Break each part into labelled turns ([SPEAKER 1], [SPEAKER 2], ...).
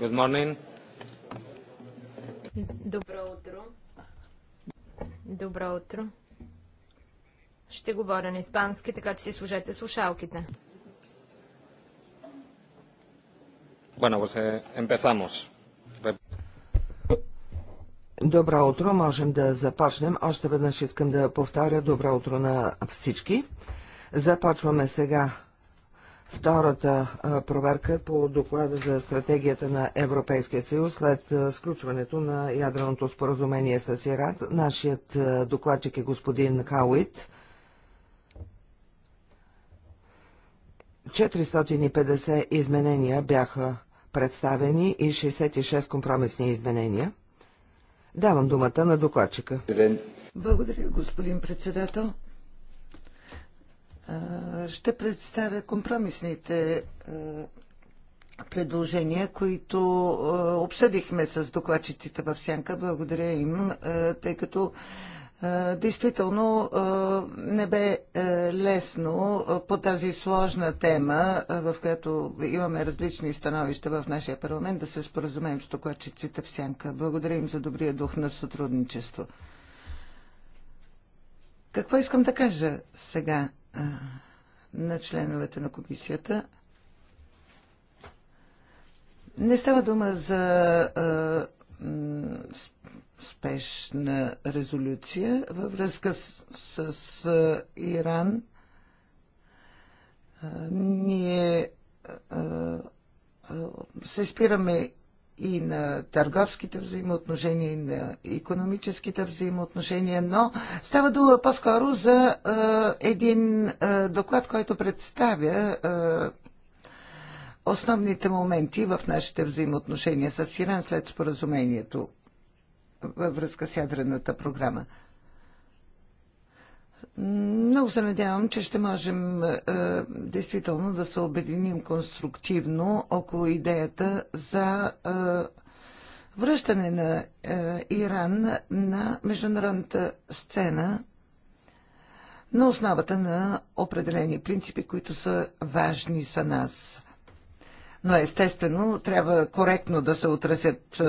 [SPEAKER 1] Good morning. Добро
[SPEAKER 2] утро. Добро утро. Ще говоря на испански, така че си служете слушалките.
[SPEAKER 1] Bueno, pues eh, empezamos. Добро утро, можем да започнем. Още веднъж искам да повторя добро утро на всички. Започваме сега втората проверка по доклада за стратегията на Европейския съюз след сключването на ядреното споразумение с Ирак. Нашият докладчик е господин Хауит. 450 изменения бяха представени и 66 компромисни изменения. Давам думата на докладчика.
[SPEAKER 3] Благодаря, господин председател. Ще представя компромисните предложения, които обсъдихме с докладчиците в Сянка. Благодаря им, тъй като действително не бе лесно по тази сложна тема, в която имаме различни становища в нашия парламент, да се споразумеем с докладчиците в Сянка. Благодаря им за добрия дух на сътрудничество. Какво искам да кажа сега? на членовете на комисията. Не става дума за а, спешна резолюция във връзка с, с, с Иран. А, ние а, се спираме и на търговските взаимоотношения, и на економическите взаимоотношения, но става дума по-скоро за е, един е, доклад, който представя е, основните моменти в нашите взаимоотношения с Иран след споразумението във връзка с ядрената програма. Много се надявам, че ще можем е, действително да се обединим конструктивно около идеята за е, връщане на е, Иран на международната сцена на основата на определени принципи, които са важни за нас но естествено трябва коректно да се отразят е,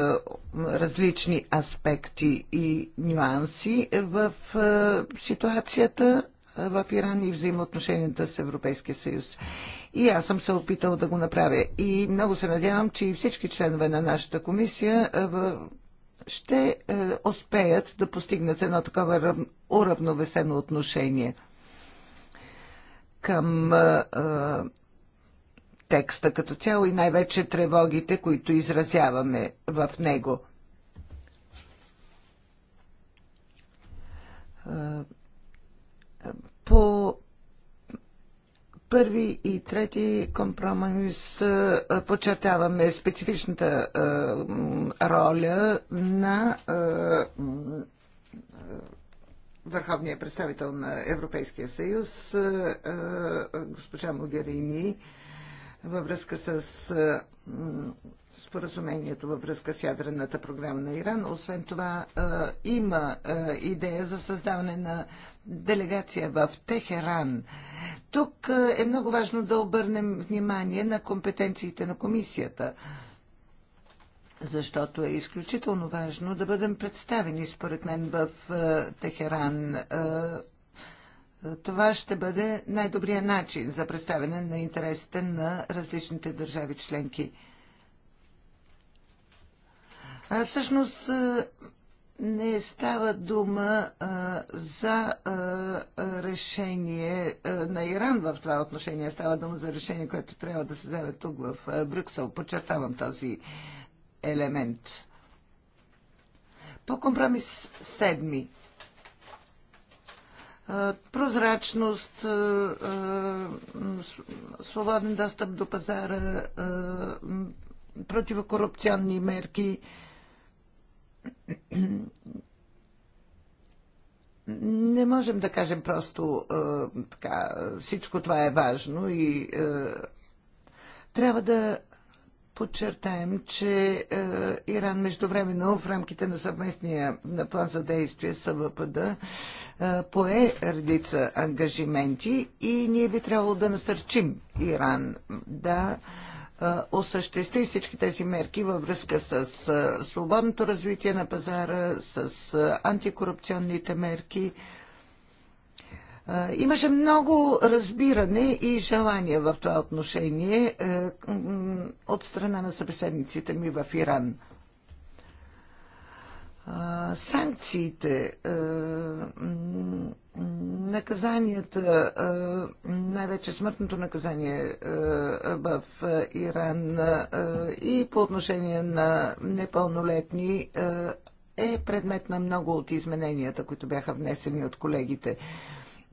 [SPEAKER 3] различни аспекти и нюанси в е, ситуацията е, в Иран и взаимоотношенията с Европейския съюз. И аз съм се опитал да го направя. И много се надявам, че и всички членове на нашата комисия ще успеят да постигнат едно такова уравновесено отношение към текста като цяло и най-вече тревогите, които изразяваме в него. По първи и трети компромис подчертаваме специфичната роля на върховния представител на Европейския съюз, госпожа Могерини, във връзка с споразумението във връзка с ядрената програма на Иран. Освен това, има идея за създаване на делегация в Техеран. Тук е много важно да обърнем внимание на компетенциите на комисията, защото е изключително важно да бъдем представени, според мен, в Техеран това ще бъде най-добрият начин за представяне на интересите на различните държави членки. А, всъщност не става дума а, за а, решение а, на Иран в това отношение. Става дума за решение, което трябва да се вземе тук в Брюксел. Подчертавам този елемент. По компромис седми прозрачност, свободен достъп до пазара, противокорупционни мерки. Не можем да кажем просто така, всичко това е важно и трябва да подчертаем, че е, Иран междувременно в рамките на съвместния план за действие СВПД е, пое редица ангажименти и ние би трябвало да насърчим Иран да е, осъществи всички тези мерки във връзка с свободното развитие на пазара, с антикорупционните мерки, Имаше много разбиране и желание в това отношение е, от страна на събеседниците ми в Иран. Санкциите, е, наказанията, е, най-вече смъртното наказание в Иран и по отношение на непълнолетни е предмет на много от измененията, които бяха внесени от колегите.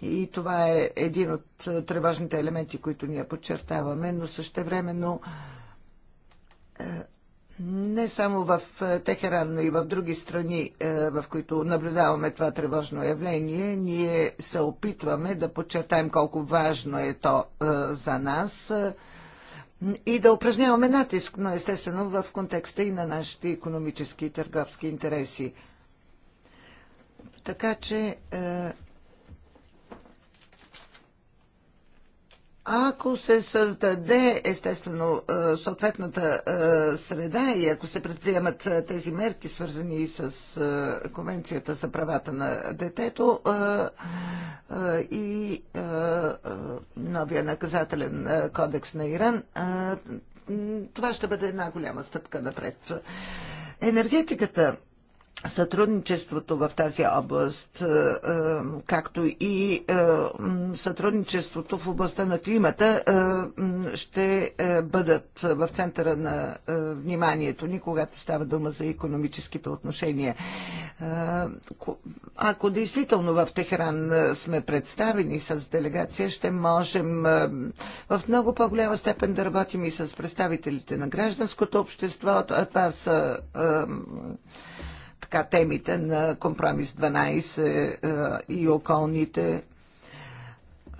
[SPEAKER 3] И това е един от е, тревожните елементи, които ние подчертаваме, но времено е, не само в е, Техеран, но и в други страни, в които наблюдаваме това тревожно явление, ние се опитваме да подчертаем колко важно е то за нас и да упражняваме натиск, но естествено в контекста и на нашите економически и търговски интереси. Така че Ако се създаде естествено е, съответната е, среда и ако се предприемат е, тези мерки, свързани с Конвенцията за правата на детето и новия наказателен кодекс на Иран, това ще бъде една голяма стъпка напред. Енергетиката сътрудничеството в тази област, е, е, както и е, сътрудничеството в областта на климата, ще бъдат в центъра на вниманието ни, когато става дума за економическите отношения. Ако действително в Техран сме представени с делегация, ще можем в много по-голяма степен да работим и с представителите на гражданското общество. Това са така, темите на компромис 12 е, е, и околните.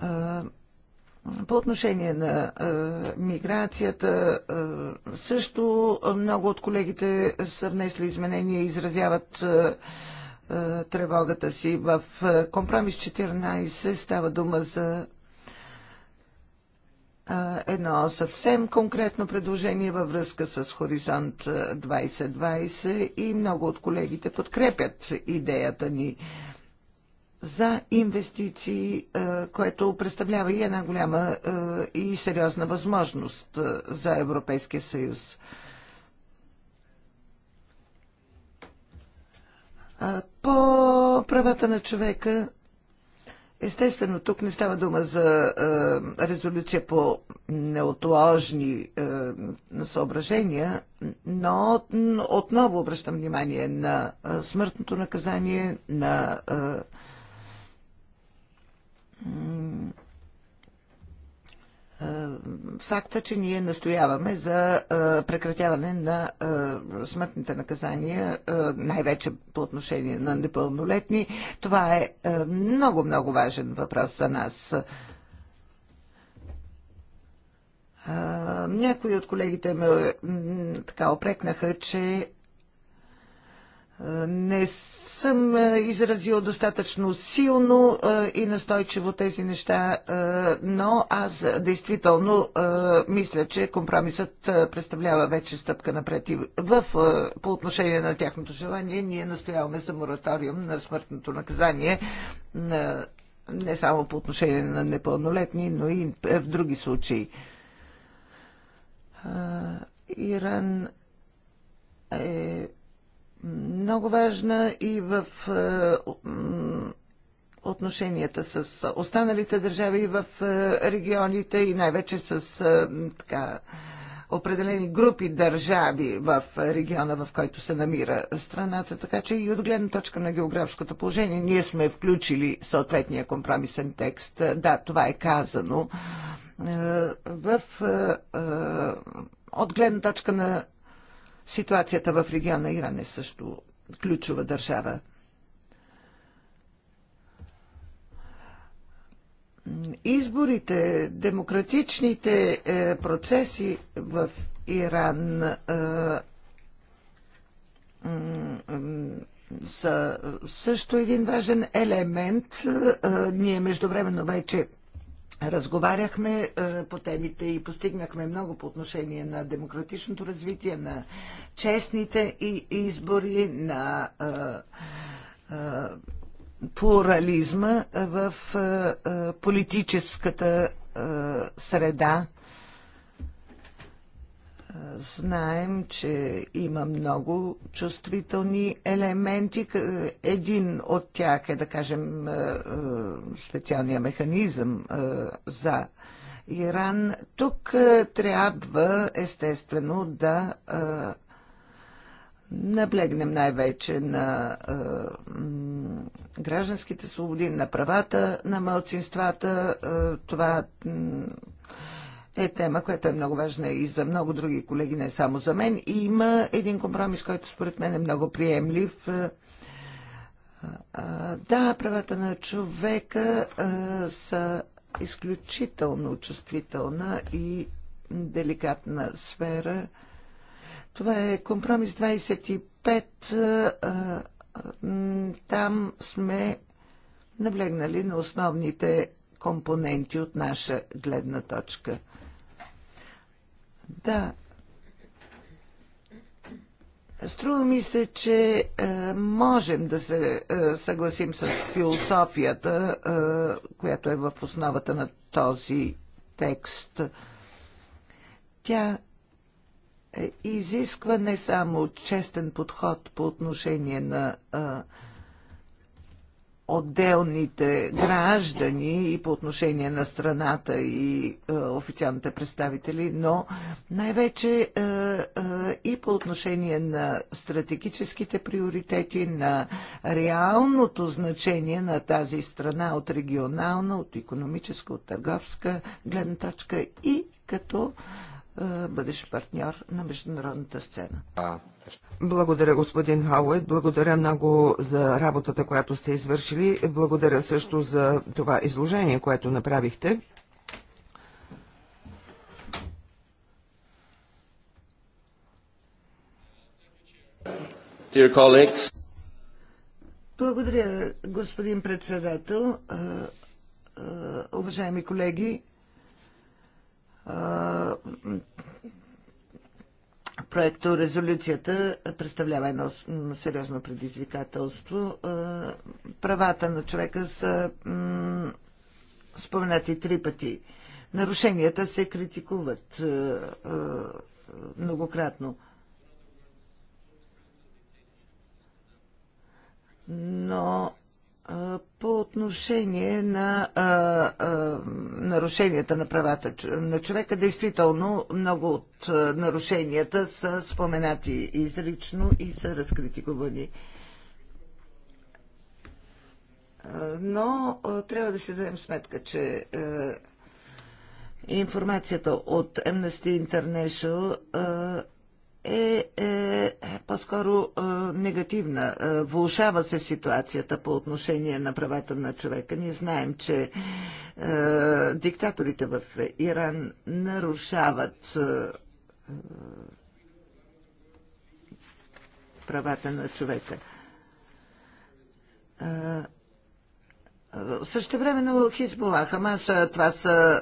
[SPEAKER 3] Е, по отношение на а, миграцията, а, също много от колегите са внесли изменения и изразяват а, а, тревогата си. В а, компромис 14 става дума за едно съвсем конкретно предложение във връзка с Хоризонт 2020 и много от колегите подкрепят идеята ни за инвестиции, което представлява и една голяма и сериозна възможност за Европейския съюз. По правата на човека Естествено, тук не става дума за е, резолюция по неотложни е, съображения, но отново обръщам внимание на е, смъртното наказание, на. Е, е, факта, че ние настояваме за е, прекратяване на е, смъртните наказания, най-вече по отношение на непълнолетни. Това е много-много важен въпрос за нас. Някои от колегите ме така опрекнаха, че не съм е, изразил достатъчно силно е, и настойчиво тези неща, е, но аз действително мисля, че компромисът представлява вече стъпка напред и в, по отношение на тяхното желание ние настояваме за мораториум на смъртното наказание не само по отношение на непълнолетни, но и в други случаи. Иран е много важна и в е, отношенията с останалите държави в в е, регионите и най-вече с е, така, определени групи държави в региона, в който се намира страната. Така че и от гледна точка на географското положение ние сме включили съответния компромисен текст. Да, това е казано. В, от гледна точка на Ситуацията в региона Иран е също ключова държава. Изборите, демократичните е, процеси в Иран е, са също един важен елемент. Е, ние междувременно вече Разговаряхме е, по темите и постигнахме много по отношение на демократичното развитие, на честните избори, на е, е, плурализма в политическата среда Знаем, че има много чувствителни елементи. Един от тях е, да кажем, е, е, специалния механизъм е, за Иран. Тук трябва, естествено, да наблегнем най-вече на гражданските свободи, на правата на мълцинствата. това е тема, която е много важна и за много други колеги, не само за мен. И има един компромис, който според мен е много приемлив. Е, е, да, правата на човека е, са изключително чувствителна и деликатна сфера. Това е компромис 25. Там сме наблегнали на основните компоненти от наша гледна точка – да. Струва ми се, че е, можем да се е, съгласим с философията, е, която е в основата на този текст. Тя е, изисква не само честен подход по отношение на е, отделните граждани и по отношение на страната и е, официалните представители, но най-вече е, е, и по отношение на стратегическите приоритети, на реалното значение на тази страна от регионална, от економическа, от търговска гледна точка и като е, бъдещ партньор на международната сцена. Благодаря, господин
[SPEAKER 1] Хаует. Благодаря много за работата, която сте извършили. Благодаря също за това изложение, което направихте.
[SPEAKER 3] Благодаря, господин председател. Уважаеми колеги, проекто резолюцията представлява едно сериозно предизвикателство. Е, правата на човека са споменати три пъти. Нарушенията се критикуват е, е, многократно. Но по отношение на а, а, нарушенията на правата на човека, действително много от нарушенията са споменати изрично и са разкритикувани. Но а, трябва да си дадем сметка, че а, информацията от Amnesty International а, е, е по-скоро е, негативна. Е, влушава се ситуацията по отношение на правата на човека. Ние знаем, че е, диктаторите в Иран нарушават е, е правата на човека. Е, на Хизбола, Хамас, това са е,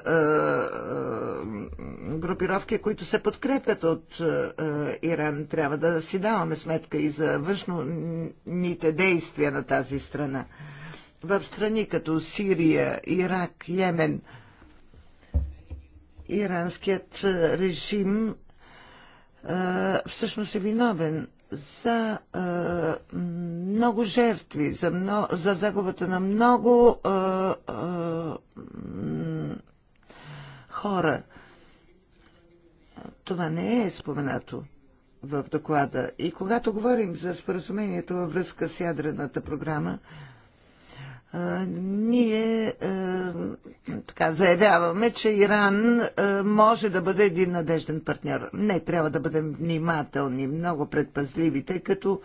[SPEAKER 3] групировки, които се подкрепят от е, Иран. Трябва да си даваме сметка и за външните действия на тази страна. В страни като Сирия, Ирак, Йемен, иранският режим всъщност е виновен за а, много жертви, за, много, за загубата на много а, а, хора. Това не е споменато в доклада. И когато говорим за споразумението във връзка с ядрената програма, а, ние така заявяваме, че Иран може да бъде един надежден партньор. Не, трябва да бъдем внимателни, много предпазливи, тъй като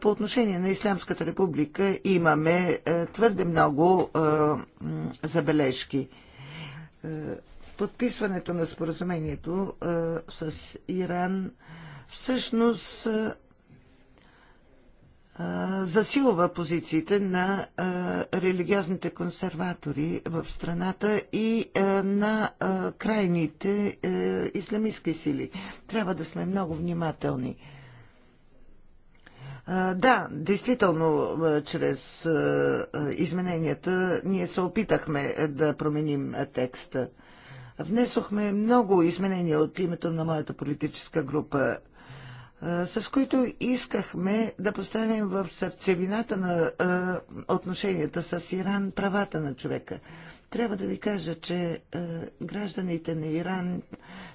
[SPEAKER 3] по отношение на Ислямската република имаме твърде много забележки. Подписването на споразумението с Иран всъщност засилва позициите на религиозните консерватори в страната и на крайните е, исламистски сили. Трябва да сме много внимателни. Да, действително, чрез измененията ние се опитахме да променим текста. Внесохме много изменения от името на моята политическа група с които искахме да поставим в сърцевината на отношенията с Иран правата на човека. Трябва да ви кажа, че гражданите на Иран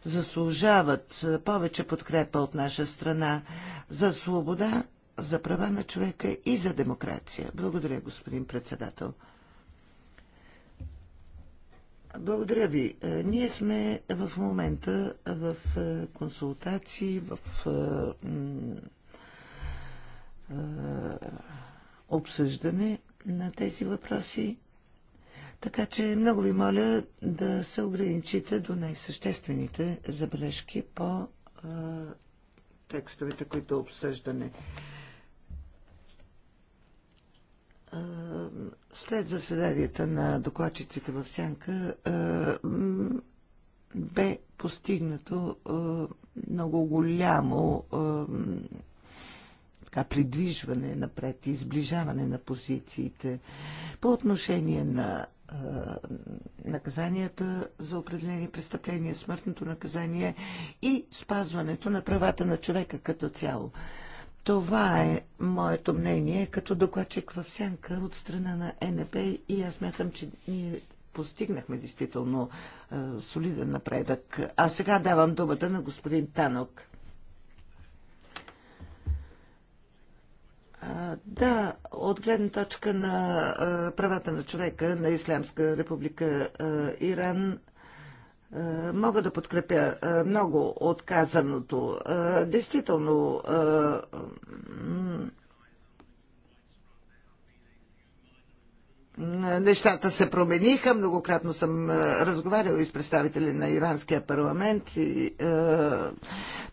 [SPEAKER 3] заслужават повече подкрепа от наша страна за свобода, за права на човека и за демокрация. Благодаря, господин председател. Благодаря ви. Е, ние сме в момента в е, консултации, в е, обсъждане на тези въпроси. Така че много ви моля да се ограничите до най-съществените забележки по текстовете, които обсъждаме. След заседанията на докладчиците в Сянка бе постигнато много голямо така, придвижване напред и сближаване на позициите по отношение на наказанията за определени престъпления, смъртното наказание и спазването на правата на човека като цяло. Това е моето мнение като докладчик в сянка от страна на НП и аз мятам, че ние постигнахме действително е, солиден напредък. А сега давам думата на господин Танок. Да, от гледна точка на е, правата на човека на Ислямска република е, Иран е, мога да подкрепя е, много отказаното. Е, действително, Нещата се промениха. Многократно съм е, разговарял и с представители на Иранския парламент и, е,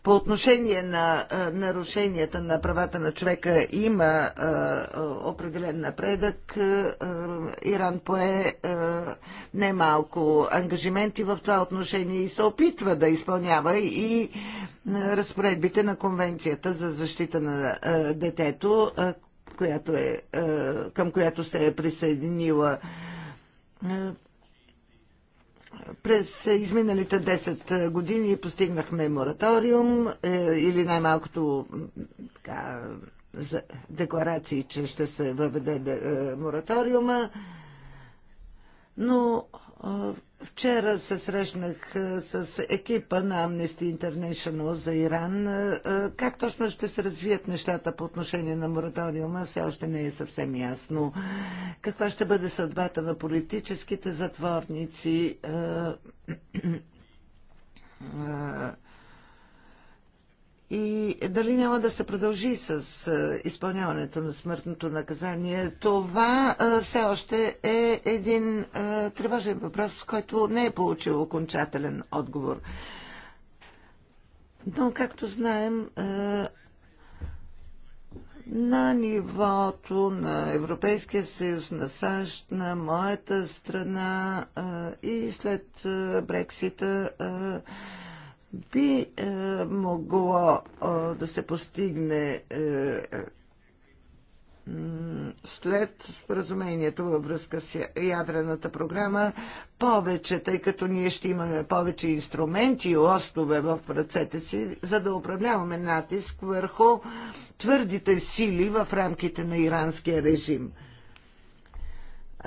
[SPEAKER 3] по отношение на е, нарушенията на правата на човека има е, определен напредък. Е, е, Иран пое немалко ангажименти в това отношение и се опитва да изпълнява и разпоредбите на Конвенцията за защита на детето, която е, е, към която се е присъединила е, през изминалите 10 е, години постигнахме мораториум е, или най-малкото така, за декларации, че ще се въведе е, мораториума, но е, Вчера се срещнах с екипа на Amnesty International за Иран. Как точно ще се развият нещата по отношение на мораториума, все още не е съвсем ясно. Каква ще бъде съдбата на политическите затворници? и дали няма да се продължи с е, изпълняването на смъртното наказание. Това е, все още е един е, тревожен въпрос, който не е получил окончателен отговор. Но, както знаем, на нивото на Европейския съюз, на САЩ, на моята страна и след Брексита би е, могло е, да се постигне е, е след споразумението във връзка с ядрената програма повече, тъй като ние ще имаме повече инструменти и лостове в ръцете си, за да управляваме натиск върху твърдите сили в рамките на иранския режим.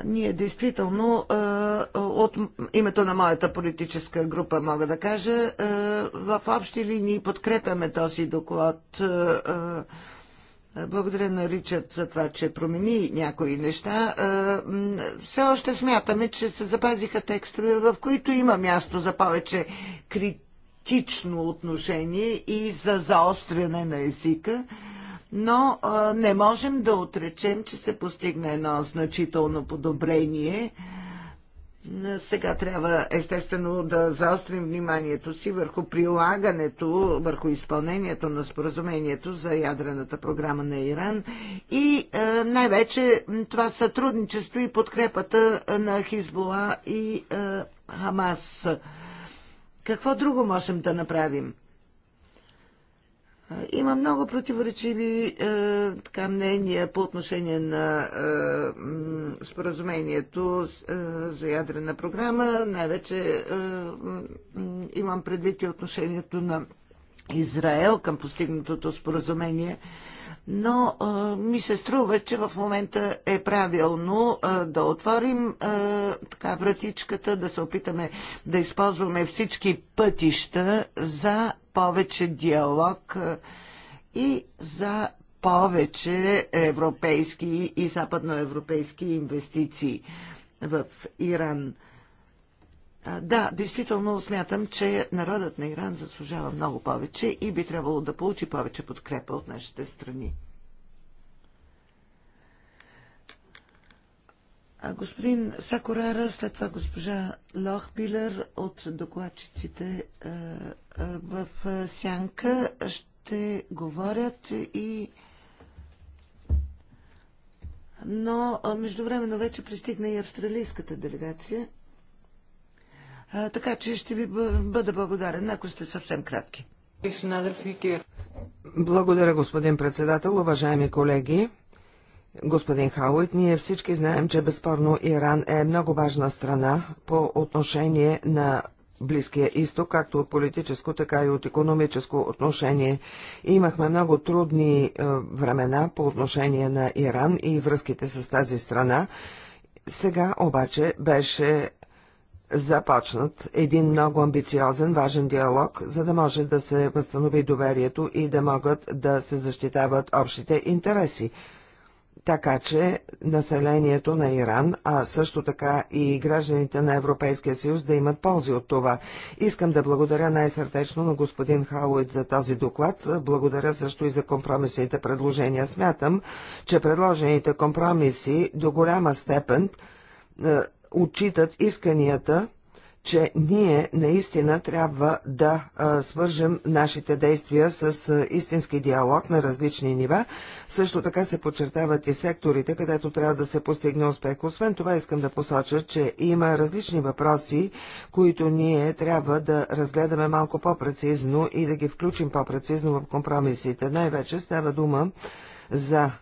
[SPEAKER 3] Ние действително е, от името на моята политическа група мога да кажа. Е, в общи линии подкрепяме този доклад. Е, е, благодаря на Ричард за това, че промени някои неща. Все още смятаме, че се запазиха текстове, в които има място за повече критично отношение и за заостряне на езика но а, не можем да отречем, че се постигна едно значително подобрение сега трябва естествено да заострим вниманието си върху прилагането, върху изпълнението на споразумението за ядрената програма на Иран и е, най-вече това сътрудничество и подкрепата е, на Хизбола и е, Хамас. Какво друго можем да направим? Има много противоречиви е, така, мнения по отношение на е, споразумението е, за ядрена програма. Най-вече е, имам предвид и отношението на Израел към постигнатото споразумение. Но а, е, ми се струва, че в момента е правилно а, е, да отворим а, е, така вратичката, да се опитаме да използваме всички пътища за повече диалог и за повече европейски и западноевропейски инвестиции в Иран. Да, действително смятам, че народът на Иран заслужава много повече и би трябвало да получи повече подкрепа от нашите страни. Господин Сакорара, след това госпожа Лохбилер от докладчиците е, е, в е, Сянка ще говорят и но междувременно вече пристигна и австралийската делегация. А, така че ще ви бъда благодарен, ако сте съвсем кратки.
[SPEAKER 1] Благодаря, господин председател, уважаеми колеги господин Хауит, ние всички знаем, че безспорно Иран е много важна страна по отношение на Близкия изток, както от политическо, така и от економическо отношение. Имахме много трудни е, времена по отношение на Иран и връзките с тази страна. Сега обаче беше започнат един много амбициозен, важен диалог, за да може да се възстанови доверието и да могат да се защитават общите интереси така че населението на Иран, а също така и гражданите на Европейския съюз да имат ползи от това. Искам да благодаря най-сърдечно на господин Хауит за този доклад. Благодаря също и за компромисните предложения. Смятам, че предложените компромиси до голяма степен е, отчитат исканията че ние наистина трябва да свържем нашите действия с истински диалог на различни нива. Също така се подчертават и секторите, където трябва да се постигне успех. Освен това искам да посоча, че има различни въпроси, които ние трябва да разгледаме малко по-прецизно и да ги включим по-прецизно в компромисите. Най-вече става дума за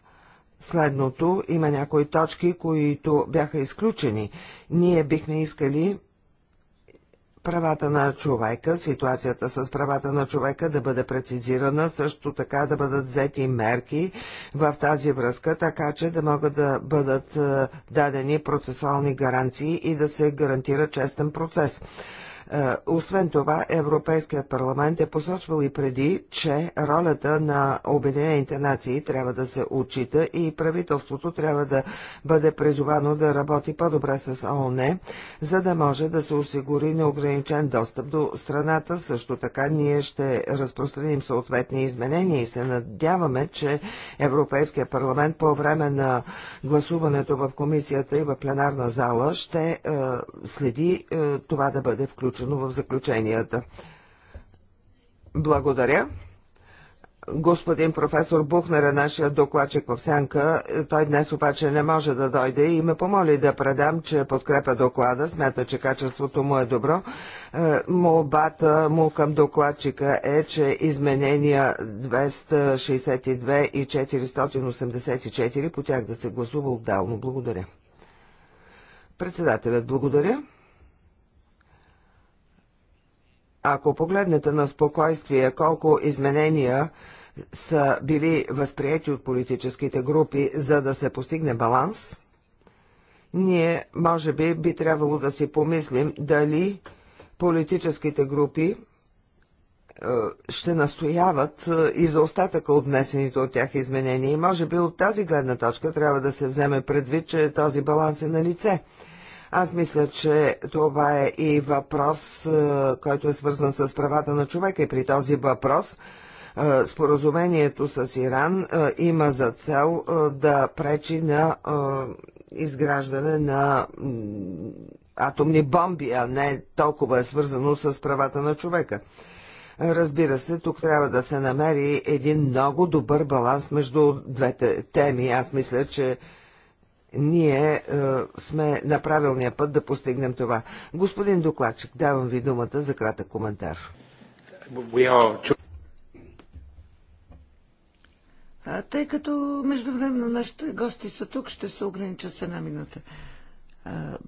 [SPEAKER 1] следното. Има някои точки, които бяха изключени. Ние бихме искали правата на човека, ситуацията с правата на човека да бъде прецизирана, също така да бъдат взети мерки в тази връзка, така че да могат да бъдат е, дадени процесуални гаранции и да се гарантира честен процес. Е, освен това, Европейският парламент е посочвал и преди, че ролята на Обединените нации трябва да се отчита и правителството трябва да бъде призовано да работи по-добре с ООН, за да може да се осигури неограничен достъп до страната. Също така ние ще разпространим съответни изменения и се надяваме, че Европейския парламент по време на гласуването в комисията и в пленарна зала ще е, следи е, това да бъде включено включено в заключенията. Благодаря. Господин професор Бухнер е нашия докладчик в Сянка. Той днес обаче не може да дойде и ме помоли да предам, че подкрепя доклада. Смята, че качеството му е добро. Е, молбата му към докладчика е, че изменения 262 и 484 по тях да се гласува отдално. Благодаря. Председателят благодаря. Ако погледнете на спокойствие колко изменения са били възприяти от политическите групи, за да се постигне баланс, ние може би би трябвало да си помислим дали политическите групи е, ще настояват е, и за остатъка от внесените от тях изменения. И може би от тази гледна точка трябва да се вземе предвид, че този баланс е на лице. Аз мисля, че това е и въпрос, е, който е свързан с правата на човека и при този въпрос е, споразумението с Иран е, има за цел да пречи на изграждане на атомни бомби, а не толкова е свързано с правата на човека. Разбира се, тук трябва да се намери един много добър баланс между двете теми. Аз мисля, че ние е, сме на правилния път да постигнем това. Господин докладчик, давам ви думата за кратък коментар.
[SPEAKER 3] А, тъй като междувременно нашите гости са тук, ще се огранича с една минута. А,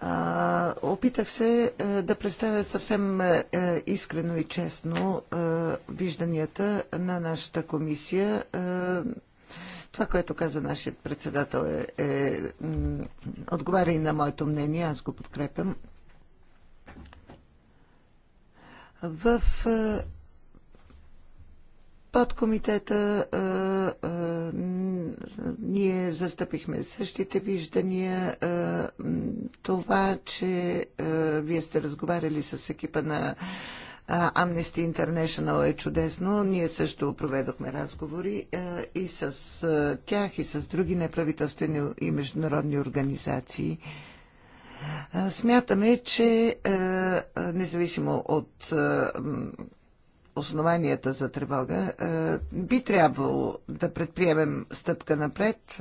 [SPEAKER 3] а, опитах се а, е, да представя съвсем а, е, е, искрено и честно а, вижданията на нашата комисия. А, това, което каза нашият председател, е, е, отговаря и на моето мнение, аз го подкрепям. В е, подкомитета е, е, ние застъпихме същите виждания. Е, това, че е, вие сте разговаряли с екипа на е, Amnesty International е чудесно. Ние също проведохме разговори и с тях, и с други неправителствени и международни организации. Смятаме, че независимо от основанията за тревога, би трябвало да предприемем стъпка напред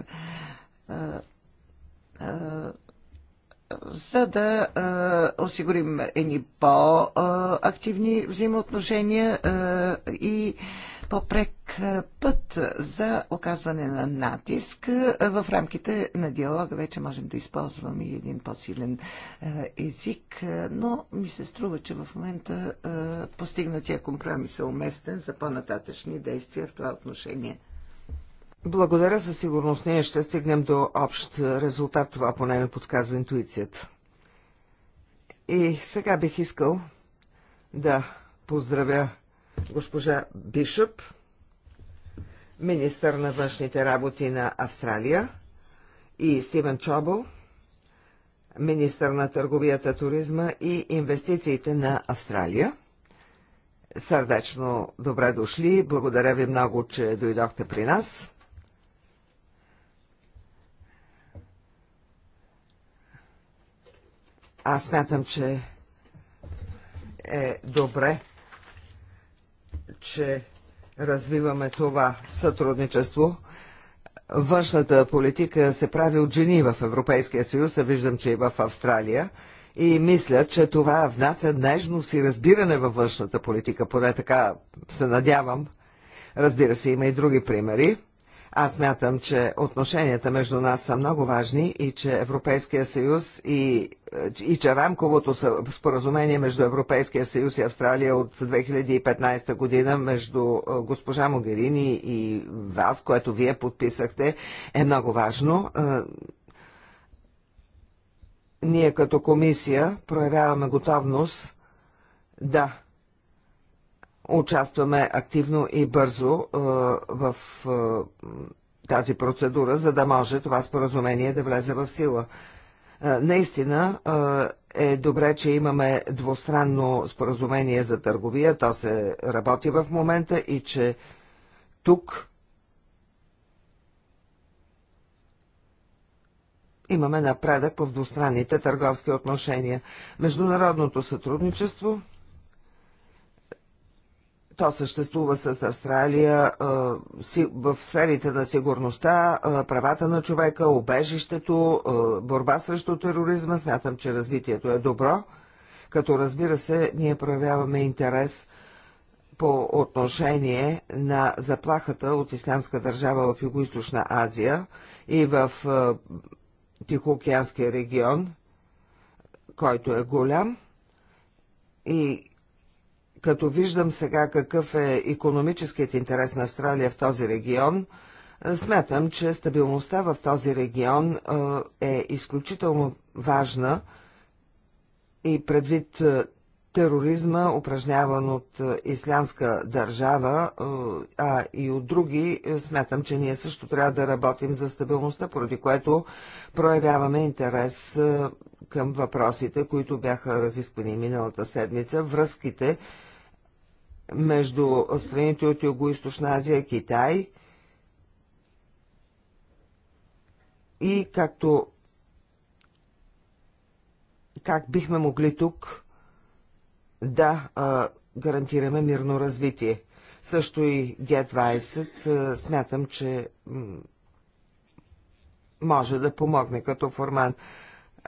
[SPEAKER 3] за да а, осигурим едни по-активни взаимоотношения а, и по-прек път за оказване на натиск. В рамките на диалога вече можем да използваме и един по-силен език, но ми се струва, че в момента постигнатия компромис е уместен за по-нататъчни действия в това отношение.
[SPEAKER 1] Благодаря, със сигурност ние ще стигнем до общ резултат, това поне ми подсказва интуицията. И сега бих искал да поздравя госпожа Бишъп, министър на външните работи на Австралия, и Стивен Чобол, министър на търговията, туризма и инвестициите на Австралия. Сърдечно добре дошли, благодаря ви много, че дойдохте при нас. Аз смятам, че е добре, че развиваме това сътрудничество. Външната политика се прави от жени в Европейския съюз, а виждам, че и в Австралия. И мисля, че това внася нежност и разбиране във външната политика, поне така се надявам. Разбира се, има и други примери. Аз мятам, че отношенията между нас са много важни и че Европейския съюз и, и че рамковото споразумение между Европейския съюз и Австралия от 2015 година между госпожа Могерини и вас, което вие подписахте, е много важно. Ние като комисия проявяваме готовност да участваме активно и бързо е, в е, тази процедура, за да може това споразумение да влезе в сила. Е, наистина е добре, че имаме двустранно споразумение за търговия, то се работи в момента и че тук имаме напредък в двустранните търговски отношения. Международното сътрудничество – то съществува с Австралия в сферите на сигурността, правата на човека, обежището, борба срещу тероризма. Смятам, че развитието е добро, като разбира се, ние проявяваме интерес по отношение на заплахата от Ислямска държава в Юго-Источна Азия и в Тихоокеанския регион, който е голям и като виждам сега какъв е економическият интерес на Австралия в този регион, е, смятам, че стабилността в този регион е, е изключително важна и предвид е, тероризма, упражняван от ислямска държава, а и от други, смятам, че ние също трябва да работим за стабилността, поради което проявяваме интерес към въпросите, които бяха разисквани миналата седмица, връзките между страните от Юго-Источна Азия, Китай и както как бихме могли тук да а, гарантираме мирно развитие. Също и Г-20 смятам, че може да помогне като формат.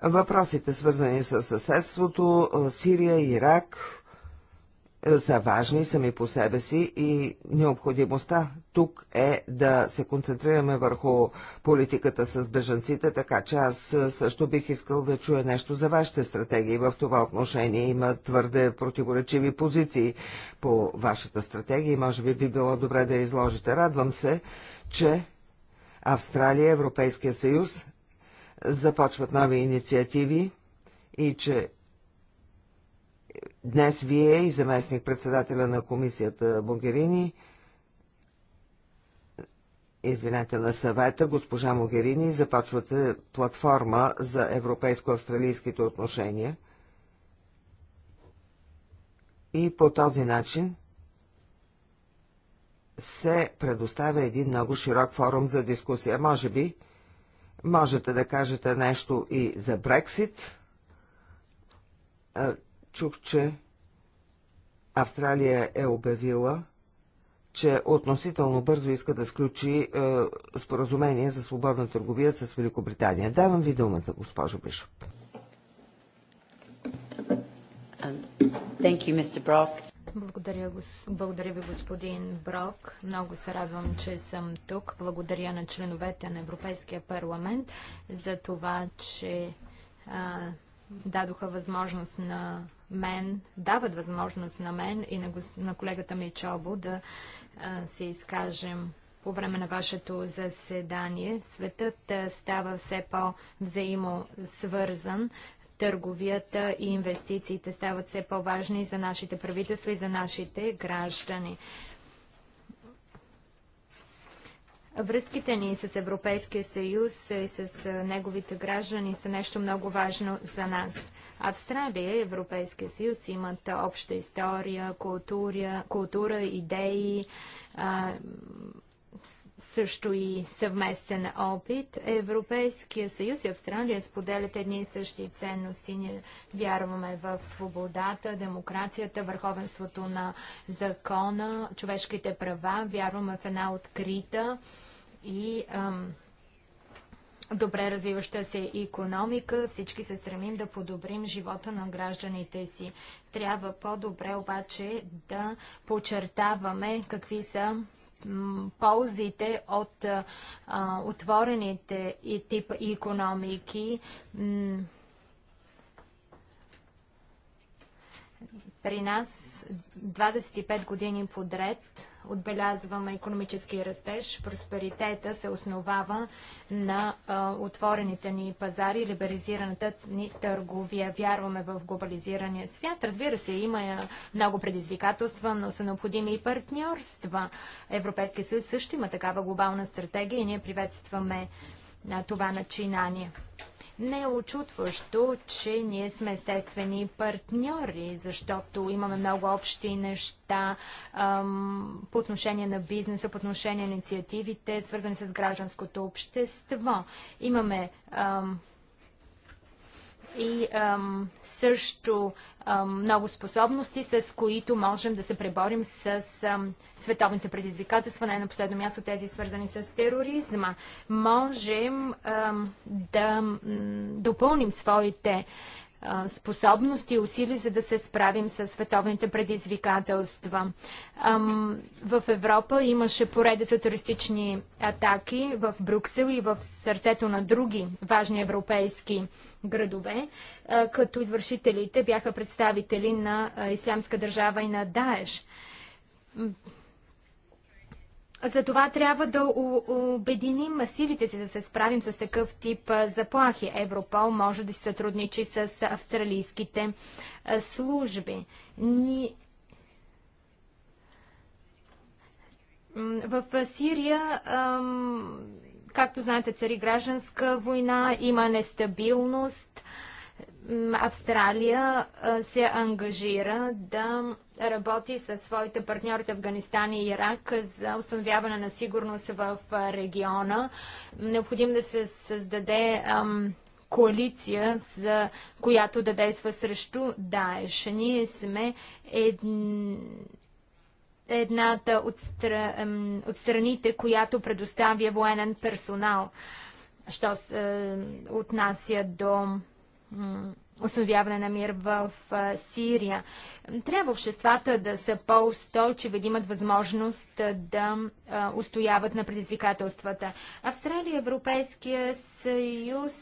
[SPEAKER 1] Въпросите свързани с съседството, Сирия, Ирак, е, са важни сами по себе си и необходимостта тук е да се концентрираме върху политиката с бежанците, така че аз е, също бих искал да чуя нещо за вашите стратегии. В това отношение има твърде противоречиви позиции по вашата стратегия и може би би било добре да изложите. Радвам се, че Австралия, Европейския съюз започват нови инициативи и че Днес вие и заместник председателя на комисията Могерини, извинете, на съвета, госпожа Могерини, започвате платформа за европейско-австралийските отношения. И по този начин се предоставя един много широк форум за дискусия. Може би можете да кажете нещо и за Брексит, чух, че Австралия е обявила, че относително бързо иска да сключи е, споразумение за свободна търговия с Великобритания. Давам ви думата, госпожо Бишоп.
[SPEAKER 3] Um, you,
[SPEAKER 2] Благодаря, гос... Благодаря ви, господин Брок. Много се радвам, че съм тук. Благодаря на членовете на Европейския парламент за това, че а, дадоха възможност на мен, дават възможност на мен и на, на колегата ми Чобо да а, се изкажем по време на вашето заседание. Светът а, става все по-взаимосвързан. Търговията и инвестициите стават все по-важни за нашите правителства и за нашите граждани. Връзките ни с Европейския съюз и с неговите граждани са нещо много важно за нас. Австралия и Европейския съюз имат обща история, култура, култура идеи, а, също и съвместен опит. Европейския съюз и Австралия споделят едни и същи ценности. Ние вярваме в свободата, демокрацията, върховенството на закона, човешките права. Вярваме в една открита и ам, добре развиваща се економика. Всички се стремим да подобрим живота на гражданите си. Трябва по-добре обаче да подчертаваме какви са ползите от а, отворените и тип економики. При нас 25 години подред отбелязваме економически растеж. Просперитета се основава на а, отворените ни пазари, либеризираната ни търговия. Вярваме в глобализирания свят. Разбира се, има много предизвикателства, но са необходими и партньорства. Европейския съюз също има такава глобална стратегия и ние приветстваме а, това начинание. Не е очутващо, че ние сме естествени партньори, защото имаме много общи неща ам, по отношение на бизнеса, по отношение на инициативите, свързани с гражданското общество. Имаме ам, и ам, също ам, много способности, с които можем да се преборим с ам, световните предизвикателства, най на последно място тези свързани с тероризма. Можем ам, да допълним своите способности и усили, за да се справим с световните предизвикателства. В Европа имаше поредица туристични атаки в Брюксел и в сърцето на други важни европейски градове, като извършителите бяха представители на Ислямска държава и на Даеш. Затова трябва да обединим силите си да се справим с такъв тип заплахи. Европол може да се сътрудничи с австралийските служби. Ни... В Сирия, както знаете, цари гражданска война, има нестабилност Австралия се ангажира да работи със своите партньори в Афганистан и Ирак за установяване на сигурност в региона. Необходимо да се създаде коалиция, за която да действа срещу Даеш. Ние сме едната от страните, която предоставя военен персонал, що се отнася до Основяване на мир в Сирия. Трябва обществата да са по-устойчиви, да имат възможност да устояват на предизвикателствата. Австралия и Европейския съюз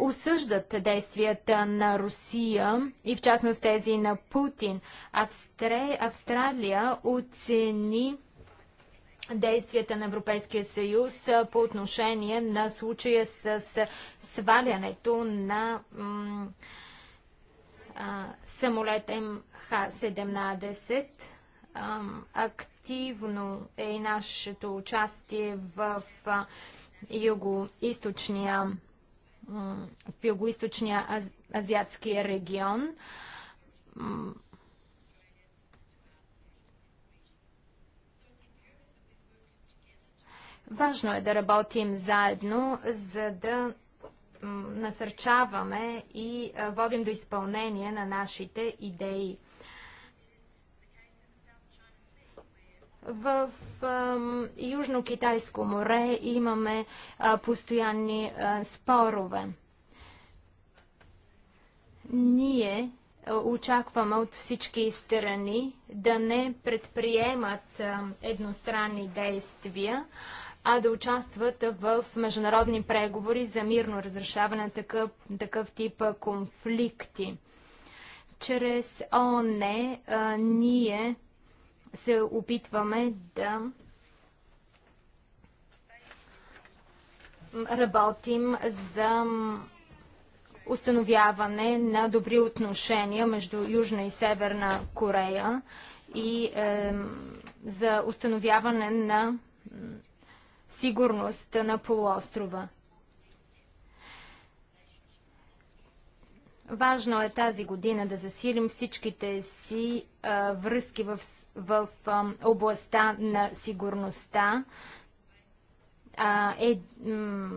[SPEAKER 2] осъждат действията на Русия и в частност тези на Путин. Австралия оцени действията на Европейския съюз по отношение на случая с свалянето на самолет МХ-17. Активно е и нашето участие в юго-источния в юго-источния азиатския регион. Важно е да работим заедно, за да насърчаваме и водим до изпълнение на нашите идеи. В Южно-Китайско море имаме постоянни спорове. Ние очакваме от всички страни да не предприемат едностранни действия, а да участват в международни преговори за мирно разрешаване на такъв, такъв тип конфликти. Чрез ООН ние се опитваме да работим за установяване на добри отношения между Южна и Северна Корея и е, за установяване на сигурност на полуострова. Важно е тази година да засилим всичките си а, връзки в, в а, областта на сигурността. А, е,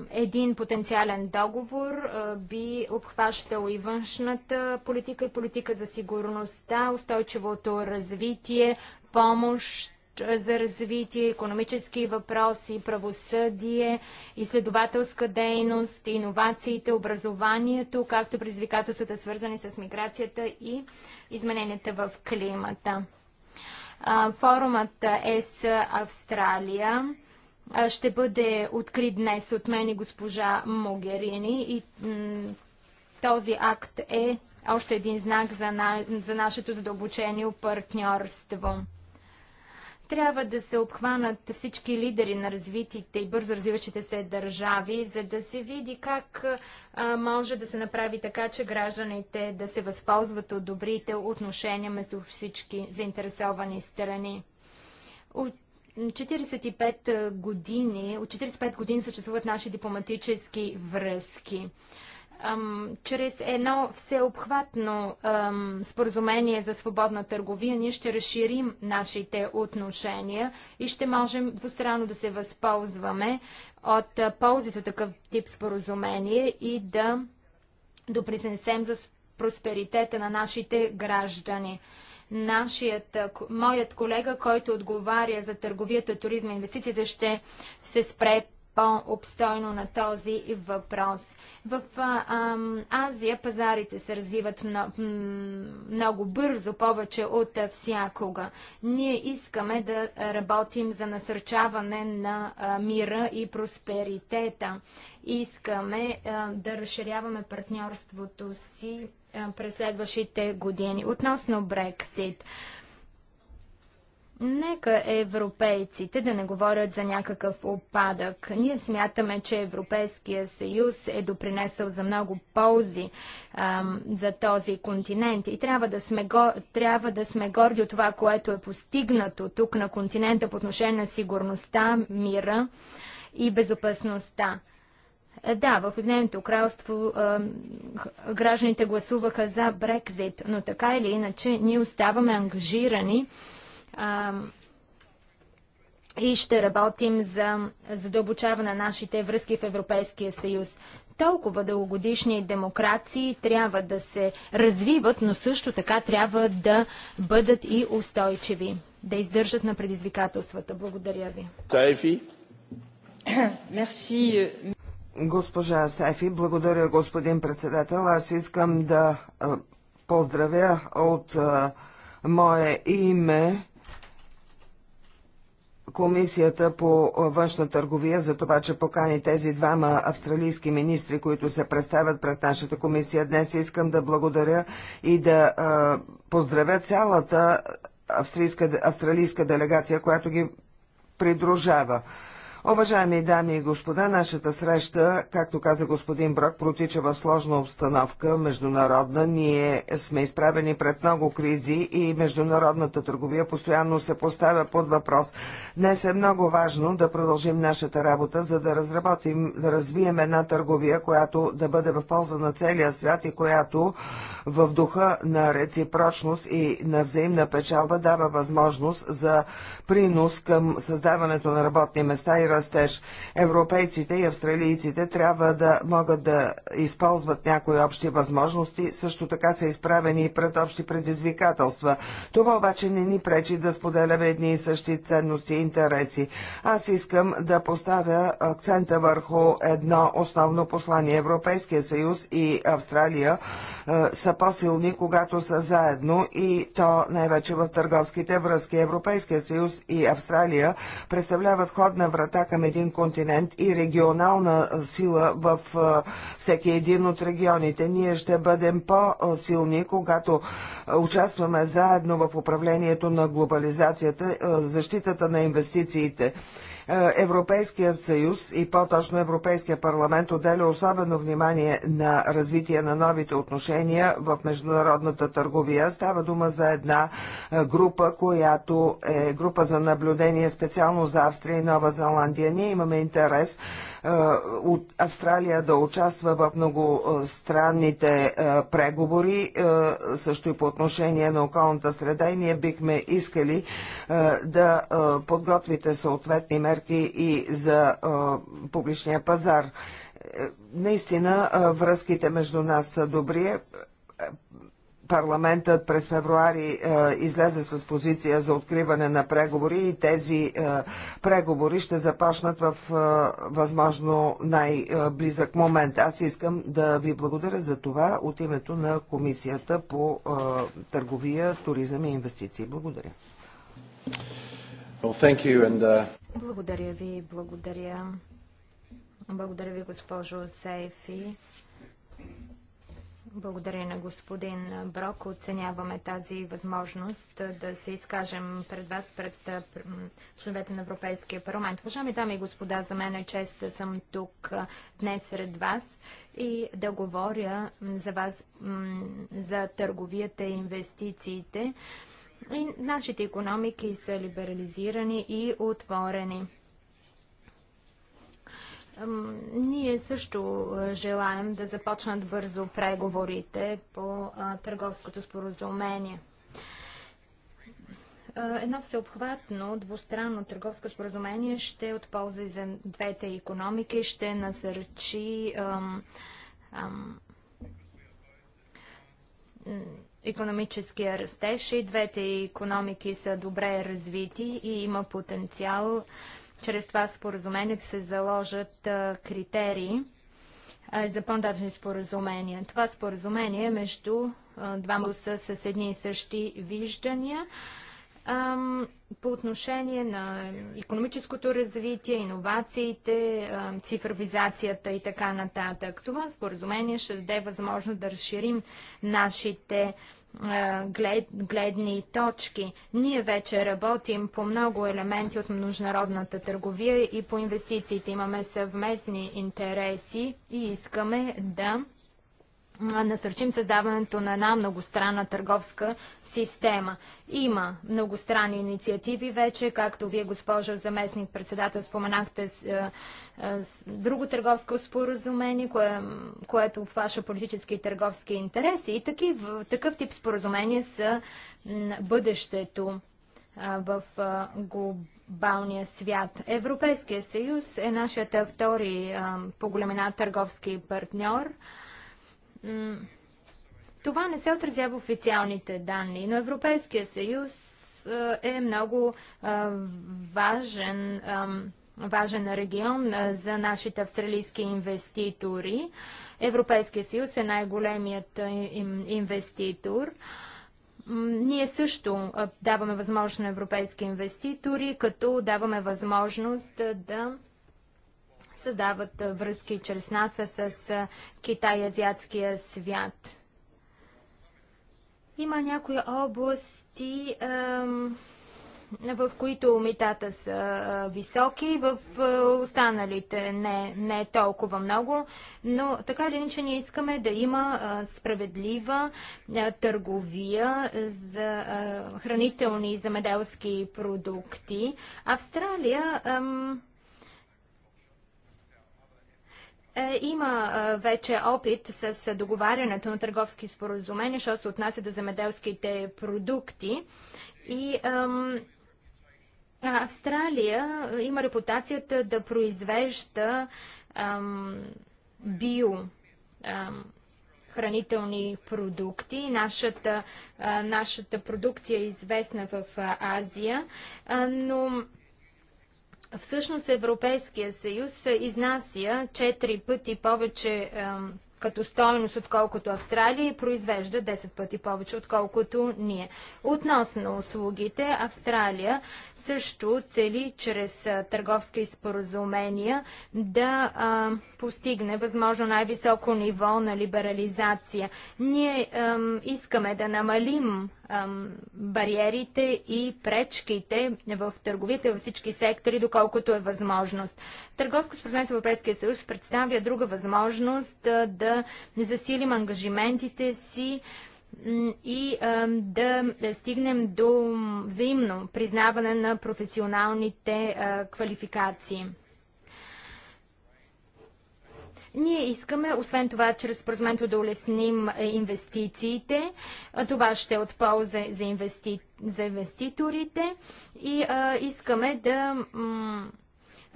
[SPEAKER 2] един потенциален договор а, би обхващал и външната политика и политика за сигурността, устойчивото развитие, помощ за развитие, економически въпроси, правосъдие, изследователска дейност, иновациите, образованието, както предизвикателствата свързани с миграцията и измененията в климата. Форумът ЕС Австралия ще бъде открит днес от мен и госпожа Могерини и този акт е още един знак за, на, за нашето задълбочено партньорство. Трябва да се обхванат всички лидери на развитите и бързо развиващите се държави, за да се види как а, може да се направи така, че гражданите да се възползват от добрите отношения между всички заинтересовани страни. От 45 години, от 45 години съществуват наши дипломатически връзки чрез едно всеобхватно споразумение за свободна търговия ние ще разширим нашите отношения и ще можем двустранно да се възползваме от ползите от такъв тип споразумение и да допринесем за просперитета на нашите граждани. Нашият, моят колега, който отговаря за търговията, туризма и инвестициите, ще се спре по-обстойно на този въпрос. В Азия пазарите се развиват много бързо, повече от всякога. Ние искаме да работим за насърчаване на мира и просперитета. Искаме да разширяваме партньорството си през следващите години. Относно Брексит. Нека европейците да не говорят за някакъв опадък. Ние смятаме, че Европейския съюз е допринесъл за много ползи ам, за този континент и трябва да, сме го, трябва да сме горди от това, което е постигнато тук на континента по отношение на сигурността, мира и безопасността. Е, да, в Обединеното кралство е, гражданите гласуваха за Брекзит, но така или иначе ние оставаме ангажирани и ще работим за задълбочаване на нашите връзки в Европейския съюз. Толкова дългогодишни демокрации трябва да се развиват, но също така трябва да бъдат и устойчиви, да издържат на предизвикателствата. Благодаря ви.
[SPEAKER 1] Сайфи. Мерси. Госпожа Сайфи, благодаря господин председател. Аз искам да поздравя от мое име Комисията по външна търговия за това, че покани тези двама австралийски министри, които се представят пред нашата комисия днес. Искам да благодаря и да поздравя цялата австралийска делегация, която ги придружава. Уважаеми дами и господа, нашата среща, както каза господин Брок, протича в сложна обстановка, международна. Ние сме изправени пред много кризи и международната търговия постоянно се поставя под въпрос. Днес е много важно да продължим нашата работа, за да разработим, да развием една търговия, която да бъде в полза на целия свят и която в духа на реципрочност и на взаимна печалба дава възможност за принос към създаването на работни места и растеж. Европейците и австралийците трябва да могат да използват някои общи възможности, също така са изправени и пред общи предизвикателства. Това обаче не ни пречи да споделяме едни и същи ценности и интереси. Аз искам да поставя акцента върху едно основно послание. Европейския съюз и Австралия е, са по-силни, когато са заедно и то най-вече в търговските връзки. Европейския съюз и Австралия представляват ходна врата към един континент и регионална сила в е, всеки един от регионите. Ние ще бъдем по-силни, когато е, участваме заедно в управлението на глобализацията, защитата на инвестициите е, Европейският съюз и по-точно Европейския парламент отделя особено внимание на развитие на новите отношения в международната търговия. Става дума за една е, група, която е група за наблюдение специално за Австрия и Нова Зеландия. Ние имаме интерес от Австралия да участва в многостранните преговори, също и по отношение на околната среда и ние бихме искали да подготвите съответни мерки и за публичния пазар. Е, наистина връзките между нас са добри е, парламентът през февруари е, излезе с позиция за откриване на преговори и тези е, преговори ще започнат в е, възможно най-близък момент. Аз искам да ви благодаря за това от името на Комисията по е, търговия, туризъм и инвестиции. Благодаря. Well, and, uh...
[SPEAKER 2] Благодаря ви, благодаря. Благодаря ви, госпожо Сейфи. Благодаря на господин Брок. Оценяваме тази възможност да се изкажем пред вас, пред членовете на Европейския парламент. Уважаеми дами и господа, за мен е чест да съм тук днес сред вас и да говоря за вас за търговията и инвестициите. И нашите економики са либерализирани и отворени. Ние също желаем да започнат бързо преговорите по търговското споразумение. Едно всеобхватно двустранно търговско споразумение ще от полза и за двете економики, ще насърчи ам, ам, економическия растеж и двете економики са добре развити и има потенциал ам, чрез това споразумение се заложат критерии за по-нататъчни споразумения. Това споразумение е между двама с, с едни и същи виждания по отношение на економическото развитие, иновациите, цифровизацията и така нататък. Това споразумение ще даде възможност да разширим нашите глед, гледни точки. Ние вече работим по много елементи от международната търговия и по инвестициите. Имаме съвместни интереси и искаме да насърчим създаването на една многостранна търговска система. Има многостранни инициативи вече, както вие, госпожо заместник председател, споменахте с, е, е с друго търговско споразумение, кое, което обхваща политически и търговски интереси. И в, такъв тип споразумения са бъдещето е, в е, глобалния свят. Европейския съюз е нашият втори по големина търговски партньор – това не се отразява в официалните данни, но Европейския съюз е, е много важен, важен регион за нашите австралийски инвеститори. Европейския съюз е най-големият инвеститор. Ние също даваме възможност на европейски инвеститори, като даваме възможност да създават връзки чрез нас с Китай и азиатския свят. Има някои области, в които митата са високи, в останалите не, не е толкова много, но така или иначе ние искаме да има справедлива търговия за хранителни и замеделски продукти. Австралия е, има е, вече опит с договарянето на търговски споразумения, що се отнася до земеделските продукти. И ам, Австралия има репутацията да произвежда ам, био ам, хранителни продукти. Нашата, нашата продукция е известна в Азия, но Всъщност Европейския съюз изнася 4 пъти повече като стойност, отколкото Австралия и произвежда 10 пъти повече, отколкото ние. Относно услугите, Австралия също цели чрез търговски споразумения да а, постигне възможно най-високо ниво на либерализация. Ние а, искаме да намалим а, бариерите и пречките в търговите във всички сектори, доколкото е възможност. Търговско споразумение с Европейския съюз представя друга възможност да засилим ангажиментите си и да стигнем до взаимно признаване на професионалните квалификации. Ние искаме, освен това, чрез споразумението да улесним инвестициите. Това ще е от полза за, инвести... за инвеститорите и а, искаме да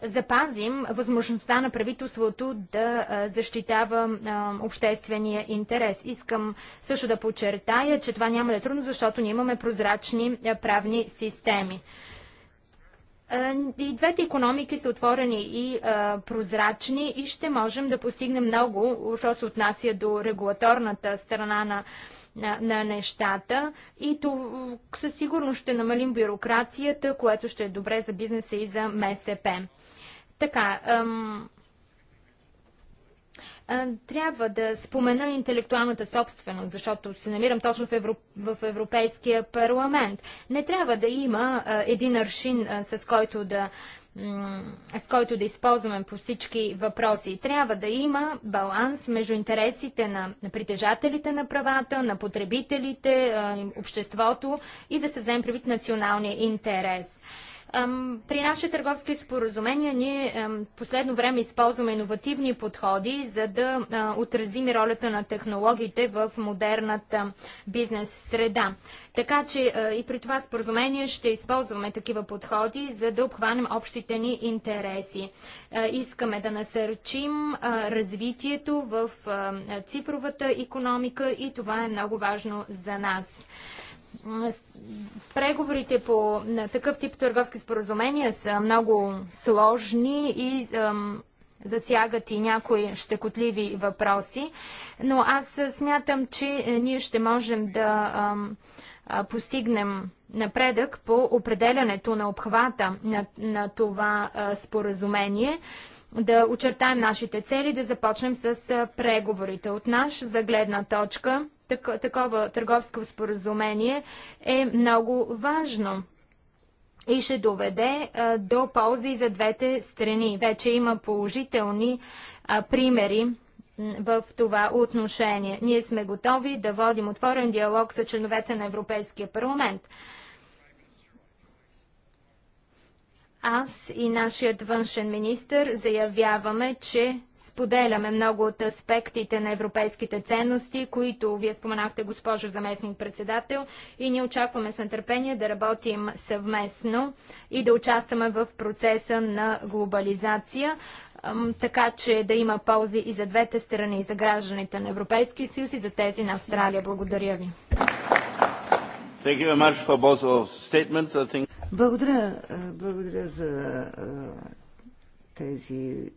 [SPEAKER 2] запазим възможността на правителството да защитава обществения интерес. Искам също да подчертая, че това няма да е трудно, защото ние имаме прозрачни правни системи. и двете економики са отворени и прозрачни и ще можем да постигнем много, що се отнася до регулаторната страна на на, на нещата и то със сигурност ще намалим бюрокрацията, което ще е добре за бизнеса и за МСП. Така, ам, трябва да спомена интелектуалната собственост, защото се намирам точно в, Европ... в Европейския парламент. Не трябва да има а, един аршин, а, с който да с който да използваме по всички въпроси. Трябва да има баланс между интересите на, на притежателите на правата, на потребителите, обществото и да се вземе предвид националния интерес. При наше търговски споразумения ние последно време използваме иновативни подходи, за да отразим ролята на технологиите в модерната бизнес среда. Така че и при това споразумение ще използваме такива подходи, за да обхванем общите ни интереси. Искаме да насърчим развитието в цифровата економика и това е много важно за нас. Преговорите по на такъв тип търговски споразумения са много сложни и ам, засягат и някои щекотливи въпроси, но аз смятам, че е, ние ще можем да ам, постигнем напредък по определянето на обхвата на, на това а, споразумение да очертаем нашите цели, да започнем с преговорите. От наша загледна точка такова търговско споразумение е много важно и ще доведе до ползи за двете страни. Вече има положителни примери в това отношение. Ние сме готови да водим отворен диалог с членовете на Европейския парламент. Аз и нашият външен министр заявяваме, че споделяме много от аспектите на европейските ценности, които вие споменахте, госпожо заместник-председател, и ние очакваме с нетърпение да работим съвместно и да участваме в процеса на глобализация, така че да има ползи и за двете страни, и за гражданите на Европейския съюз, и за тези на Австралия. Благодаря ви.
[SPEAKER 3] Благодаря, благодаря за тези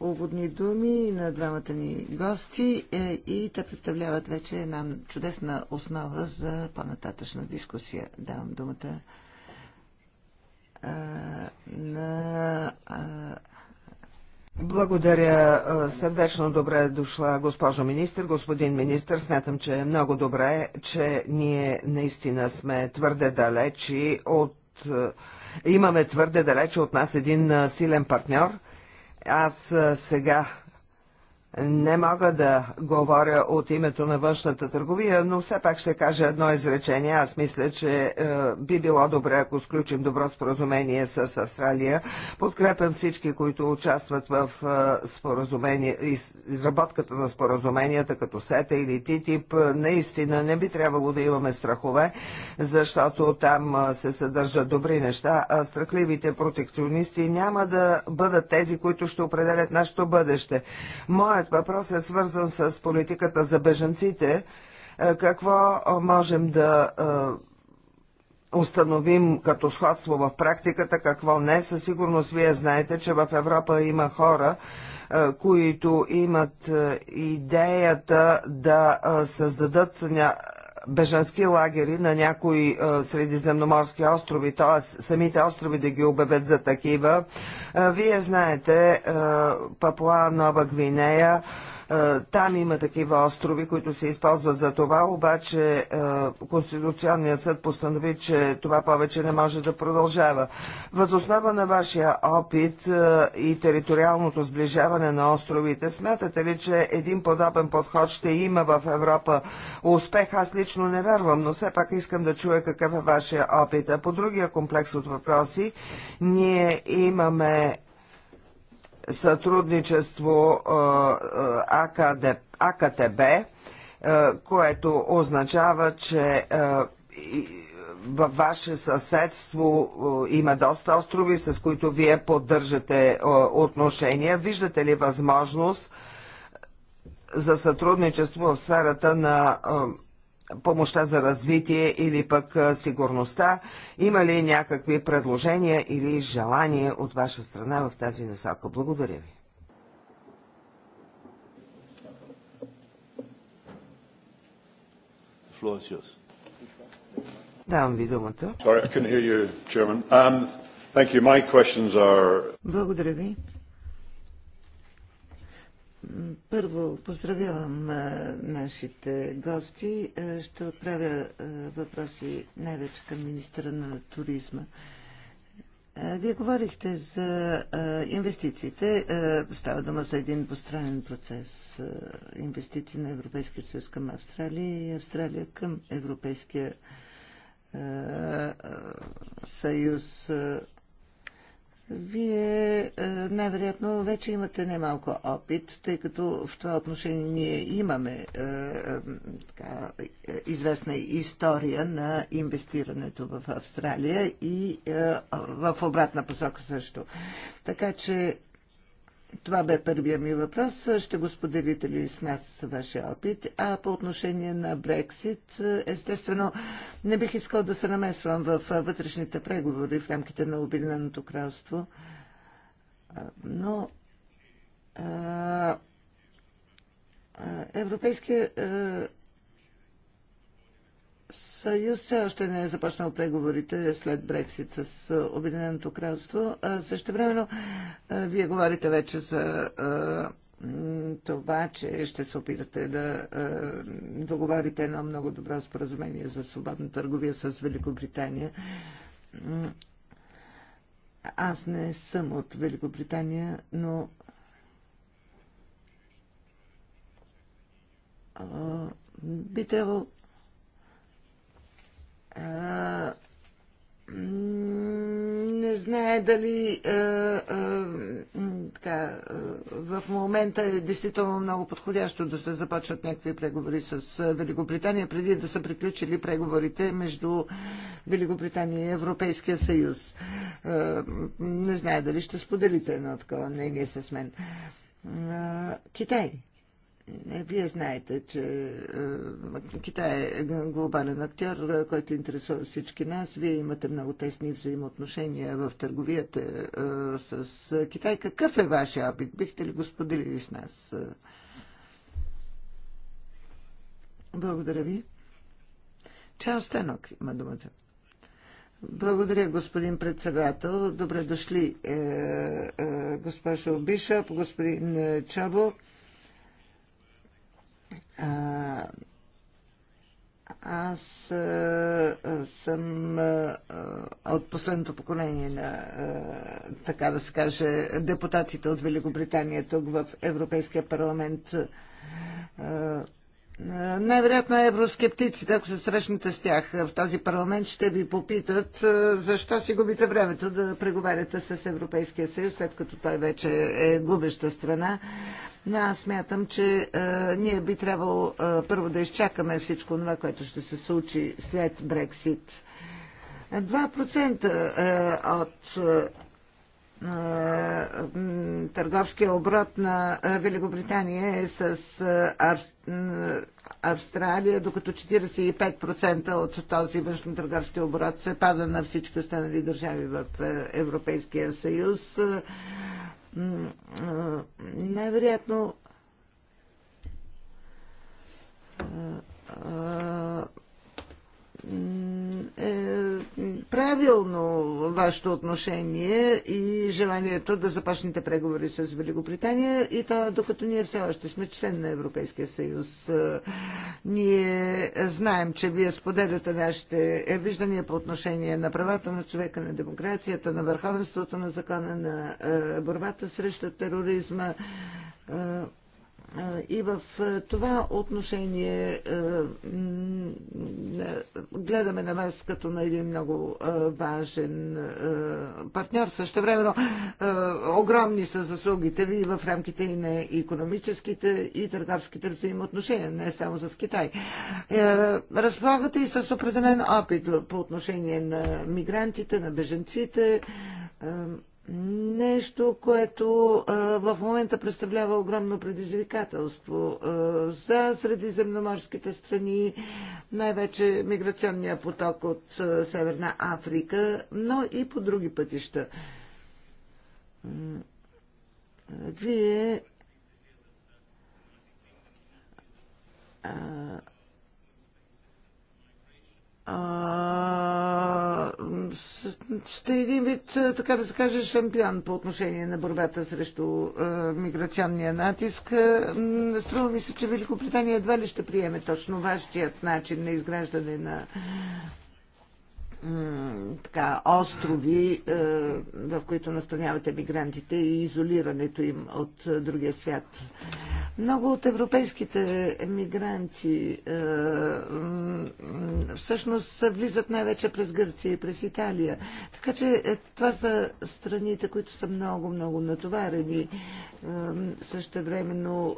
[SPEAKER 3] уводни думи на двамата ни гости е, и те представляват вече една чудесна основа за по-нататъчна дискусия. Давам думата на
[SPEAKER 1] благодаря сърдечно. Добре дошла, госпожо министр. Господин министр, смятам, че е много добре, че ние наистина сме твърде далечи от... Имаме твърде далече от нас един силен партньор. Аз сега не мога да говоря от името на външната търговия, но все пак ще кажа едно изречение. Аз мисля, че е, би било добре, ако сключим добро споразумение с Австралия. Подкрепям всички, които участват в е, споразумение, из, изработката на споразуменията, като СЕТА или ТИТИП. Наистина не би трябвало да имаме страхове, защото там е, се съдържат добри неща, а страхливите протекционисти няма да бъдат тези, които ще определят нашето бъдеще. Моя Моят въпрос е свързан с политиката за беженците. Е, какво можем да е, установим като сходство в практиката, какво не. Със сигурност вие знаете, че в Европа има хора, е, които имат идеята да създадат бежански лагери на някои е, средиземноморски острови, т.е. самите острови да ги обявят за такива. Е, вие знаете, е, Папуа Нова Гвинея е, там има такива острови, които се използват за това, обаче е, Конституционният съд постанови, че това повече не може да продължава. Възоснова на вашия опит е, и териториалното сближаване на островите, смятате ли, че един подобен подход ще има в Европа успех? Аз лично не вярвам, но все пак искам да чуя какъв е вашия опит. А по другия комплекс от въпроси, ние имаме сътрудничество АКТБ, което означава, че във ваше съседство има доста острови, с които вие поддържате отношения. Виждате ли възможност за сътрудничество в сферата на помощта за развитие или пък сигурността. Има ли някакви предложения или желания от ваша страна в тази насока? Благодаря ви. Давам ви думата. Um,
[SPEAKER 3] Благодаря ви. Първо поздравявам а, нашите гости. А, ще отправя а, въпроси най-вече към министра на туризма. А, вие говорихте за а, инвестициите. А, става дума за един постранен процес. А, инвестиции на Европейския съюз към Австралия и Австралия към Европейския а, а, съюз. А, вие е, най-вероятно вече имате немалко опит, тъй като в това отношение ние имаме е, е така, е, известна история на инвестирането в Австралия и е, в обратна посока също. Така че това бе първия ми въпрос. Ще го споделите ли с нас вашия опит? А по отношение на Брексит, естествено, не бих искал да се намесвам в вътрешните преговори в рамките на Обединеното кралство. Но Европейския съюз все още не е започнал преговорите след Брексит с Обединеното кралство. Също времено, вие говорите вече за това, че ще се опитате да договорите едно много добро споразумение за свободна търговия с Великобритания. Аз не съм от Великобритания, но би трябвало не знае дали а, а, така, в момента е действително много подходящо да се започват някакви преговори с Великобритания, преди да са приключили преговорите между Великобритания и Европейския съюз. А, не знае дали ще споделите едно такова мнение с мен. А, Китай. Е, вие знаете, че е, Китай е глобален актьор, е, който интересува всички нас. Вие имате много тесни взаимоотношения в търговията с Китай. Какъв е вашия опит? Бихте ли го споделили с нас? Благодаря ви. Чао Стенок има думата. Благодаря, господин председател. Добре дошли, е, е, госпожо Бишоп, господин Чабо аз а, съм а, от последното поколение на, а, така да се каже, депутатите от Великобритания тук в Европейския парламент. А, най-вероятно евроскептиците, ако се срещнете с тях в този парламент, ще ви попитат защо си губите времето да преговаряте с Европейския съюз, след като той вече е губеща страна. Но аз смятам, че е, ние би трябвало е, първо да изчакаме всичко това, което ще се случи след Брексит. 2% е, от търговския оборот на Великобритания е с Австралия, докато 45% от този външно-търговски оборот се пада на всички останали държави в Европейския съюз. Най-вероятно е правилно вашето отношение и желанието да започнете преговори с Великобритания и то докато ние все още сме член на Европейския съюз. Е, ние знаем, че вие споделяте нашите е, виждания по отношение на правата на човека, на демокрацията, на върховенството на закона, на е, борбата срещу тероризма и в това отношение гледаме на вас като на един много важен партньор. Също времено огромни са заслугите ви в рамките и на економическите и търговските взаимоотношения, не само с Китай. Разполагате и с определен опит по отношение на мигрантите, на беженците Нещо, което а, в момента представлява огромно предизвикателство а, за средиземноморските страни, най-вече миграционния поток от а, Северна Африка, но и по други пътища. Вие а, а, сте е един вид, е, така да се каже, шампион по отношение на борбата срещу е, миграционния натиск. Струва ми се, че Великобритания едва ли ще приеме точно вашият начин на изграждане на така, острови, е, в които настаняват емигрантите и изолирането им от е, другия свят. Много от европейските емигранти е, всъщност влизат най-вече през Гърция и през Италия. Така че това са страните, които са много-много натоварени. Също времено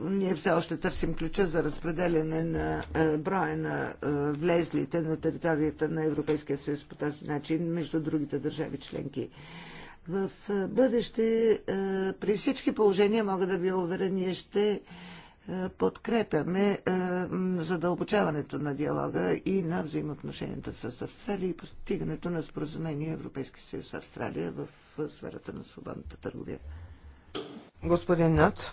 [SPEAKER 3] ние все още търсим ключа за разпределяне на броя на влезлите на територията на Европейския Европейския съюз по този начин между другите държави членки. В бъдеще, при всички положения, мога да ви уверя, ние ще подкрепяме задълбочаването на диалога и на взаимоотношенията с Австралия и постигането на споразумение Европейския съюз Австралия в сферата на свободната търговия. Господин Нат,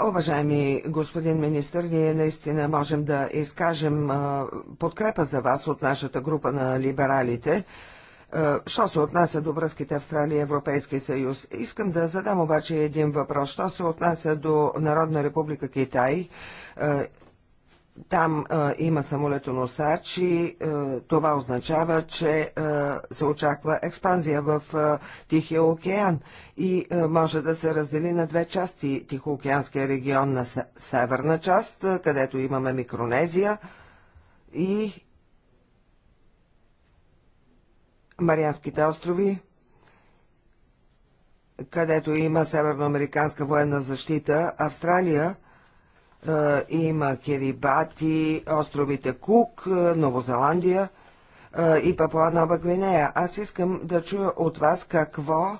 [SPEAKER 1] Уважаеми господин министр, ние наистина можем да изкажем подкрепа за вас от нашата група на либералите. Що се отнася до връзките Австралия и Европейски съюз? Искам да задам обаче един въпрос. Що се отнася до Народна република Китай? Там а, има самолетоносачи. А, това означава, че а, се очаква експанзия в а, Тихия океан и а, може да се раздели на две части Тихоокеанския регион на северна част, а, където имаме Микронезия и Марианските острови, където има северноамериканска военна защита, Австралия е, има Кирибати, островите Кук, е, Новозеландия е, и Папуа Нова Гвинея. Аз искам да чуя от вас какво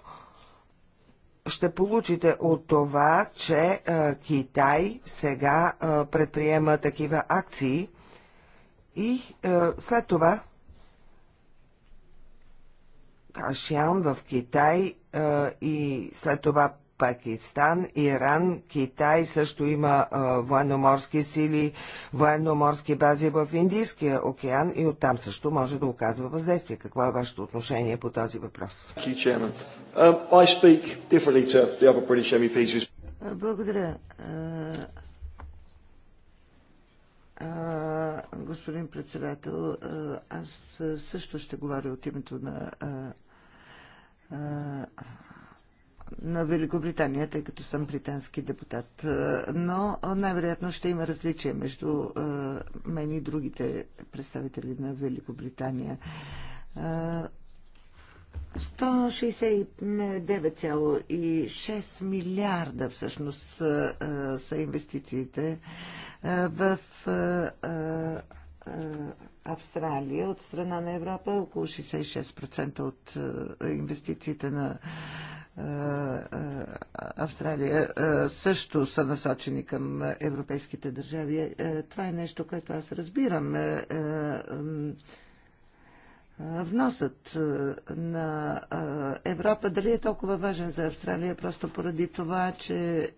[SPEAKER 1] ще получите от това, че Китай сега предприема такива акции и след това Кашиан в Китай и след това Пакистан, Иран, Китай също има а, военноморски сили, военноморски бази в Индийския океан и оттам също може да оказва въздействие. Какво е вашето отношение по този въпрос?
[SPEAKER 3] Um, e uh, благодаря. А, uh, uh, господин председател, аз също ще говоря от името на а, на Великобритания, тъй като съм британски депутат. Е, но най-вероятно ще има различия между е, мен и другите представители на Великобритания. 169,6 е, милиарда всъщност са инвестициите в Австралия от страна на Европа, около 66% от инвестициите на е, е, Австралия е, също са насочени към европейските държави. Това е нещо, което аз разбирам вносът е, на е, Европа дали е толкова важен за Австралия, просто поради това, че е,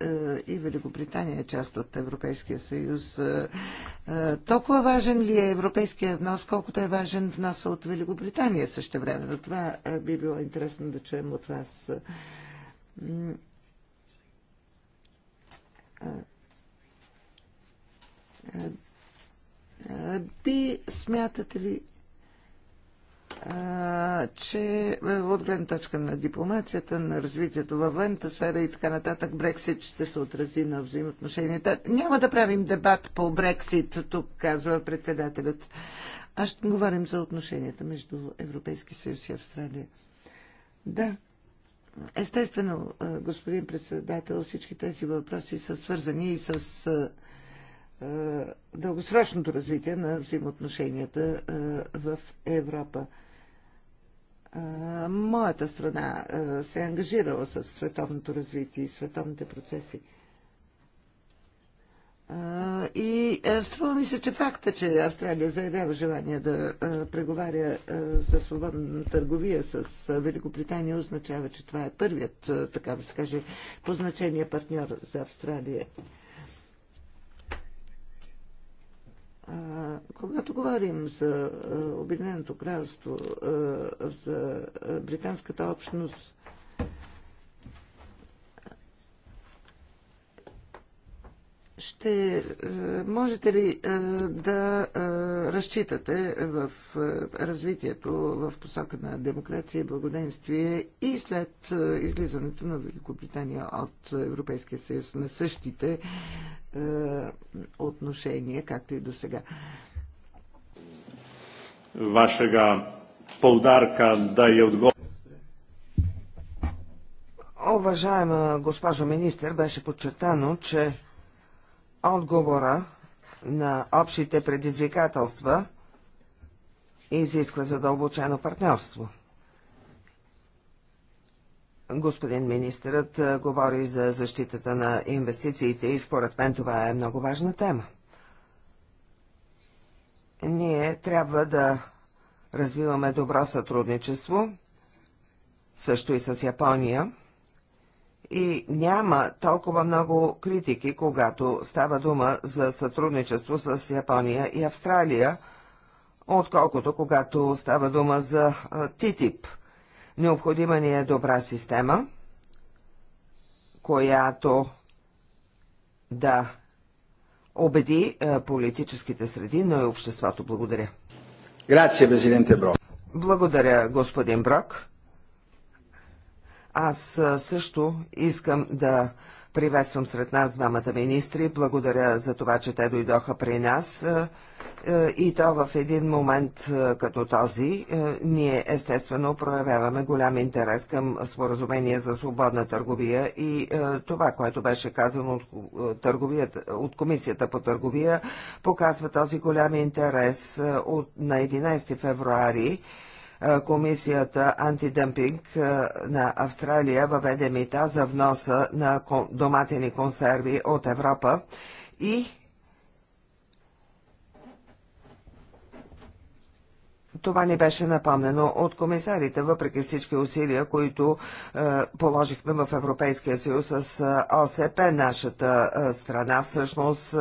[SPEAKER 3] и Великобритания е част от Европейския съюз. Толкова важен ли е европейския внос, колкото е важен вноса от Великобритания също време? Но това би било интересно да чуем от вас. Би смятате ли, че е, от гледна точка на дипломацията, на развитието във военната сфера и така нататък, Брексит ще се отрази на взаимоотношенията. Няма да правим дебат по Брексит, тук казва председателят. А ще говорим за отношенията между Европейски съюз и Австралия. Да, естествено, е, господин председател, всички тези въпроси са свързани и с е, дългосрочното развитие на взаимоотношенията в Европа моята страна се е ангажирала с световното развитие и световните процеси. И струва ми се, че факта, че Австралия заявява желание да преговаря за свободна търговия с Великобритания, означава, че това е първият, така да се каже, по значение партньор за Австралия. когато говорим за Обединеното кралство, за британската общност, ще е, можете ли е, да е, разчитате в развитието в посока на демокрация и благоденствие и след излизането на Великобритания от Европейския съюз на същите отношения, както и до сега? Вашега повдарка да я отговоря.
[SPEAKER 1] Уважаема госпожо министър, беше подчертано, че Отговора на общите предизвикателства изисква задълбочено партньорство. Господин министърът говори за защитата на инвестициите и според мен това е много важна тема. Ние трябва да развиваме добро сътрудничество, също и с Япония и няма толкова много критики, когато става дума за сътрудничество с Япония и Австралия, отколкото когато става дума за ТИТИП. Необходима ни е добра система, която да убеди политическите среди, но и обществото. Благодаря. Грация, президенте Брок. Благодаря, господин Брок. Аз също искам да приветствам сред нас двамата министри. Благодаря за това, че те дойдоха при нас. И то в един момент като този, ние естествено проявяваме голям интерес към споразумение за свободна търговия и това, което беше казано от, търговията, от Комисията по търговия, показва този голям интерес от, на 11 февруари комисията антидъмпинг на Австралия въведе мита за вноса на доматени консерви от Европа и това ни беше напомнено от комисарите, въпреки всички усилия, които е, положихме в Европейския съюз с е, ОСП. Нашата е, страна всъщност е,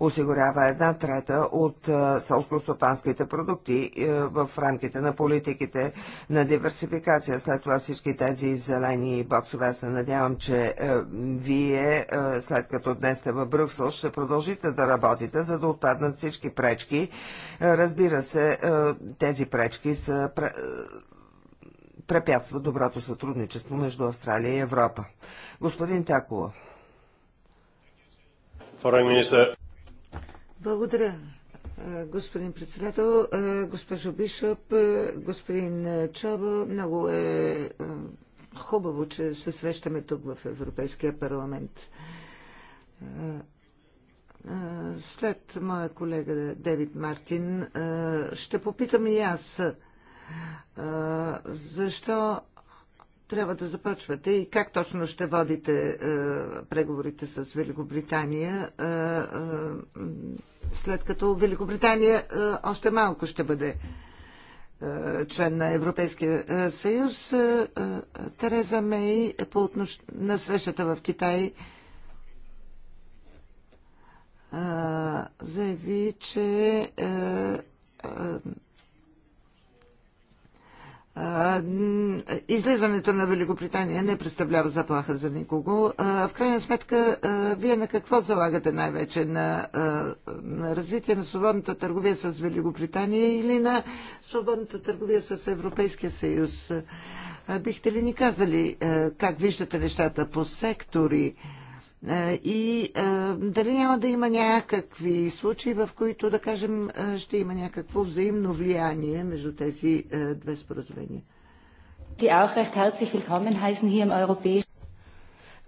[SPEAKER 1] осигурява една трета от е, селско-стопанските продукти е, в рамките на политиките на диверсификация. След това всички тези зелени боксове се надявам, че е, вие, е, след като днес сте в Брюксел, ще продължите да работите, за да отпаднат всички пречки. Разбира се, е, тези тези пречки са е, препятства доброто сътрудничество между Австралия и Европа. Господин Такула.
[SPEAKER 3] Благодаря, е, господин председател, е, госпожо Бишоп, господин Чабо. Много е хубаво, че се срещаме тук в Европейския парламент. След моя колега Девид Мартин ще попитам и аз защо трябва да започвате и как точно ще водите преговорите с Великобритания, след като Великобритания още малко ще бъде член на Европейския съюз. Тереза Мей по отнош... на срещата в Китай заяви, че е, е, е, излизането на Великобритания не представлява заплаха за никого. В крайна сметка, вие на какво залагате най-вече? На, на развитие на свободната търговия с Великобритания или на свободната търговия с Европейския съюз? Бихте ли ни казали как виждате нещата по сектори? Е, и а, е, дали няма да има някакви случаи, в които, да кажем, е, ще има някакво взаимно влияние между тези а, две споразумения?
[SPEAKER 1] Ти auch recht herzlich willkommen heißen hier im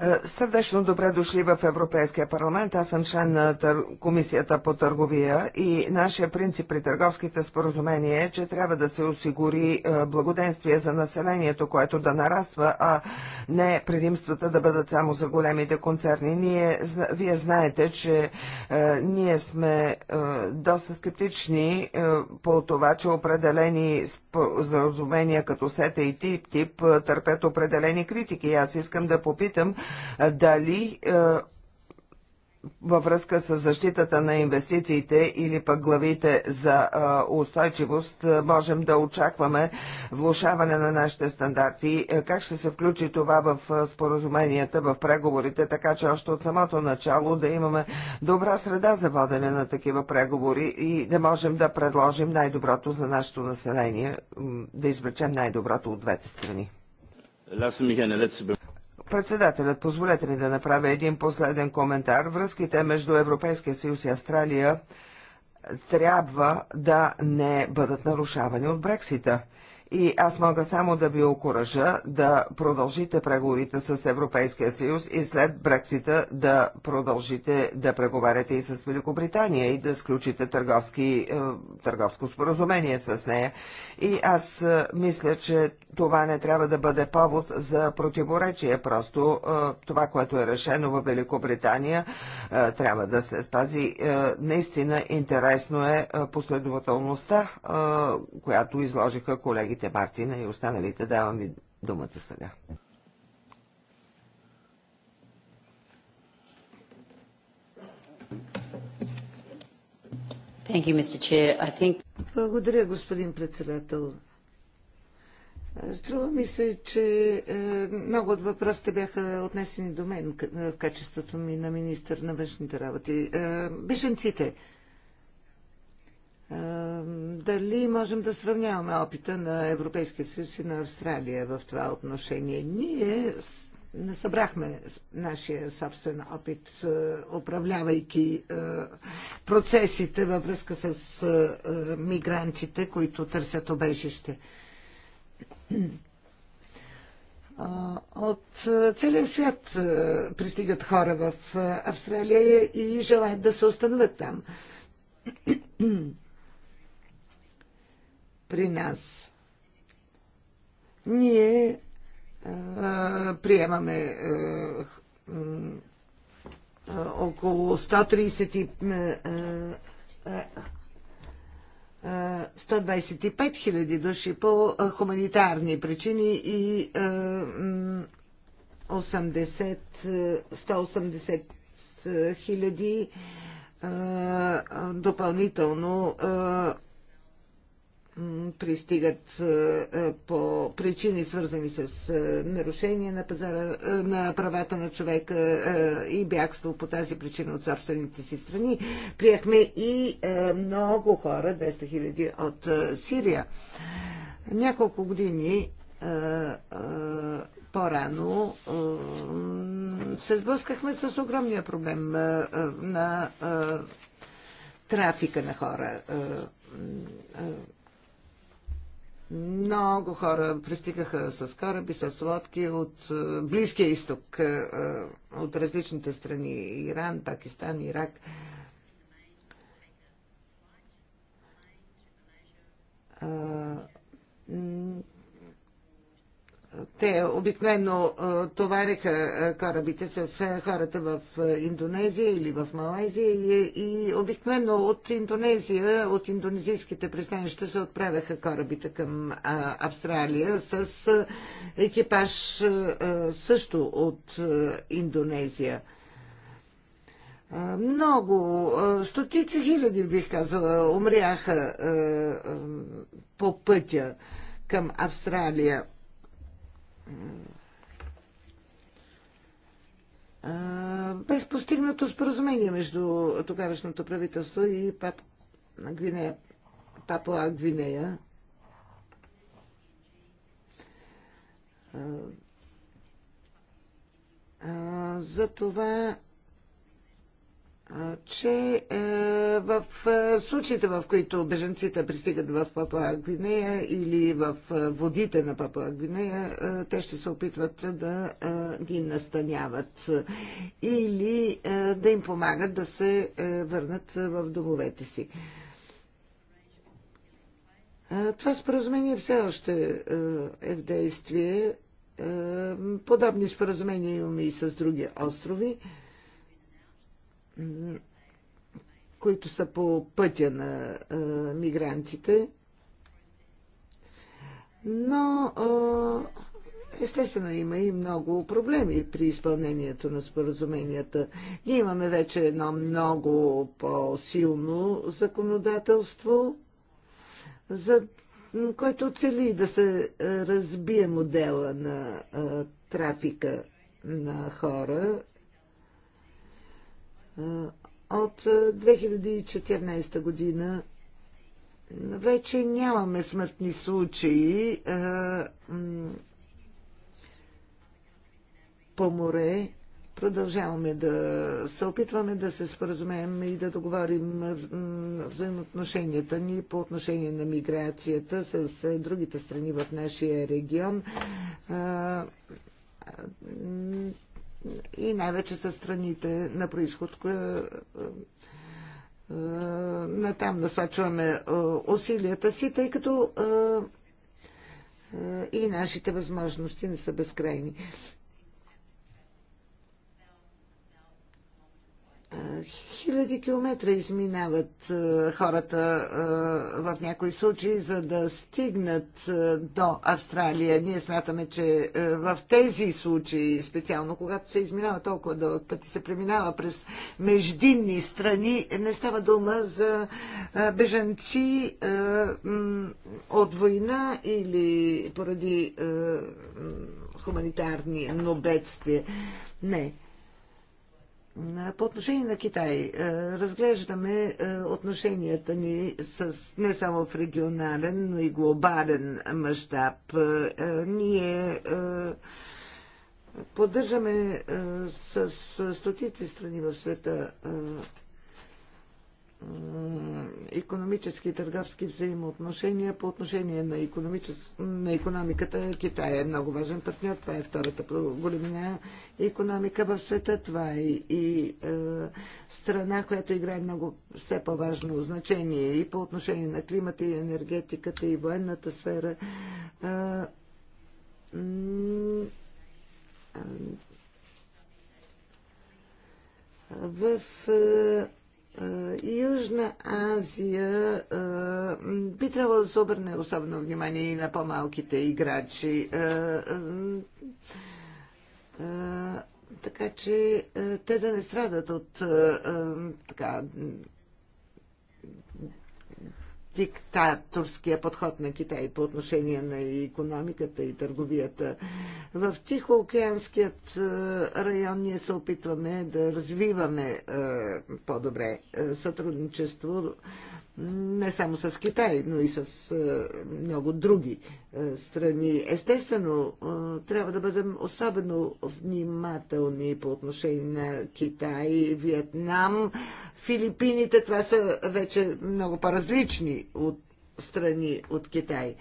[SPEAKER 1] е, сърдечно добре дошли в Европейския парламент. Аз съм член на тър... Комисията по търговия и нашия принцип при търговските споразумения е, че трябва да се осигури е, благоденствие за населението, което да нараства, а не предимствата да бъдат само за големите концерни. Ние, вие знаете, че е, ние сме е, доста скептични е, по това, че определени споразумения като СЕТА и ТИП-ТИП е, търпят определени критики. Аз искам да попитам дали е, във връзка с защитата на инвестициите или пък главите за е, устойчивост е, можем да очакваме влушаване на нашите стандарти. Как ще се включи това в споразуменията, в преговорите, така че още от самото начало да имаме добра среда за водене на такива преговори и да можем да предложим най-доброто за нашето население, да извлечем най-доброто от двете страни. Председателят, позволете ми да направя един последен коментар. Връзките между Европейския съюз и Австралия трябва да не бъдат нарушавани от Брексита. И аз мога само да ви окоръжа да продължите преговорите с Европейския съюз и след Брексита да продължите да преговаряте и с Великобритания и да сключите търговски, е, търговско споразумение с нея. И аз е, мисля, че това не трябва да бъде повод за противоречие. Просто е, това, което е решено в Великобритания, трябва да се спази. Наистина интересно е последователността, която изложиха колегите партии, Мартина и останалите, давам ви думата сега.
[SPEAKER 3] You, think... Благодаря, господин председател. Струва ми се, че е, много от въпросите бяха отнесени до мен е, в качеството ми на министър на външните работи. Е, Беженците. Дали можем да сравняваме опита на Европейския съюз и на Австралия в това отношение? Ние не събрахме нашия собствен опит, е, управлявайки е, процесите във връзка с е, мигрантите, които търсят обежище. От целия свят пристигат хора в Австралия и желаят да се установят там при нас. Ние а, приемаме а, а, около 130 а, а, 125 хиляди души по хуманитарни причини и а, 80, 180 хиляди допълнително пристигат е, е, по причини свързани с е, нарушение на, пазара, на правата на човека и бягство по тази причина от собствените си страни. Приехме и много хора, 200 хиляди от Сирия. Няколко години по-рано се сблъскахме с огромния проблем на трафика на хора много хора пристигаха с кораби, с лодки от е, Близкия изток, е, е, от различните страни Иран, Пакистан, Ирак. Те обикновено товареха корабите с хората в Индонезия или в Малайзия и, и обикновено от Индонезия, от индонезийските пристанища се отправяха корабите към Австралия с екипаж също от Индонезия. Много, стотици хиляди, бих казала, умряха по пътя към Австралия без постигнато споразумение между тогавашното правителство и Пап... Гвинея, Папуа Гвинея. За това че е, в е, случаите, в които беженците пристигат в Папуа Гвинея или в е, водите на Папуа Гвинея, те ще се опитват да ги настаняват или да им помагат да се върнат в домовете си. Това споразумение все още е в действие. Подобни споразумения имаме и с други острови които са по пътя на а, мигрантите. Но а, естествено има и много проблеми при изпълнението на споразуменията. Ние имаме вече едно много по-силно законодателство, за което цели да се разбие модела на а, трафика на хора от 2014 е, година вече нямаме смъртни случаи е, по море. Продължаваме да се опитваме да се споразумеем и да договорим взаимоотношенията ни по отношение на миграцията с е, другите страни в нашия регион и най-вече с страните на происход. Е, е, на там насочваме е, усилията си, тъй като и нашите възможности не са безкрайни. Хиляди километра изминават е, хората е, в някои случаи, за да стигнат е, до Австралия. Ние смятаме, че в тези случаи, специално когато се изминава толкова дълъг път и се преминава през междинни страни, не става дума за бежанци от война или поради хуманитарни нобедствия. Не по отношение на Китай, е, разглеждаме е, отношенията ни с, не само в регионален, но и глобален мащаб. Е, ние поддържаме с стотици страни в света економически и търговски взаимоотношения по отношение на, економичес... на економиката. Китай е много важен партньор. Това е втората големина економика в света. Това е и е, страна, която играе много все по-важно значение и по отношение на климата и енергетиката и военната сфера. Е, е, в е, Южна Азия би трябвало да се обърне особено внимание и на по-малките играчи. Така че те да не страдат от така, диктаторския подход на Китай по отношение на економиката и търговията. В Тихоокеанският е, район ние се опитваме да развиваме е, по-добре е, сътрудничество не само с Китай, но и с е, много други е, страни. Естествено, е, трябва да бъдем особено внимателни по отношение на Китай, Виетнам, Филипините. Това са вече много по-различни от страни от Китай.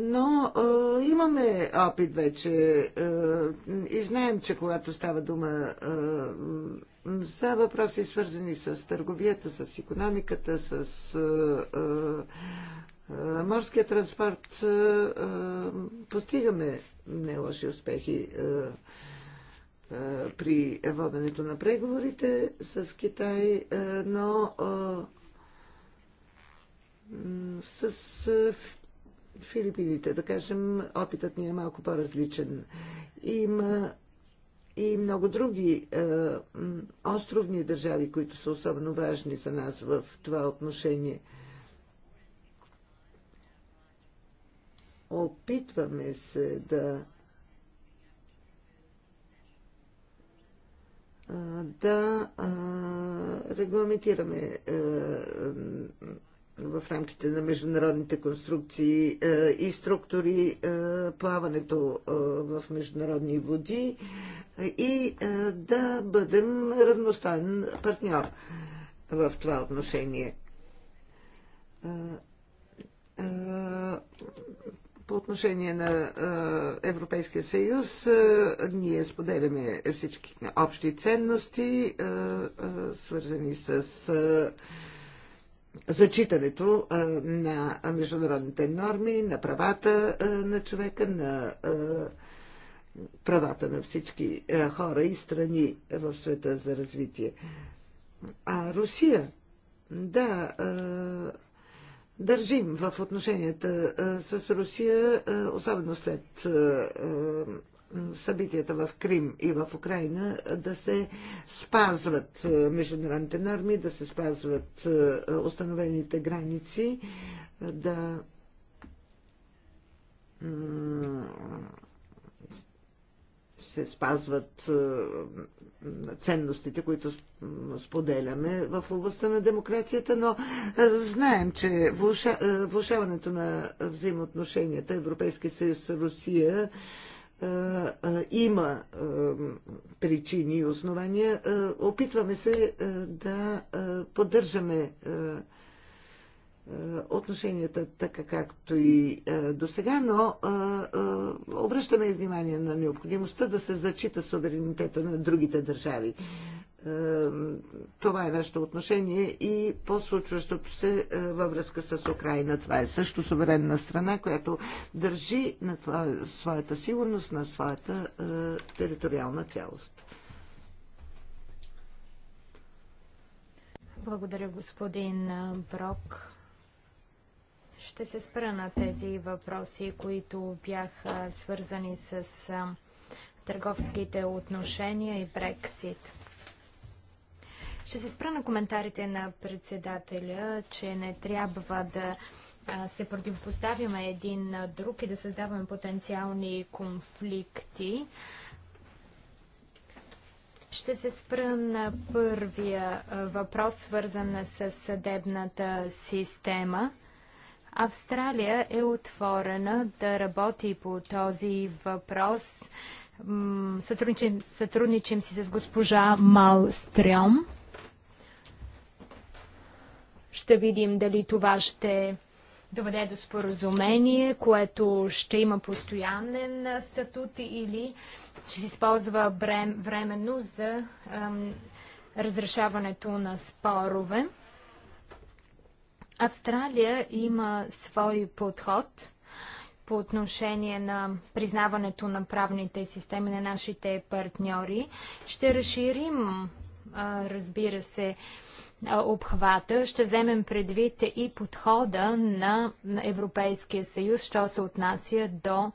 [SPEAKER 3] Но е, имаме опит вече е, и знаем, че когато става дума за въпроси свързани с търговията, с економиката, с морския транспорт постигаме не лоши успехи при воденето на преговорите с Китай, но с Филипините, да кажем, опитът ни е малко по-различен. Има и много други е, островни държави, които са особено важни за нас в това отношение. Опитваме се да е, да а, е, регламентираме а, е, в рамките на международните конструкции е, и структури, е, плаването е, в международни води и да бъдем равностоен партньор в това отношение. По отношение на Европейския съюз, ние споделяме всички общи ценности, свързани с зачитането на международните норми, на правата на човека, на правата на всички хора и страни в света за развитие. А Русия, да, държим в отношенията с Русия, особено след събитията в Крим и в Украина да се спазват е, международните норми, да се спазват е, установените граници, е, да се спазват ценностите, които споделяме в областта на демокрацията, но знаем, че влушаването на взаимоотношенията Европейски съюз-Русия има причини и основания. Опитваме се да поддържаме отношенията така както и до сега, но обръщаме внимание на необходимостта да се зачита суверенитета на другите държави. Това е нашето отношение и по случващото се е, във връзка с Украина. Това е също суверенна страна, която държи на това, своята сигурност, на своята е, териториална цялост.
[SPEAKER 2] Благодаря, господин е, Брок. Ще се спра на тези въпроси, които бяха свързани с търговските отношения и Брексит. Ще се спра на коментарите на председателя, че не трябва да се противопоставяме един на друг и да създаваме потенциални конфликти. Ще се спра на първия въпрос, свързан с съдебната система. Австралия е отворена да работи по този въпрос. Сътрудничим, сътрудничим си с госпожа Малстрём ще видим дали това ще доведе до споразумение, което ще има постоянен статут или ще се използва брем, временно за разрешаването на спорове. Австралия има свой подход по отношение на признаването на правните системи на нашите партньори. Ще разширим, разбира се, обхвата. Ще вземем предвид и подхода на Европейския съюз, що се отнася до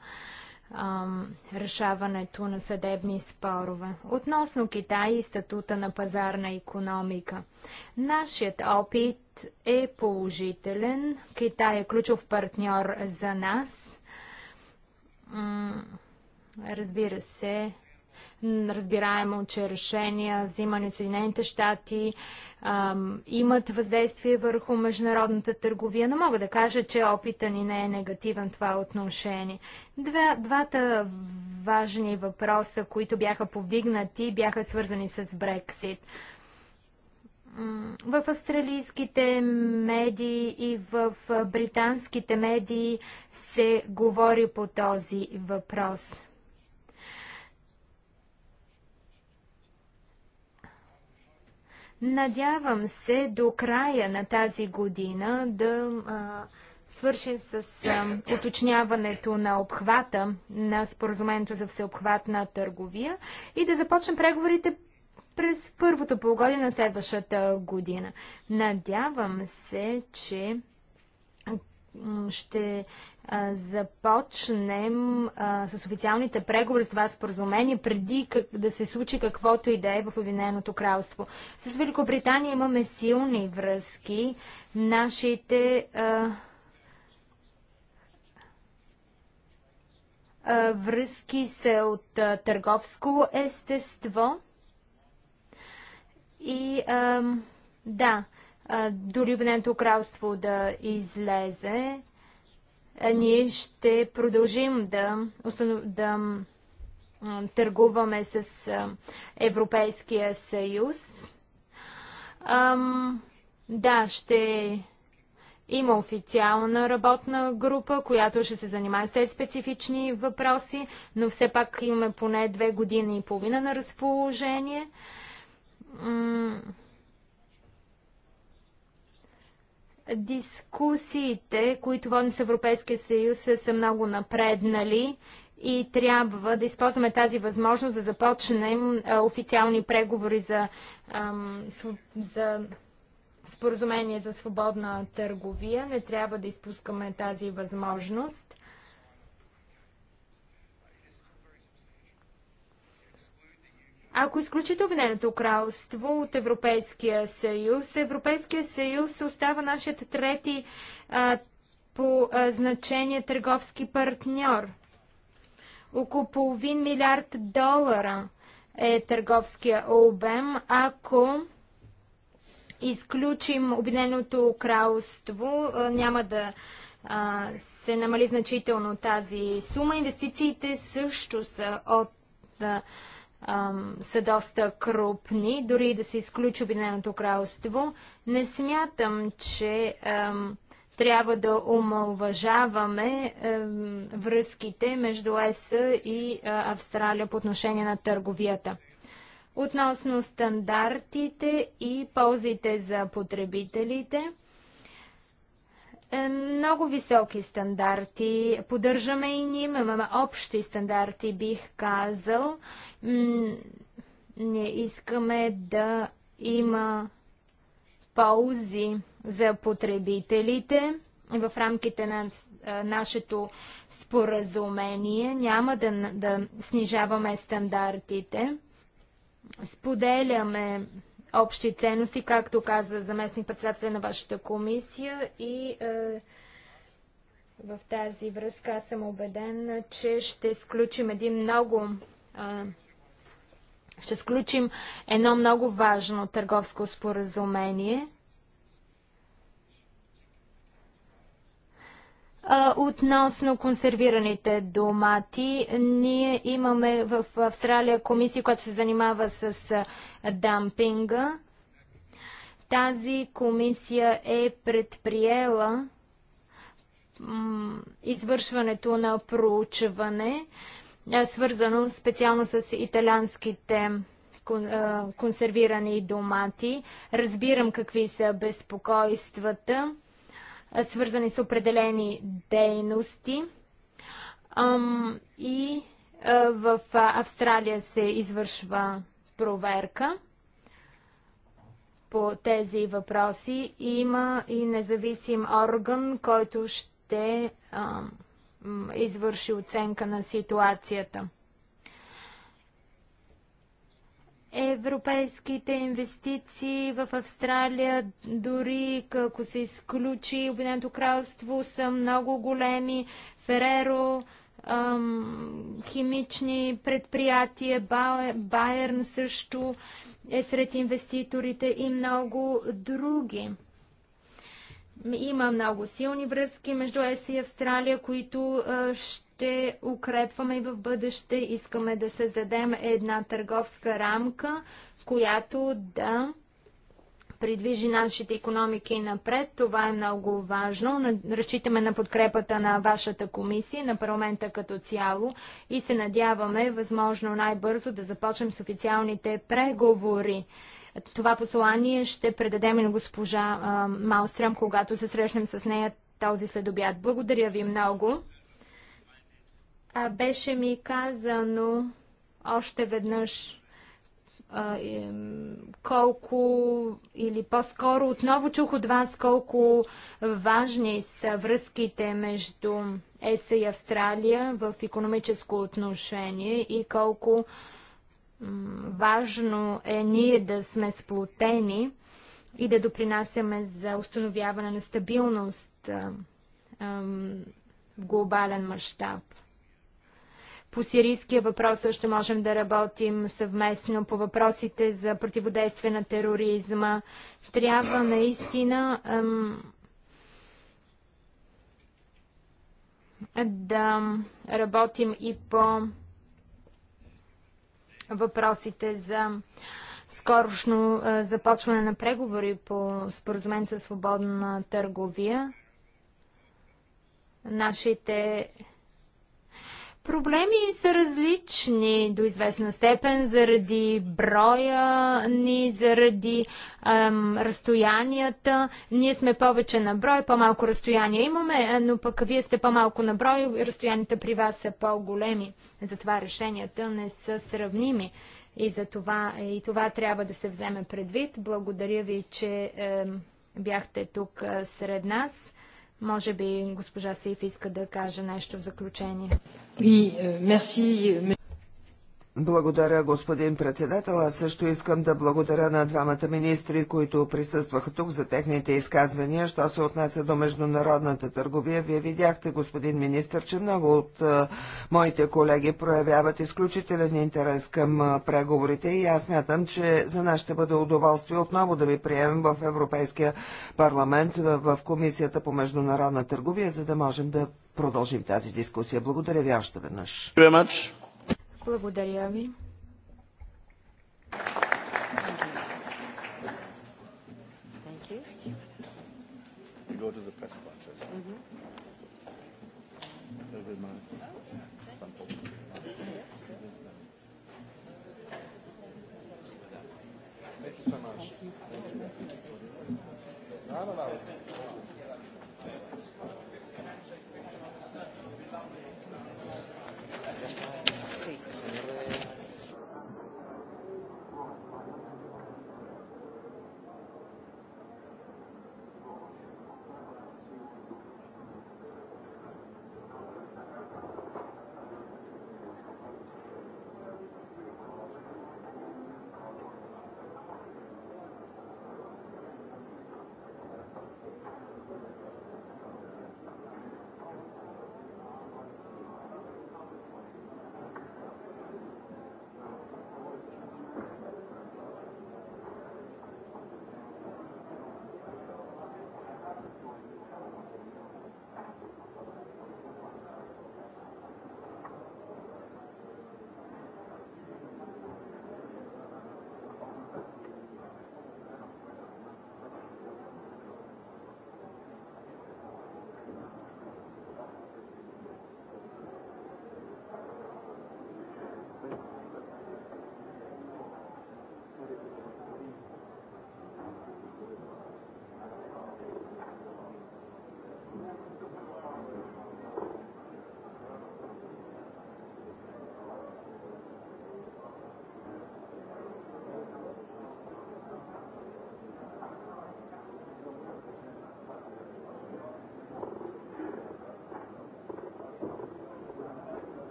[SPEAKER 2] решаването на съдебни спорове. Относно Китай и статута на пазарна економика. Нашият опит е положителен. Китай е ключов партньор за нас. Разбира се, Разбираемо, че решения, взимани от Съединените щати, имат въздействие върху международната търговия. Но мога да кажа, че опита ни не е негативен това отношение. Два, двата важни въпроса, които бяха повдигнати, бяха свързани с Брексит в австралийските медии и в британските медии се говори по този въпрос. Надявам се до края на тази година да а, свършим с а, уточняването на обхвата на споразумението за всеобхватна търговия и да започнем преговорите през първото полугодие на следващата година. Надявам се, че ще започнем а, с официалните преговори с това споразумение преди как, да се случи каквото и да е в Обединеното кралство. С Великобритания имаме силни връзки. Нашите а, а, връзки са от а, търговско естество. И а, да, а, дори Обединеното кралство да излезе, ние ще продължим да, да търгуваме с Европейския съюз. да, ще има официална работна група, която ще се занимава с тези специфични въпроси, но все пак имаме поне две години и половина на разположение. Дискусиите, които водим с Европейския съюз, са много напреднали и трябва да използваме тази възможност да започнем официални преговори за, за споразумение за свободна търговия. Не трябва да изпускаме тази възможност. Ако изключите Обединеното кралство от Европейския съюз, Европейския съюз остава нашият трети а, по а, значение търговски партньор. Около половин милиард долара е търговския обем, ако изключим Обединеното кралство, а, няма да а, се намали значително тази сума. Инвестициите също са от а, са доста крупни, дори да се изключи Обединеното кралство. Не смятам, че ам, трябва да омалважаваме ам, връзките между ЕС и а, Австралия по отношение на търговията. Относно стандартите и ползите за потребителите, е, много високи стандарти. Поддържаме и ние, имаме общи стандарти, бих казал. Не искаме да има ползи за потребителите в рамките на е, нашето споразумение. Няма да, да снижаваме стандартите. Споделяме общи ценности, както каза заместник председателя на вашата комисия и е, в тази връзка аз съм убеден, че ще сключим един много е, ще сключим едно много важно търговско споразумение – Относно консервираните домати, ние имаме в Австралия комисия, която се занимава с дампинга. Тази комисия е предприела извършването на проучване, свързано специално с италянските консервирани домати. Разбирам какви са безпокойствата свързани с определени дейности. И в Австралия се извършва проверка по тези въпроси. Има и независим орган, който ще извърши оценка на ситуацията. Европейските инвестиции в Австралия, дори ако се изключи Обединеното кралство, са много големи. Фереро, ам, химични предприятия, Байерн също е сред инвеститорите и много други. Има много силни връзки между ЕС и Австралия, които ще ще укрепваме и в бъдеще. Искаме да създадем една търговска рамка, която да придвижи нашите економики напред. Това е много важно. Разчитаме на подкрепата на вашата комисия, на парламента като цяло и се надяваме възможно най-бързо да започнем с официалните преговори. Това послание ще предадем и на госпожа Малстрам, когато се срещнем с нея този следобят. Благодаря ви много а, беше ми казано още веднъж а, е, колко, или по-скоро отново чух от вас колко важни са връзките между ЕСА и Австралия в економическо отношение и колко важно е ние да сме сплотени и да допринасяме за установяване на стабилност в глобален мащаб. По сирийския въпрос също можем да работим съвместно по въпросите за противодействие на тероризма. Трябва наистина ем, да работим и по въпросите за скорошно е, започване на преговори по споразумението за свободна търговия. Нашите Проблеми са различни до известна степен заради броя ни, заради ем, разстоянията. Ние сме повече на брой, по-малко разстояние имаме, но пък вие сте по-малко на брой, разстоянията при вас са по-големи. Затова решенията не са сравними. И, за това, и това трябва да се вземе предвид. Благодаря ви, че ем, бяхте тук сред нас. Може би госпожа Сейф иска да каже нещо в заключение.
[SPEAKER 1] Oui, euh, merci. Euh, благодаря, господин председател. Аз също искам да благодаря на двамата министри, които присъстваха тук за техните изказвания. Що се отнася до международната търговия, вие видяхте, господин министр, че много от а, моите колеги проявяват изключителен интерес към а, преговорите и аз смятам, че за нас ще бъде удоволствие отново да ви приемем в Европейския парламент, в, в Комисията по международна търговия, за да можем да продължим тази дискусия. Благодаря ви още веднъж.
[SPEAKER 2] Благодаря ви.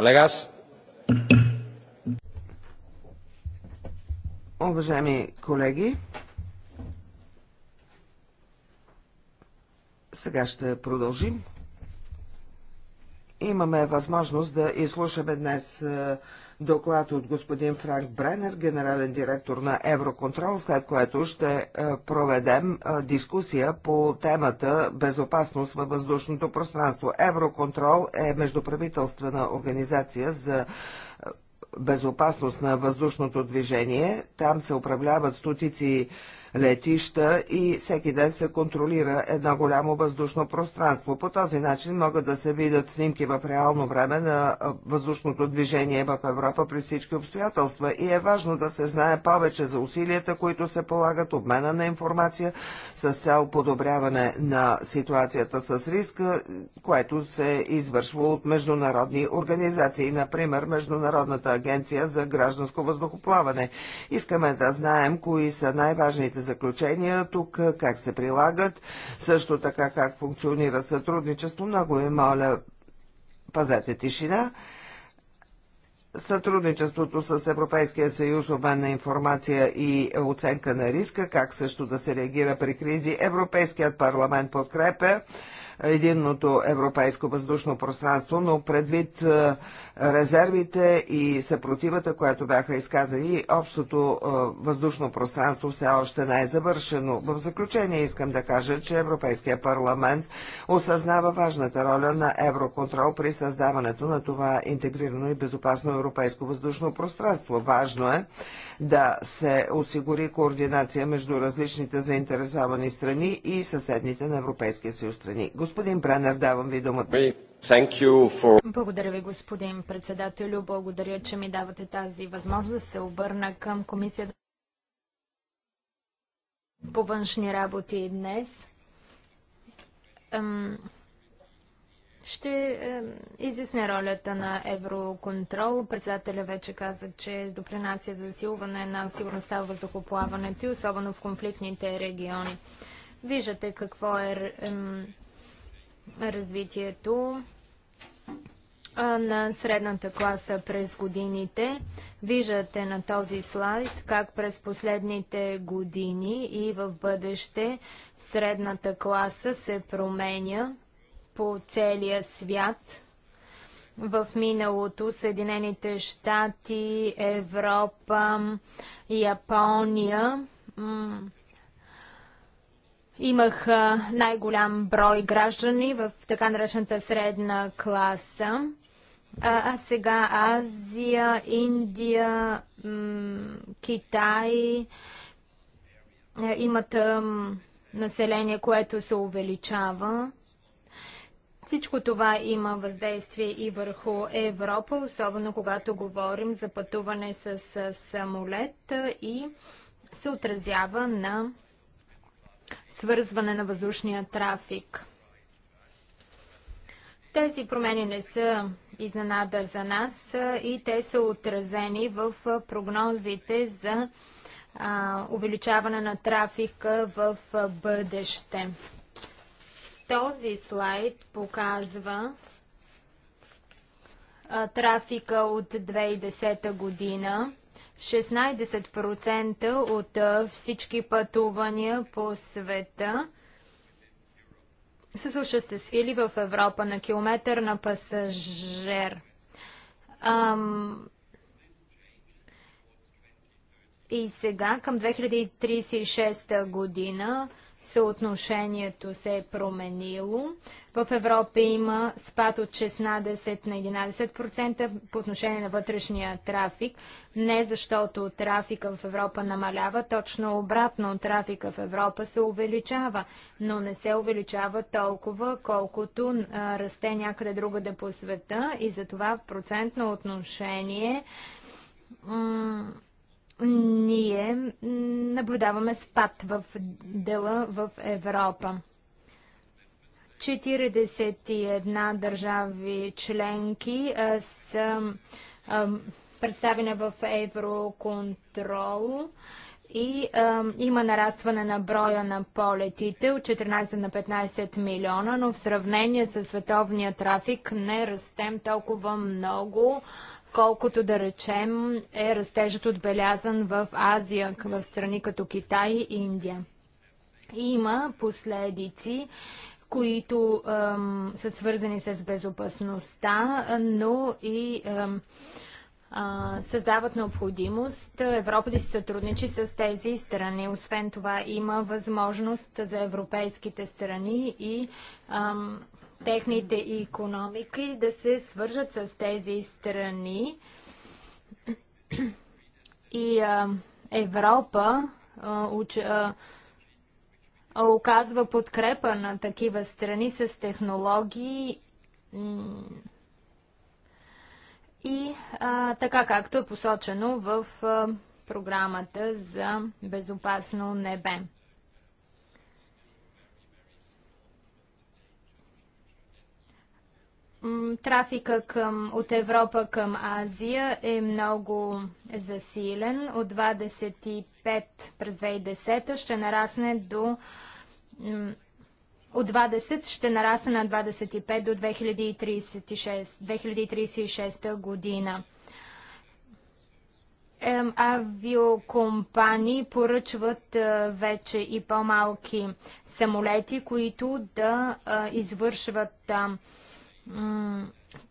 [SPEAKER 1] Колегас. Уважаеми колеги, сега ще продължим имаме възможност да изслушаме днес е, доклад от господин Франк Бренер, генерален директор на Евроконтрол, след което ще е, проведем е, дискусия по темата безопасност във въздушното пространство. Евроконтрол е междуправителствена организация за безопасност на въздушното движение. Там се управляват стотици летища и всеки ден се контролира едно голямо въздушно пространство. По този начин могат да се видят снимки в реално време на въздушното движение в Европа при всички обстоятелства и е важно да се знае повече за усилията, които се полагат, обмена на информация с цел подобряване на ситуацията с риска, което се извършва от международни организации, например Международната агенция за гражданско въздухоплаване. Искаме да знаем кои са най-важните вашите заключения тук, как се прилагат, също така как функционира сътрудничество. Много ви моля, пазете тишина. Сътрудничеството с Европейския съюз, обмен на информация и оценка на риска, как също да се реагира при кризи. Европейският парламент подкрепя единното европейско въздушно пространство, но предвид е, резервите и съпротивата, която бяха изказани, общото е, въздушно пространство все още не е завършено. В заключение искам да кажа, че Европейския парламент осъзнава важната роля на Евроконтрол при създаването на това интегрирано и безопасно европейско въздушно пространство. Важно е да се осигури координация между различните заинтересовани страни и съседните на Европейския съюз страни. Господин Бренер, давам ви думата. For...
[SPEAKER 2] Благодаря ви, господин председателю. Благодаря, че ми давате тази възможност да се обърна към комисията по външни работи днес. Ще изясне ролята на Евроконтрол. Председателя вече каза, че допринася за засилване на сигурността в въздухоплаването и особено в конфликтните региони. Виждате какво е, е развитието на средната класа през годините. Виждате на този слайд как през последните години и в бъдеще средната класа се променя по целия свят. В миналото Съединените щати, Европа, Япония имаха най-голям брой граждани в така наречената средна класа. А, а сега Азия, Индия, Китай е, имат население, което се увеличава. Всичко това има въздействие и върху Европа, особено когато говорим за пътуване с самолет и се отразява на свързване на въздушния трафик. Тези промени не са изненада за нас и те са отразени в прогнозите за увеличаване на трафика в бъдеще. Този слайд показва трафика от 2010 година. 16% от всички пътувания по света се осъществили в Европа на километър на пасажер. Ам... И сега към 2036 година съотношението се е променило. В Европа има спад от 16 на 11% по отношение на вътрешния трафик. Не защото трафика в Европа намалява, точно обратно трафика в Европа се увеличава, но не се увеличава толкова, колкото расте някъде другаде по света и затова в процентно отношение ние наблюдаваме спад в дела в Европа. 41 държави членки са представени в Евроконтрол и а, има нарастване на броя на полетите от 14 на 15 милиона, но в сравнение с световния трафик не растем толкова много колкото да речем е растежът отбелязан в Азия, в страни като Китай и Индия. Има последици, които ем, са свързани с безопасността, но и ем, създават необходимост Европа да се сътрудничи с тези страни. Освен това има възможност за европейските страни и ам, техните економики, да се свържат с тези страни. И а, Европа а, уч, а, оказва подкрепа на такива страни с технологии и а, така както е посочено в а, програмата за безопасно небе. Трафика към, от Европа към Азия е много засилен. От 25 през 2010 ще нарасне до от 20 ще нарасне на 25 до 2036, 2036 година. авиокомпании поръчват е, вече и по-малки самолети, които да е, извършват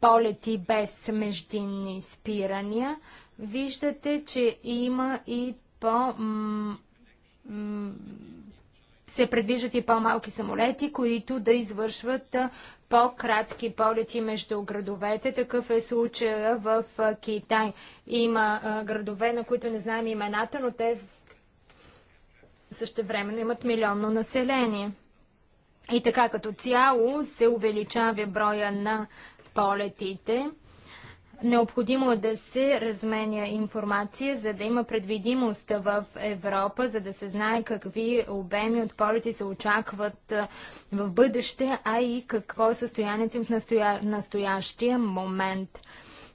[SPEAKER 2] полети без междинни спирания, виждате, че има и по... се предвиждат и по-малки самолети, които да извършват по-кратки полети между градовете. Такъв е случая в Китай. Има градове, на които не знаем имената, но те също времено имат милионно население. И така като цяло се увеличава броя на полетите. Необходимо е да се разменя информация, за да има предвидимост в Европа, за да се знае какви обеми от полети се очакват в бъдеще, а и какво е състоянието им в настоя... настоящия момент.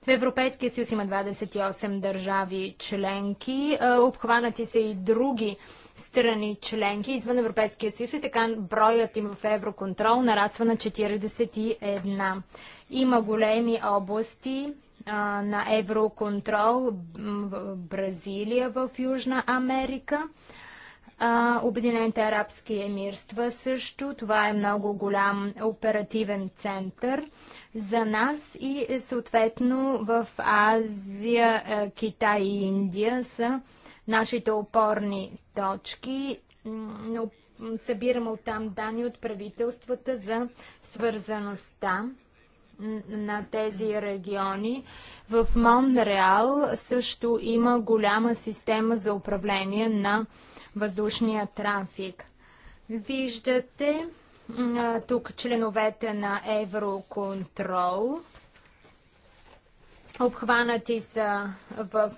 [SPEAKER 2] В Европейския съюз има 28 държави членки, обхванати са и други страни членки извън Европейския съюз и така броят им в Евроконтрол нараства на 41. Има големи области а, на Евроконтрол в Бразилия, в Южна Америка. Обединените арабски емирства също. Това е много голям оперативен център за нас и е, съответно в Азия, е, Китай и Индия са нашите опорни точки. Но от оттам данни от правителствата за свързаността на тези региони. В Монреал също има голяма система за управление на въздушния трафик. Виждате тук членовете на Евроконтрол. Обхванати са в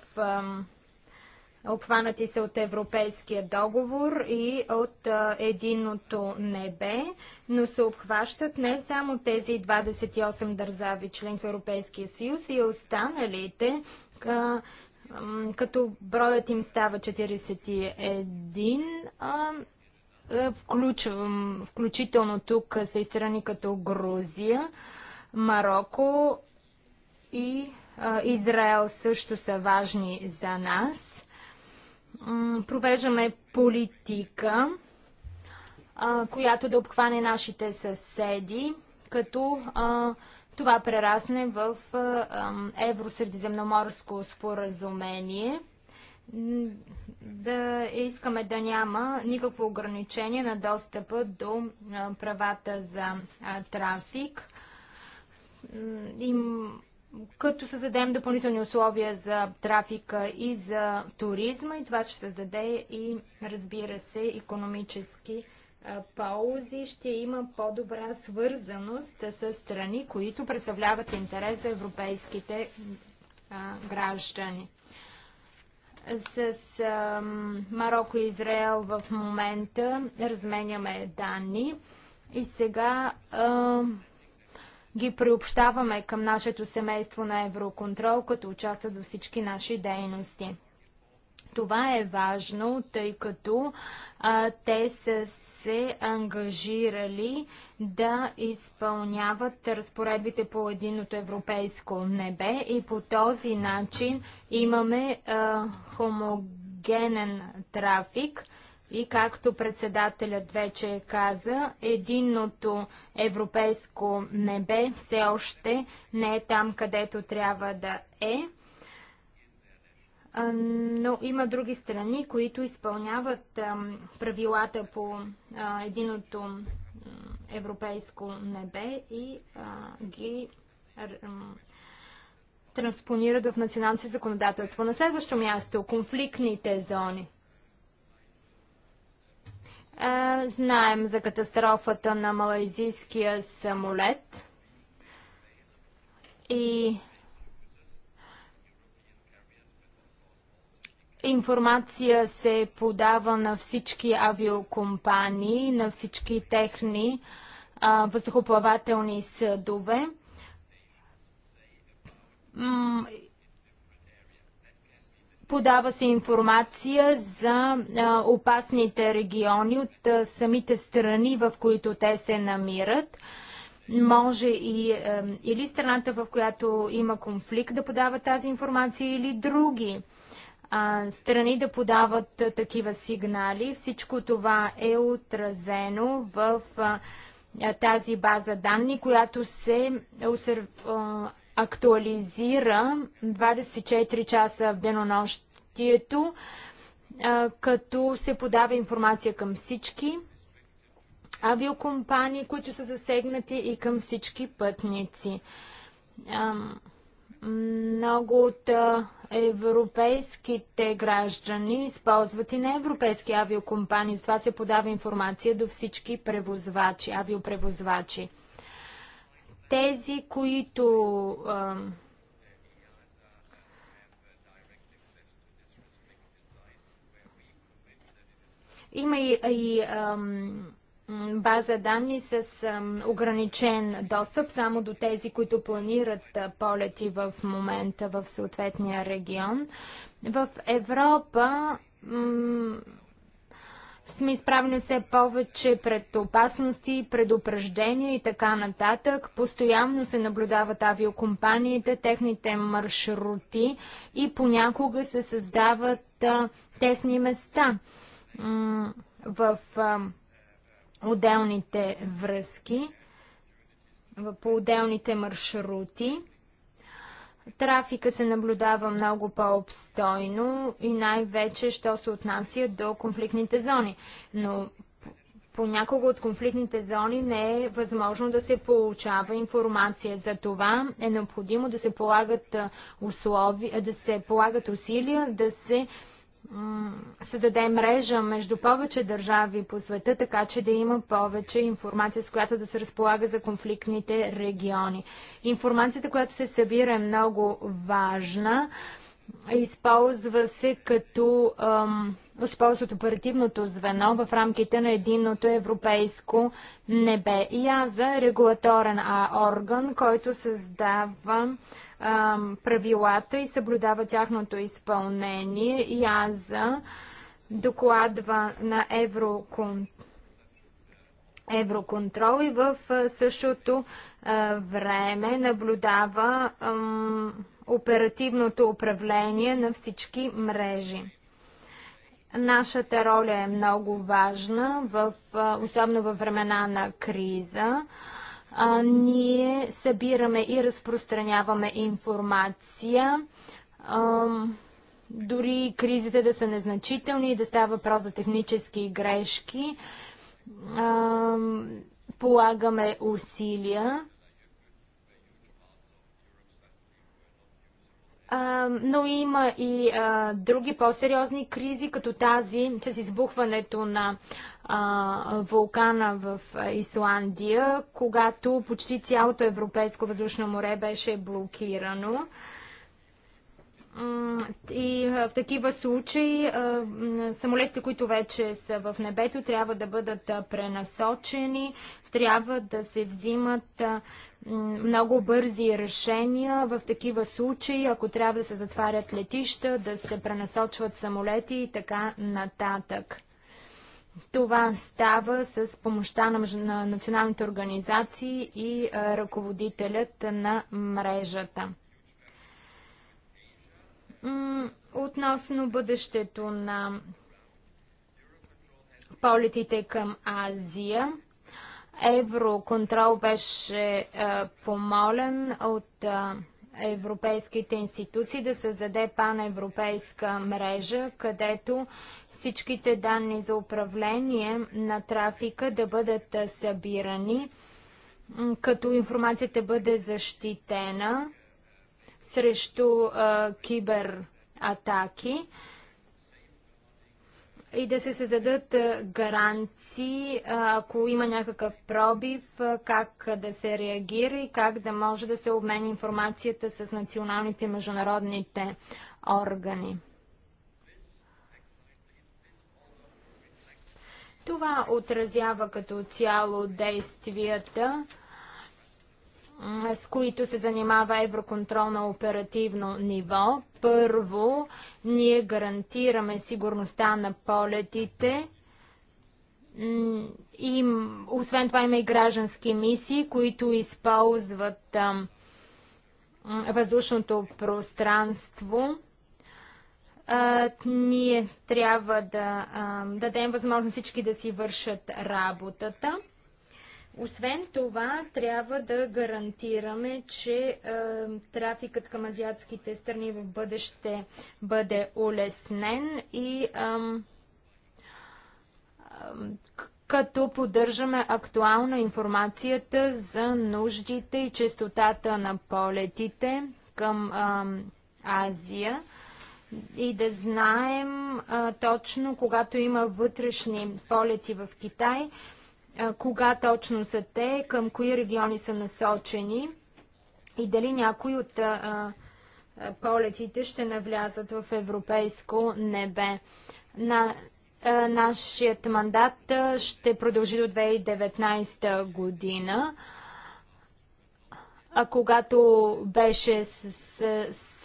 [SPEAKER 2] Обхванати са от Европейския договор и от Единното небе, но се обхващат не само тези 28 държави член в Европейския съюз и останалите, като броят им става 41, включвам, включително тук са и страни като Грузия, Марокко и Израел също са важни за нас провеждаме политика, която да обхване нашите съседи, като това прерасне в Евросредиземноморско споразумение да искаме да няма никакво ограничение на достъпа до правата за трафик. Им като създадем допълнителни условия за трафика и за туризма и това ще създаде и, разбира се, економически паузи, ползи. Ще има по-добра свързаност с страни, които представляват интерес за европейските граждани. С а, Марокко и Израел в момента разменяме данни и сега ги приобщаваме към нашето семейство на Евроконтрол, като участват във всички наши дейности. Това е важно, тъй като а, те са се ангажирали да изпълняват разпоредбите по единото европейско небе и по този начин имаме а, хомогенен трафик – и както председателят вече каза, единното европейско небе все още не е там, където трябва да е. Но има други страни, които изпълняват правилата по единото европейско небе и ги транспонират в националното си законодателство. На следващо място конфликтните зони. Знаем за катастрофата на малайзийския самолет и информация се подава на всички авиокомпании, на всички техни а, въздухоплавателни съдове Подава се информация за а, опасните региони от а, самите страни, в които те се намират. Може и, а, или страната, в която има конфликт, да подава тази информация, или други страни да подават такива сигнали. Всичко това е отразено в тази база данни, която се актуализира 24 часа в денонощието, като се подава информация към всички авиокомпании, които са засегнати и към всички пътници. Много от европейските граждани използват и на европейски авиокомпании. С това се подава информация до всички превозвачи, авиопревозвачи. Тези, които има и, и ам, база данни с ам, ограничен достъп само до тези, които планират а, полети в момента в съответния регион. В Европа ам, сме изправени все повече пред опасности, предупреждения и така нататък. Постоянно се наблюдават авиокомпаниите, техните маршрути и понякога се създават а, тесни места м, в а, отделните връзки, по отделните маршрути. Трафика се наблюдава много по-обстойно и най-вече, що се отнася до конфликтните зони. Но понякога от конфликтните зони не е възможно да се получава информация. За това е необходимо да се полагат, услови, да се полагат усилия, да се създаде мрежа между повече държави по света, така че да има повече информация, с която да се разполага за конфликтните региони. Информацията, която се събира е много важна. Използва се като използват оперативното звено в рамките на единното европейско небе. ИАЗа е регулаторен орган, който създава правилата и съблюдава тяхното изпълнение. ИАЗа, докладва на Евроконтрол и в същото време наблюдава оперативното управление на всички мрежи. Нашата роля е много важна, особено във времена на криза. А, ние събираме и разпространяваме информация. А, дори кризите да са незначителни и да става въпрос за технически грешки, а, полагаме усилия. А, но има и а, други по-сериозни кризи, като тази с избухването на а, вулкана в Исландия, когато почти цялото европейско въздушно море беше блокирано. И в такива случаи самолетите, които вече са в небето, трябва да бъдат пренасочени, трябва да се взимат много бързи решения. В такива случаи, ако трябва да се затварят летища, да се пренасочват самолети и така нататък. Това става с помощта на, на националните организации и а, ръководителят на мрежата. М относно бъдещето на полетите към Азия, Евроконтрол беше а, помолен от а, европейските институции да създаде паневропейска мрежа, където всичките данни за управление на трафика да бъдат събирани, като информацията бъде защитена срещу кибератаки и да се създадат гаранции, ако има някакъв пробив, как да се реагира и как да може да се обмени информацията с националните и международните органи. Това отразява като цяло действията, с които се занимава Евроконтрол на оперативно ниво. Първо, ние гарантираме сигурността на полетите. И, освен това има и граждански мисии, които използват въздушното пространство а, ние трябва да а, дадем възможност всички да си вършат работата. Освен това, трябва да гарантираме, че е, трафикът към азиатските страни в бъдеще бъде улеснен и е, е, като поддържаме актуална информацията за нуждите и честотата на полетите към е, Азия и да знаем а, точно, когато има вътрешни полети в Китай, а, кога точно са те, към кои региони са насочени и дали някои от а, полетите ще навлязат в европейско небе. На, нашият мандат ще продължи до 2019 година. А когато беше с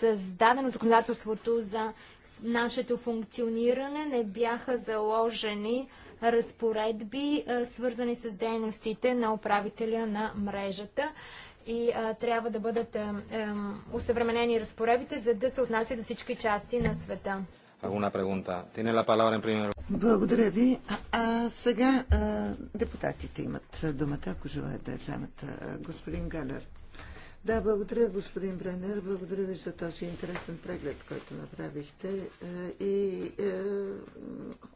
[SPEAKER 2] създадено законодателството за нашето функциониране, не бяха заложени разпоредби, е, свързани с дейностите на управителя на мрежата и а, е, трябва да бъдат а, е, усъвременени разпоредбите, за да се отнася до всички части на света.
[SPEAKER 3] Благодаря ви. А, а сега а, депутатите имат думата, ако желаят да вземат. Господин Галер. Да, благодаря, господин Бренер. Благодаря ви за този интересен преглед, който направихте е, и е,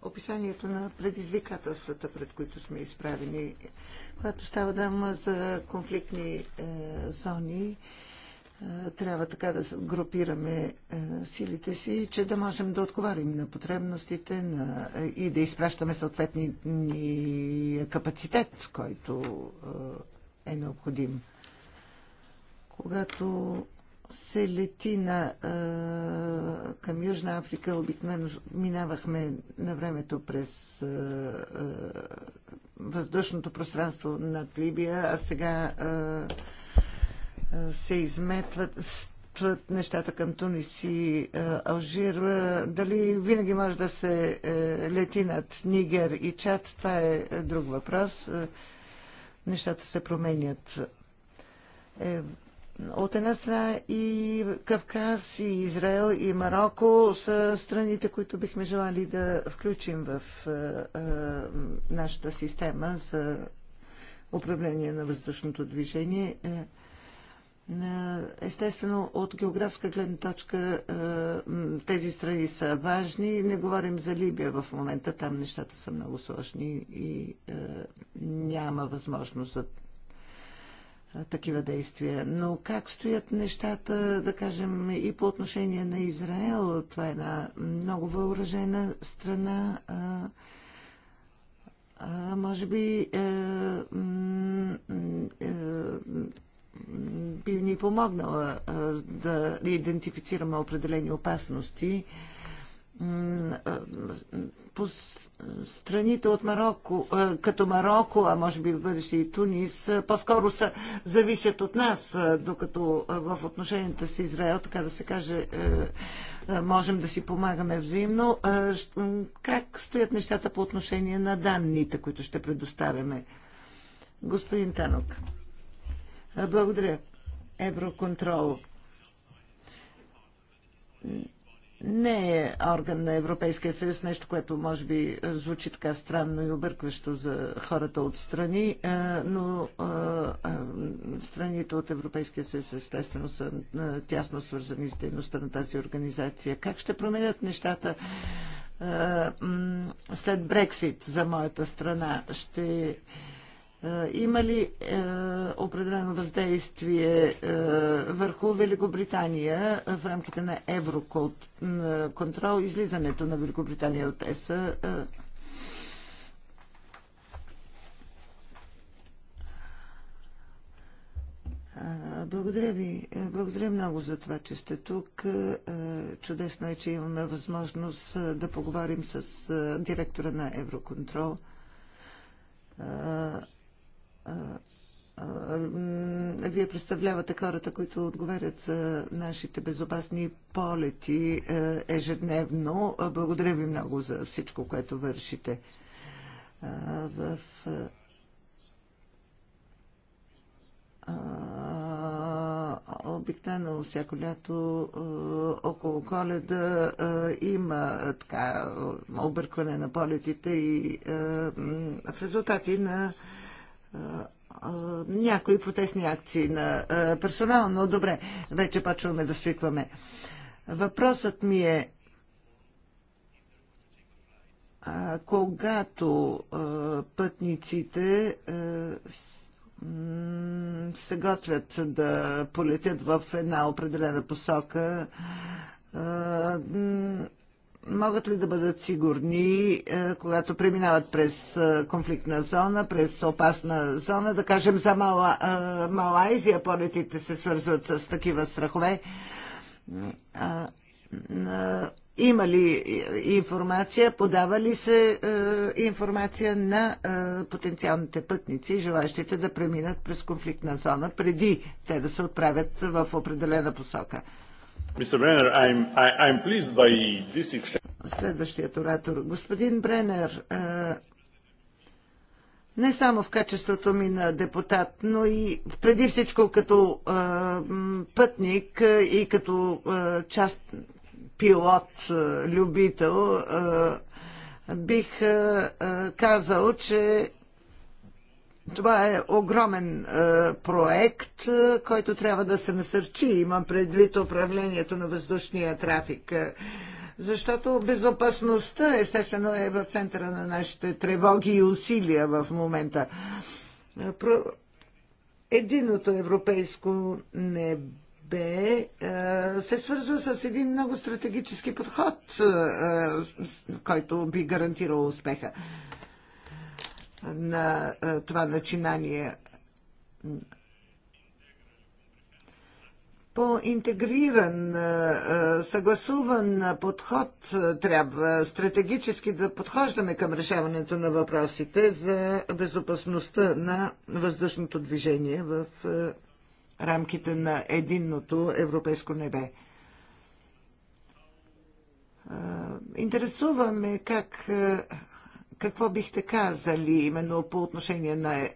[SPEAKER 3] описанието на предизвикателствата, пред които сме изправени. Когато става дума за конфликтни е, зони, трябва така да групираме силите си, че да можем да отговарим на потребностите на... и да изпращаме съответния капацитет, който е необходим. Когато се лети на, а, към Южна Африка, обикновено минавахме на времето през а, а, въздушното пространство над Либия, а сега а, а, се изметват нещата към Тунис и Алжир, дали винаги може да се е, лети над Нигер и Чад, това е друг въпрос. Нещата се променят. е от една страна и Кавказ, и Израел, и Марокко са страните, които бихме желали да включим в е, е, нашата система за управление на въздушното движение. Е, естествено, от географска гледна точка тези страни са важни. Не говорим за Либия в момента. Там нещата са много сложни и няма възможност за такива действия. Но как стоят нещата, да кажем, и по отношение на Израел? Това е една много въоръжена страна. А, а, може би е, е, би ни помогнала да идентифицираме определени опасности. Е, по страните от Марокко, като Марокко, а може би в бъдеще и Тунис, по-скоро са, зависят от нас, докато в отношенията с Израел, така да се каже, можем да си помагаме взаимно. Как стоят нещата по отношение на данните, които ще предоставяме? Господин Танок. Благодаря. Евроконтрол не е орган на Европейския съюз, нещо, което може би е, звучи така странно и объркващо за хората от страни, е, но е, страните от Европейския съюз естествено са тясно свързани с дейността на тази организация. Как ще променят нещата след Брексит за моята страна? Ще е, има ли е, определено въздействие е, върху Великобритания в рамките на евроконтрол, излизането на Великобритания от ЕСА? Е, Благодаря ви. Благодаря много за това, че сте тук. Е, чудесно е, че имаме възможност е, да поговорим с директора на Евроконтрол вие представлявате хората, които отговарят за нашите безопасни полети е, ежедневно. Благодаря ви много за всичко, което вършите. В обикновено всяко лято около коледа има така объркване на полетите и в резултати на някои протестни акции на персонал, но добре, вече почваме да свикваме. Въпросът ми е, когато пътниците се готвят да полетят в една определена посока, могат ли да бъдат сигурни, е, когато преминават през е, конфликтна зона, през опасна зона, да кажем за Мала, е, Малайзия, полетите се свързват с такива страхове. Има ли информация, подава ли се информация на потенциалните пътници, желащите да преминат през конфликтна зона, преди те да се отправят в определена посока? Следващият оратор. Господин Бренер, не само в качеството ми на депутат, но и преди всичко като пътник и като част пилот, любител, бих казал, че това е огромен е, проект, е, който трябва да се насърчи. Имам предвид управлението на въздушния трафик. Е, защото безопасността, естествено, е в центъра на нашите тревоги и усилия в момента. Е, про... Единото европейско небе е, се свързва с един много стратегически подход, е, е, който би гарантирал успеха на е, това начинание по интегриран, е, е, съгласуван подход трябва стратегически да подхождаме към решаването на въпросите за безопасността на въздушното движение в рамките на единното европейско небе. Интересуваме как какво бихте казали именно по отношение на е, е,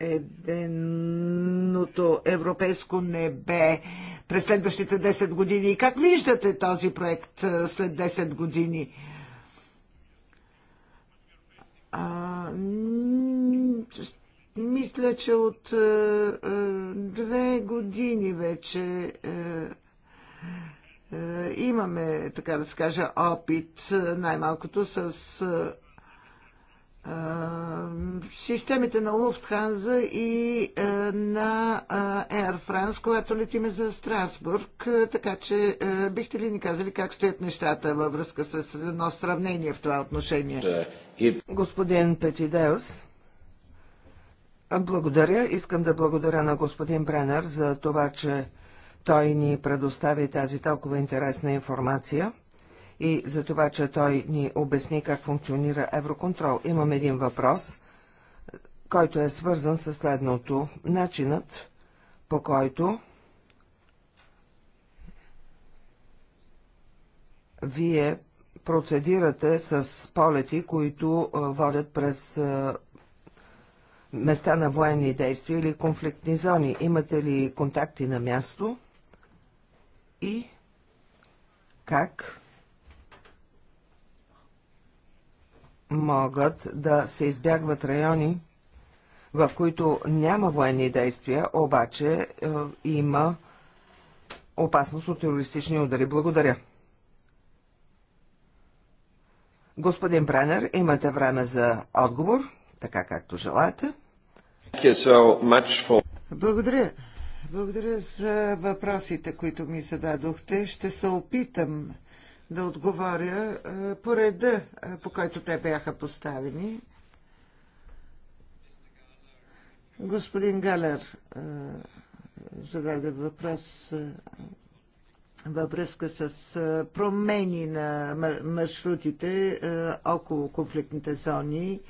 [SPEAKER 3] еденото европейско небе през следващите 10 години и как виждате този проект е, след 10 години? А, мисля, че от е, две години вече е, е, имаме, така да се каже, опит, е, най-малкото с е, системите на Луфтханза и на Air France, когато летиме за Страсбург. Така че бихте ли ни казали как стоят нещата във връзка с едно сравнение в това отношение? Господин Петидеус,
[SPEAKER 1] благодаря. Искам да благодаря на господин Бренер за това, че той ни предостави тази толкова интересна информация и за това, че той ни обясни как функционира Евроконтрол. Имам един въпрос, който е свързан с следното. Начинът, по който вие процедирате с полети, които водят през места на военни действия или конфликтни зони. Имате ли контакти на място? и как могат да се избягват райони, в които няма военни действия, обаче е, има опасност от терористични удари. Благодаря. Господин Бренер, имате време за отговор, така както желаете.
[SPEAKER 3] Благодаря благодаря за въпросите, които ми зададохте. Ще се опитам да отговоря по реда, по който те бяха поставени. Господин Галер зададе въпрос във връзка с промени на маршрутите около конфликтните зони.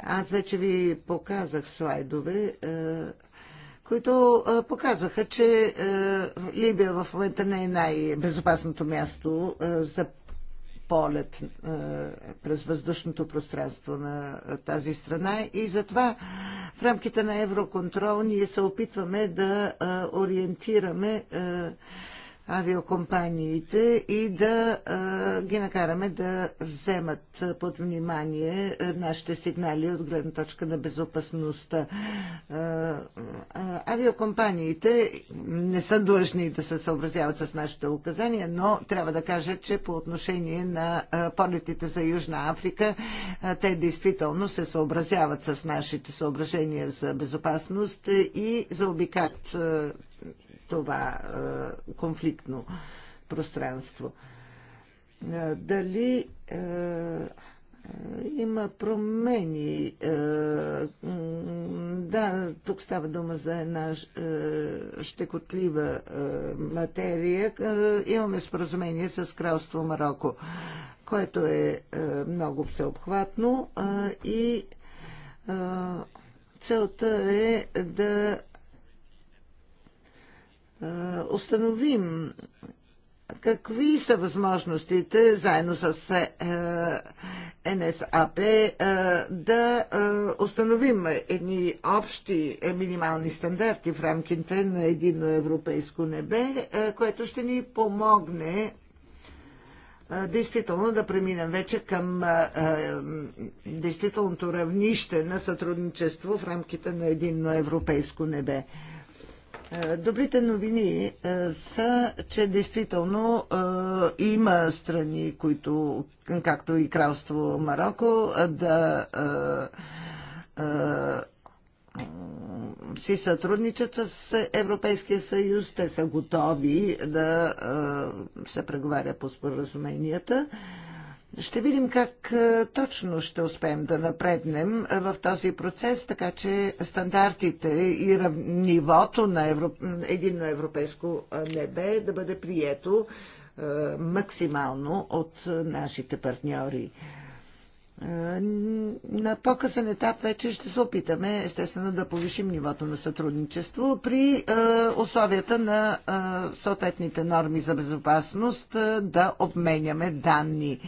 [SPEAKER 3] Аз вече ви показах слайдове които показваха, че Либия в момента не е най-безопасното място за полет през въздушното пространство на тази страна и затова в рамките на Евроконтрол ние се опитваме да ориентираме авиокомпаниите и да а, ги накараме да вземат под внимание нашите сигнали от гледна точка на безопасността. А, а, авиокомпаниите не са длъжни да се съобразяват с нашите указания, но трябва да кажа, че по отношение на а, полетите за Южна Африка, а, те действително се съобразяват с нашите съображения за безопасност и за заобикат това е, конфликтно пространство. Е, дали е, има промени. Да, тук става дума за една щекотлива материя. Имаме споразумение с кралство Марокко, което е много всеобхватно и целта е да установим какви са възможностите заедно с е, е, НСАП е, да установим едни общи минимални стандарти в рамките на едино европейско небе, което ще ни помогне действително да преминем вече към действителното равнище на сътрудничество в рамките на единно европейско небе. Е, добрите новини е, са, че действително е, има страни, които, както и кралство Марокко, да си сътрудничат с Европейския съюз. Те са готови да се преговаря по споразуменията. Ще видим как е, точно ще успеем да напреднем е, в този процес, така че стандартите и нивото на Европ... единно европейско е, небе да бъде прието максимално от нашите партньори. На по-късен етап вече ще се опитаме, естествено, да повишим нивото на сътрудничество при условията на съответните норми за безопасност да обменяме данни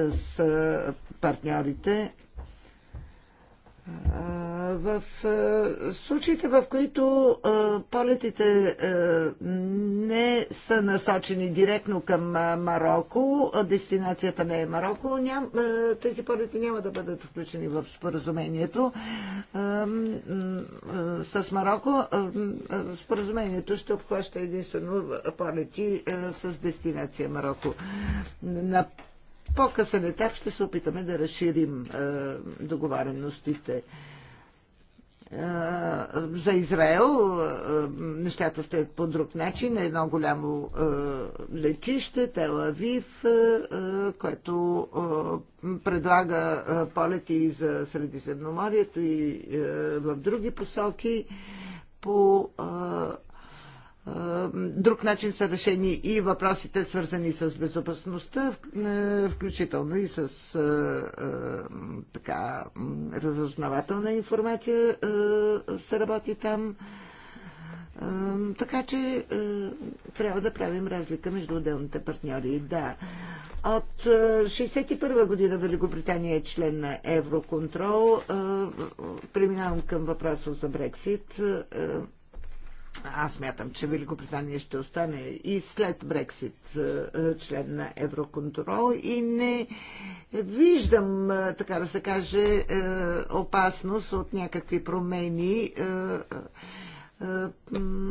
[SPEAKER 3] с партньорите в случаите, в които полетите не са насочени директно към Марокко, дестинацията не е Марокко, ням, тези полети няма да бъдат включени в споразумението с Марокко. Споразумението ще обхваща единствено полети с дестинация Марокко. На по-късен етап ще се опитаме да разширим е, договореностите. Е, за Израел е, нещата стоят по друг начин. Едно голямо летище, Тел Авив, което предлага полети и за Средиземноморието и в други посоки по друг начин са решени и въпросите свързани с безопасността, е, включително и с е, е, така разузнавателна информация се работи там. Така че трябва да правим разлика между отделните партньори. Да. От 1961 година Великобритания е член на Евроконтрол. Преминавам към въпроса за Брексит. Аз мятам, че Великобритания ще остане и след Брексит е, е, член на Евроконтрол и не виждам, е, така да се каже, опасност от някакви промени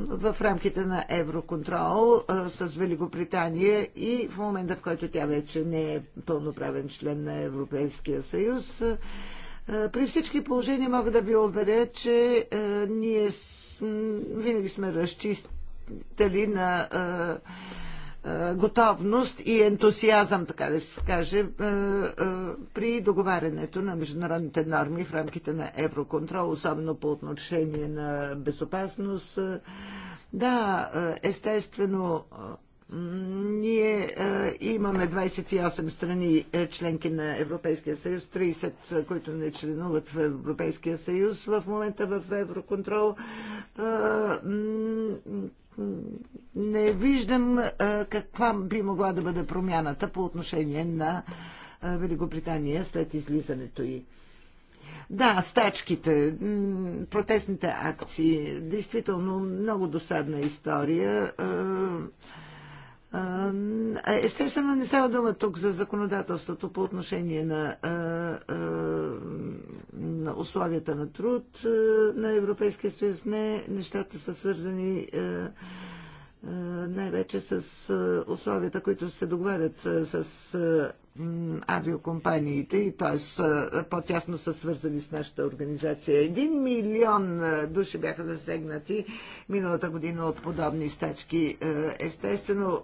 [SPEAKER 3] в рамките на Евроконтрол с Великобритания и в момента, в който тя вече не е пълноправен член на Европейския съюз. При всички положения мога да ви уверя, че ние винаги сме разчистили на готовност и ентусиазъм, така да се каже, при договарянето на международните норми в рамките на Евроконтрол, особено по отношение на безопасност. Да, естествено, ние е, имаме 28 страни е, членки на Европейския съюз, 30, е, които не членуват в Европейския съюз в момента в Евроконтрол. не виждам каква би могла да бъде промяната по отношение на Великобритания след излизането й. Да, стачките, протестните акции, действително много досадна история. Естествено, не става дума тук за законодателството по отношение на, на условията на труд на Европейския съюз. Не, нещата са свързани най-вече с условията, които се договарят с авиокомпаниите и т.е. по-тясно са свързани с нашата организация. Един милион души бяха засегнати миналата година от подобни стачки. Естествено,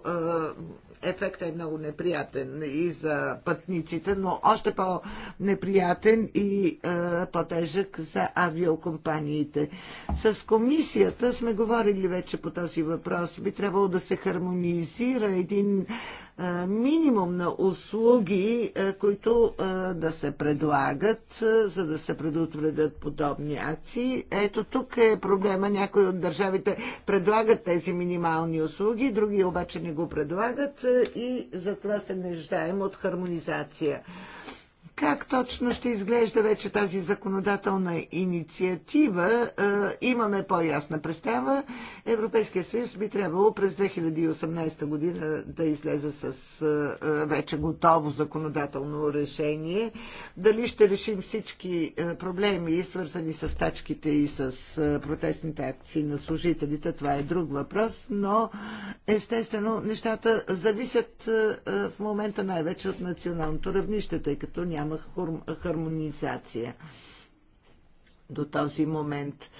[SPEAKER 3] ефектът е много неприятен и за пътниците, но още по-неприятен и по-тежък за авиокомпаниите. С комисията сме говорили вече по този въпрос. Би трябвало да се хармонизира един минимум на услуги, които да се предлагат, за да се предотвредят подобни акции. Ето тук е проблема. Някои от държавите предлагат тези минимални услуги, други обаче не го предлагат и затова се неждаем от хармонизация как точно ще изглежда вече тази законодателна инициатива, е, имаме по-ясна представа. Европейския съюз би трябвало през 2018 година да излезе с е, е, вече готово законодателно решение. Дали ще решим всички проблеми, свързани с тачките и с протестните акции на служителите, това е друг въпрос, но естествено нещата зависят в момента най-вече от националното равнище, тъй като няма голяма хармонизация до този момент.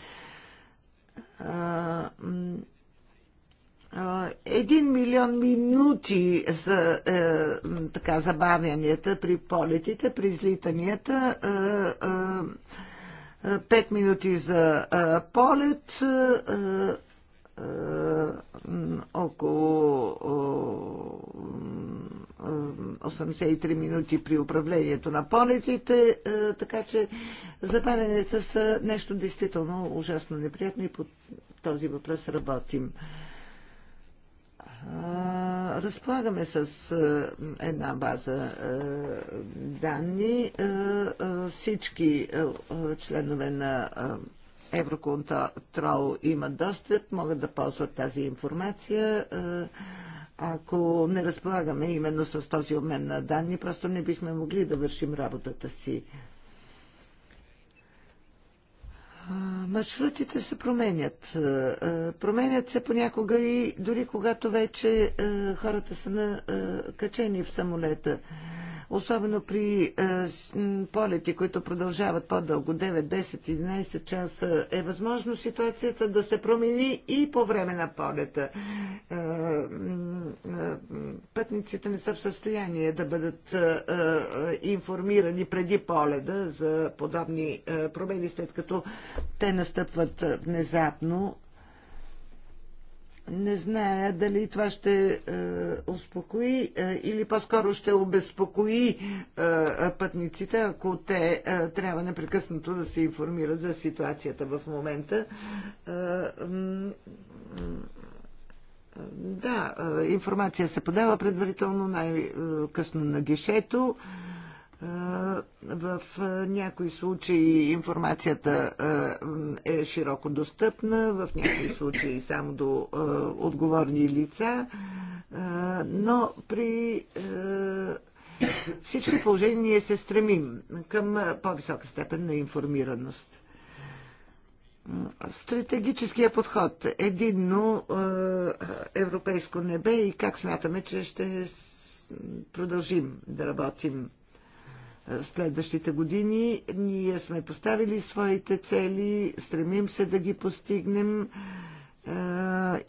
[SPEAKER 3] Един милион минути за е, така, забавянията при полетите, при излитанията. Е, е, 5 е, минути за а, е, полет, а, е, е, около 83 минути при управлението на полетите, е, така че запаленията са нещо действително ужасно неприятно и по този въпрос работим. Е, разполагаме с една база данни. Всички членове на Евроконтрол има достъп, могат да ползват тази информация. Е, ако не разполагаме именно с този обмен на данни, просто не бихме могли да вършим работата си. Е, маршрутите се променят. Е, променят се понякога и дори когато вече хората са накачени в самолета особено при е, полети, които продължават по-дълго 9, 10, 11 часа, е възможно ситуацията да се промени и по време на полета. Е, е, пътниците не са в състояние да бъдат информирани преди полета за подобни промени, след като те настъпват внезапно не зная дали това ще е, успокои е, или по-скоро ще обезпокои е, пътниците, ако те е, трябва непрекъснато да се информират за ситуацията в момента. Е, е, да, информация се подава предварително най-късно е, на гишето. Е, е, в е, някои случаи информацията е, е широко достъпна, в някои случаи само до отговорни лица, но при всички положения ние се стремим към по-висока степен на информираност. Стратегическия подход, единно европейско небе и как смятаме, че ще продължим да работим следващите години. Ние сме поставили своите цели, стремим се да ги постигнем. Е,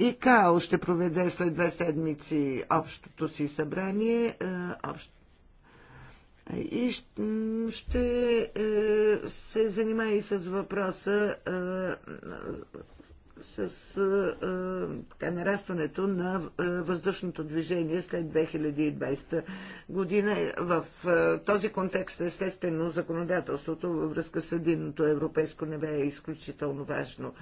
[SPEAKER 3] ИКАО ще проведе след две седмици общото си събрание е, и ще е, се занимава и с въпроса с така, нарастването на въздушното движение след 2020 година. В този контекст, естествено, законодателството във връзка с единното европейско небе е изключително важно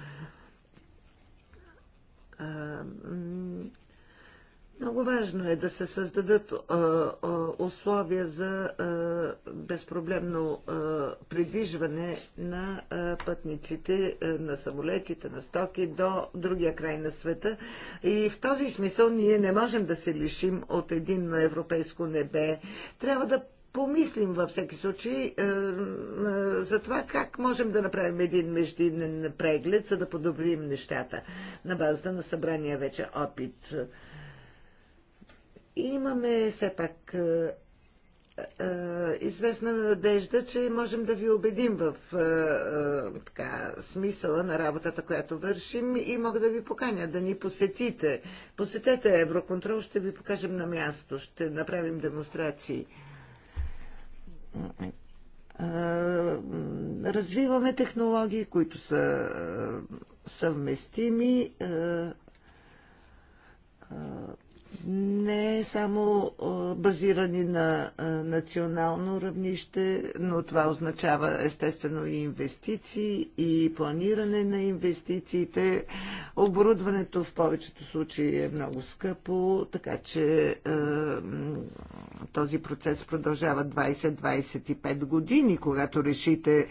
[SPEAKER 3] много важно е да се създадат а, а, условия за а, безпроблемно а, придвижване на а, пътниците, а, на самолетите, на стоки до другия край на света. И в този смисъл ние не можем да се лишим от един на европейско небе. Трябва да помислим във всеки случай а, а, за това как можем да направим един междинен преглед, за да подобрим нещата на базата на събрания вече опит имаме все пак е, е, известна надежда, че можем да ви убедим в е, така, смисъла на работата, която вършим и мога да ви поканя да ни посетите. Посетете Евроконтрол, ще ви покажем на място, ще направим демонстрации. Развиваме технологии, които са съвместими не е само базирани на национално равнище, но това означава естествено и инвестиции, и планиране на инвестициите. Оборудването в повечето случаи е много скъпо, така че този процес продължава 20-25 години, когато решите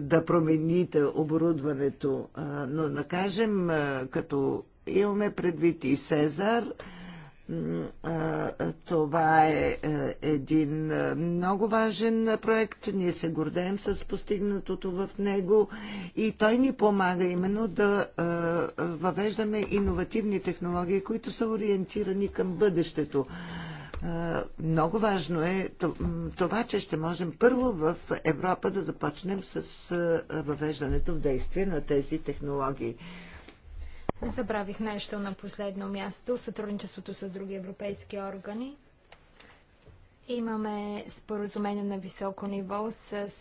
[SPEAKER 3] да промените оборудването. Но, да кажем, като имаме предвид и Сезар, това е, е един е, много важен проект. Ние се гордеем с постигнатото в него и той ни помага именно да е, въвеждаме иновативни технологии, които са ориентирани към бъдещето. Много важно е това, че ще можем първо в Европа да започнем с въвеждането в действие на тези технологии.
[SPEAKER 2] Забравих нещо на последно място. Сътрудничеството с други европейски органи. Имаме споразумение на високо ниво с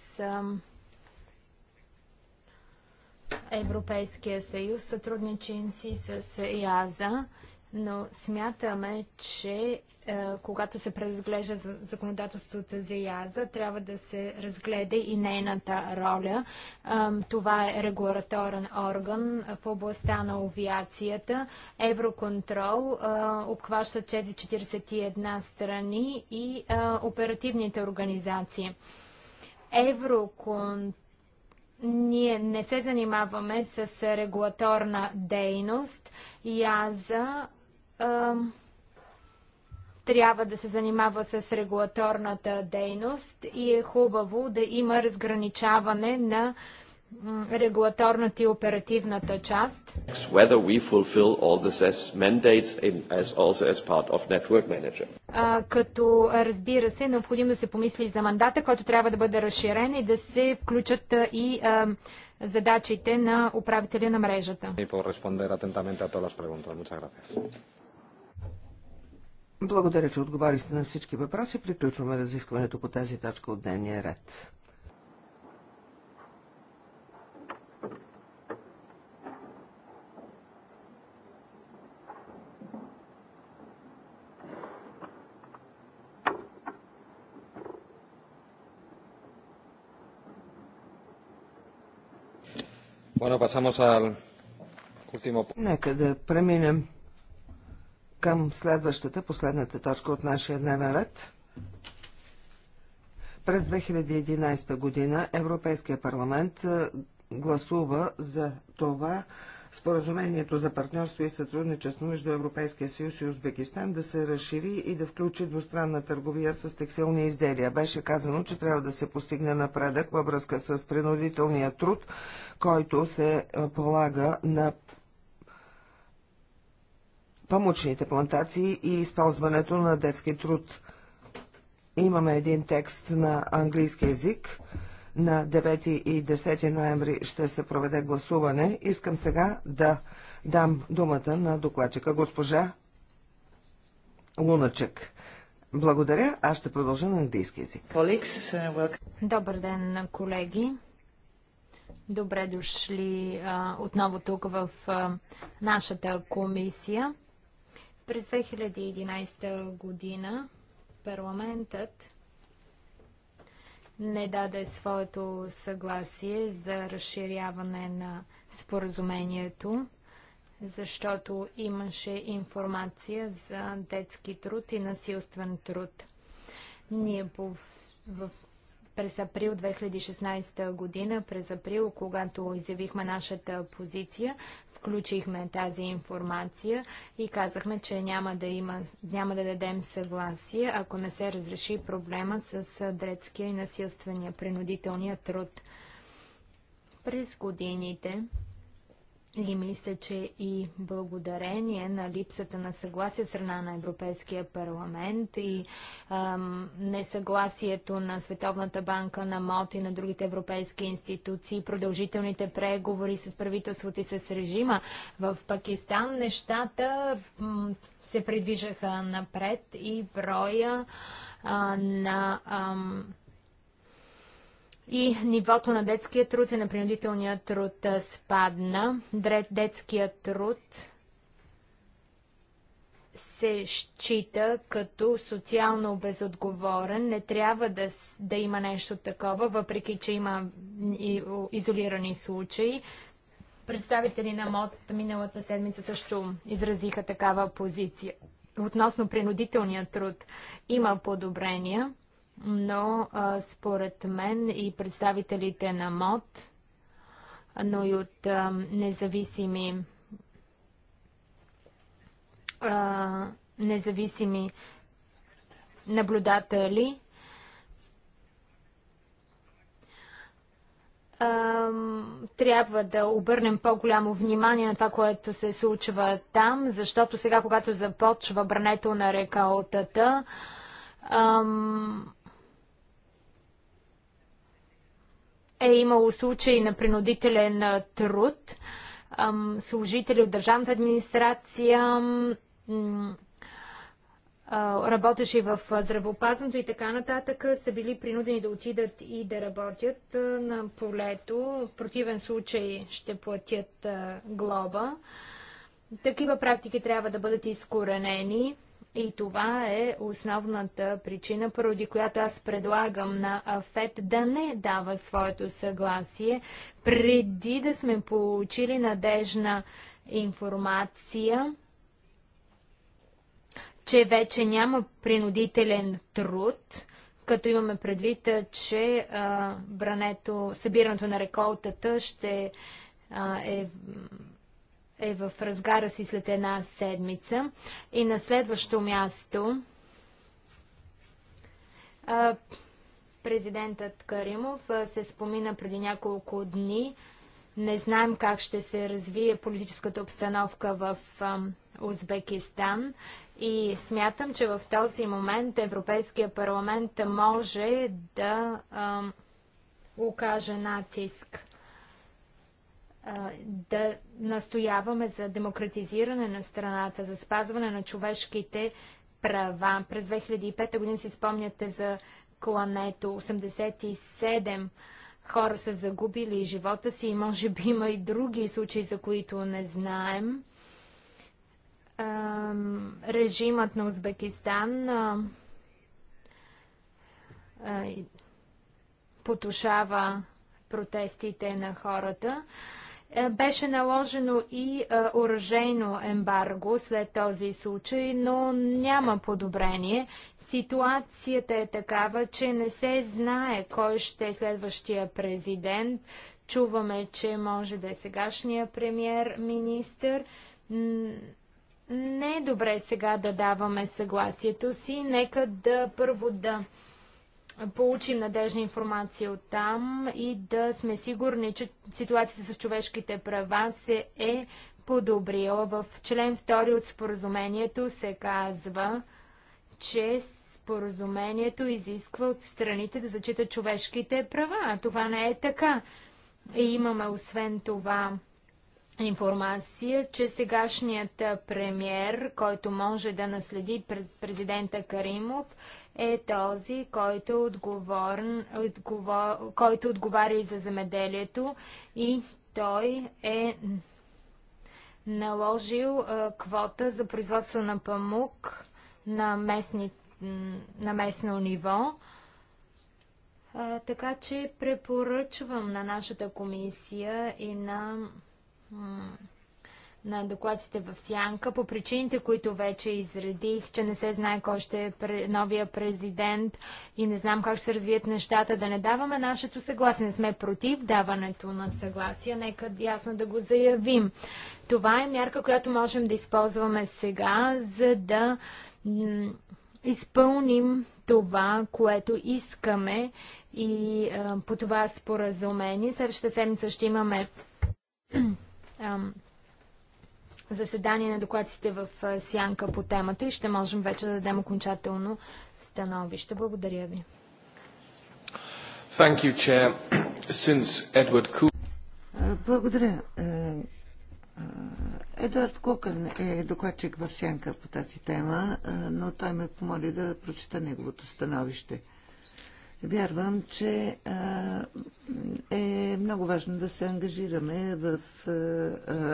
[SPEAKER 2] Европейския съюз, сътрудничим си с ИАЗа но смятаме, че е, когато се преразглежда законодателството за ЯЗа, трябва да се разгледа и нейната роля. Е, това е регулаторен орган в областта на авиацията. Евроконтрол е, обхваща 41 страни и оперативните организации. Евроконтрол ние не се занимаваме с регулаторна дейност. ЯЗА трябва да се занимава с регулаторната дейност и е хубаво да има разграничаване на регулаторната и оперативната част. като разбира се, необходимо да се помисли за мандата, който трябва да бъде разширен и да се включат и задачите на управителя на мрежата.
[SPEAKER 1] Благодаря, че отговорихте на всички въпроси. Приключваме разискването по тази точка от дневния ред. Bueno, pasamos al último... Нека да преминем към следващата, последната точка от нашия дневен ред. През 2011 година Европейския парламент е, гласува за това споразумението за партньорство и сътрудничество между Европейския съюз и Узбекистан да се разшири и да включи двустранна търговия с текстилни изделия. Беше казано, че трябва да се постигне напредък във връзка с принудителния труд, който се е, полага на памучните плантации и използването на детски труд. Имаме един текст на английски язик. На 9 и 10 ноември ще се проведе гласуване. Искам сега да дам думата на докладчика госпожа Луначек. Благодаря. Аз ще продължа на английски язик.
[SPEAKER 3] Uh,
[SPEAKER 2] Добър ден, колеги. Добре дошли а, отново тук в а, нашата комисия. През 2011 година парламентът не даде своето съгласие за разширяване на споразумението, защото имаше информация за детски труд и насилствен труд. Ние в през април 2016 година, през април, когато изявихме нашата позиция, включихме тази информация и казахме, че няма да, има, няма да дадем съгласие, ако не се разреши проблема с дрецкия и насилствения принудителния труд. През годините и мисля, че и благодарение на липсата на съгласие страна на Европейския парламент и ам, несъгласието на Световната банка, на МОТ и на другите европейски институции, продължителните преговори с правителството и с режима в Пакистан, нещата се придвижаха напред и броя а, на. Ам, и нивото на детския труд и е на принудителния труд спадна. Детския труд се счита като социално безотговорен. Не трябва да, да има нещо такова, въпреки че има изолирани случаи. Представители на МОД миналата седмица също изразиха такава позиция. Относно принудителния труд има подобрения но а, според мен и представителите на МОД, но и от а, независими а, независими наблюдатели. Трябва да обърнем по-голямо внимание на това, което се случва там, защото сега, когато започва брането на реколтата, ам, е имало случаи на принудителен труд. Служители от държавната администрация, работеше в здравеопазването и така нататък, са били принудени да отидат и да работят на полето. В противен случай ще платят глоба. Такива практики трябва да бъдат изкоренени. И това е основната причина, поради която аз предлагам на АФЕТ да не дава своето съгласие, преди да сме получили надежна информация, че вече няма принудителен труд, като имаме предвид, че а, брането, събирането на реколтата ще а, е е в разгара си след една седмица. И на следващо място президентът Каримов се спомина преди няколко дни. Не знаем как ще се развие политическата обстановка в Узбекистан и смятам, че в този момент Европейския парламент може да окаже натиск да настояваме за демократизиране на страната, за спазване на човешките права. През 2005 година си спомняте за клането. 87 хора са загубили живота си и може би има и други случаи, за които не знаем. Режимът на Узбекистан потушава протестите на хората. Е, беше наложено и е, оръжейно ембарго след този случай, но няма подобрение. Ситуацията е такава, че не се знае кой ще е следващия президент. Чуваме, че може да е сегашния премьер-министр. Не е добре сега да даваме съгласието си. Нека да първо да получим надежна информация от там и да сме сигурни, че ситуацията с човешките права се е подобрила. В член 2 от споразумението се казва, че споразумението изисква от страните да зачитат човешките права. А това не е така. И имаме освен това информация, че сегашният премьер, който може да наследи президента Каримов, е този, който, отговорен, отговор, който отговаря и за земеделието и той е наложил а, квота за производство на памук на, местни, на местно ниво. А, така че препоръчвам на нашата комисия и на на докладците в Сянка по причините, които вече изредих, че не се знае кой ще е новия президент и не знам как ще се развият нещата, да не даваме нашето съгласие. Не сме против даването на съгласие, нека ясно да го заявим. Това е мярка, която можем да използваме сега, за да изпълним това, което искаме и по това споразумение. Следващата седмица ще имаме заседание на докладците в Сянка по темата и ще можем вече да дадем окончателно становище. Благодаря
[SPEAKER 3] ви.
[SPEAKER 1] Thank you, Chair. Since Edward Cook...
[SPEAKER 3] Благодаря. Е, е, Едуард Кукън е докладчик в Сянка по тази тема, е, но той ме помоли да прочета неговото становище. Вярвам, че е много важно да се ангажираме в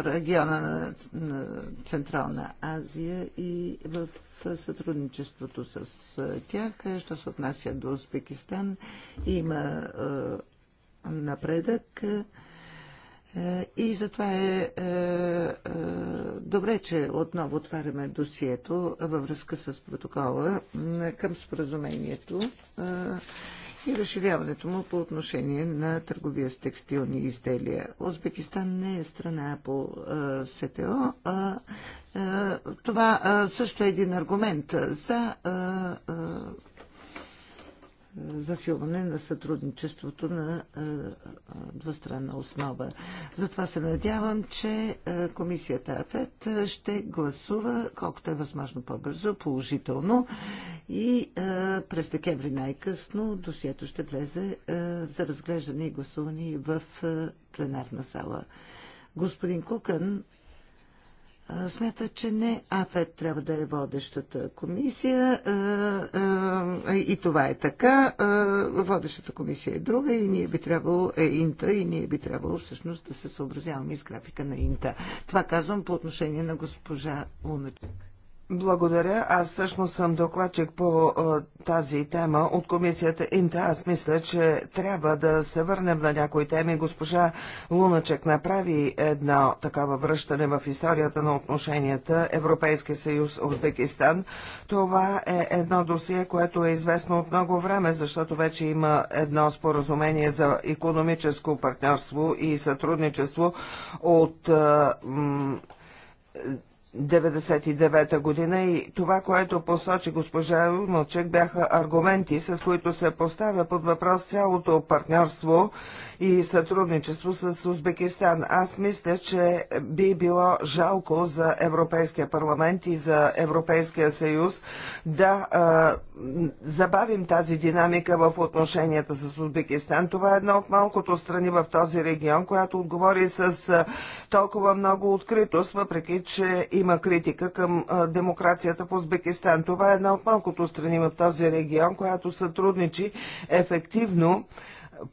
[SPEAKER 3] региона на Централна Азия и в сътрудничеството с тях. Що се отнася до Узбекистан, има напредък. И затова е, а, добре, че отново отваряме досието във връзка с протокола към споразумението. А, и разширяването му по отношение на търговия с текстилни изделия. Узбекистан не е страна по СТО, а това също е един аргумент за засилване на сътрудничеството на е, е, двустранна основа. Затова се надявам, че е, комисията АФЕТ ще гласува колкото е възможно по-бързо, положително и през декември най-късно досието ще влезе за разглеждане и гласуване в пленарна зала. Господин Кукън смята, че не АФЕД трябва да е водещата комисия и това е така. Водещата комисия е друга и ние би трябвало е Инта и ние би трябвало всъщност да се съобразяваме с графика на Инта. Това казвам по отношение на госпожа Луначек.
[SPEAKER 1] Благодаря. Аз всъщност съм докладчик по а, тази тема от комисията Инта. Аз мисля, че трябва да се върнем на някои теми. Госпожа Луначек направи едно такава връщане в историята на отношенията Европейски съюз Узбекистан. Това е едно досие, което е известно от много време, защото вече има едно споразумение за економическо партньорство и сътрудничество от а, 1999 година и това, което посочи госпожа Руночек, бяха аргументи, с които се поставя под въпрос цялото партньорство и сътрудничество с Узбекистан. Аз мисля, че би било жалко за Европейския парламент и за Европейския съюз да а, забавим тази динамика в отношенията с Узбекистан. Това е една от малкото страни в този регион, която отговори с толкова много откритост, въпреки че има критика към демокрацията в Узбекистан. Това е една от малкото страни в този регион, която сътрудничи ефективно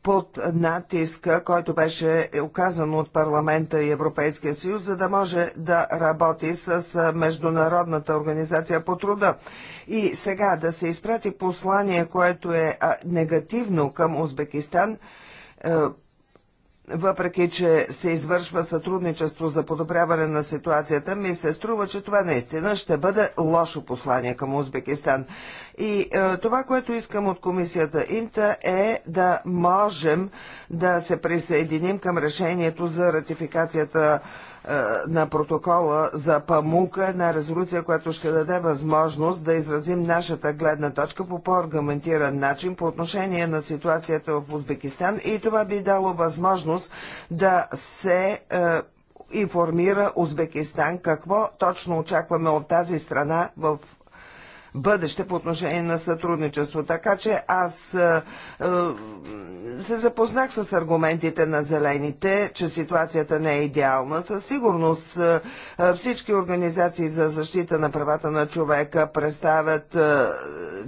[SPEAKER 1] под натиска, който беше оказан от парламента и Европейския съюз, за да може да работи с Международната организация по труда. И сега да се изпрати послание, което е негативно към Узбекистан, е, въпреки че се извършва сътрудничество за подобряване на ситуацията, ми се струва, че това наистина ще бъде лошо послание към Узбекистан. И е, това, което искам от комисията Инта е да можем да се присъединим към решението за ратификацията е, на протокола за памука, една резолюция, която ще даде възможност да изразим нашата гледна точка по по-аргументиран начин по отношение на ситуацията в Узбекистан и това би дало възможност да се е, информира Узбекистан какво точно очакваме от тази страна в бъдеще по отношение на сътрудничество. Така че аз е, е, се запознах с аргументите на зелените, че ситуацията не е идеална. Със сигурност е, е, всички организации за защита на правата на човека представят,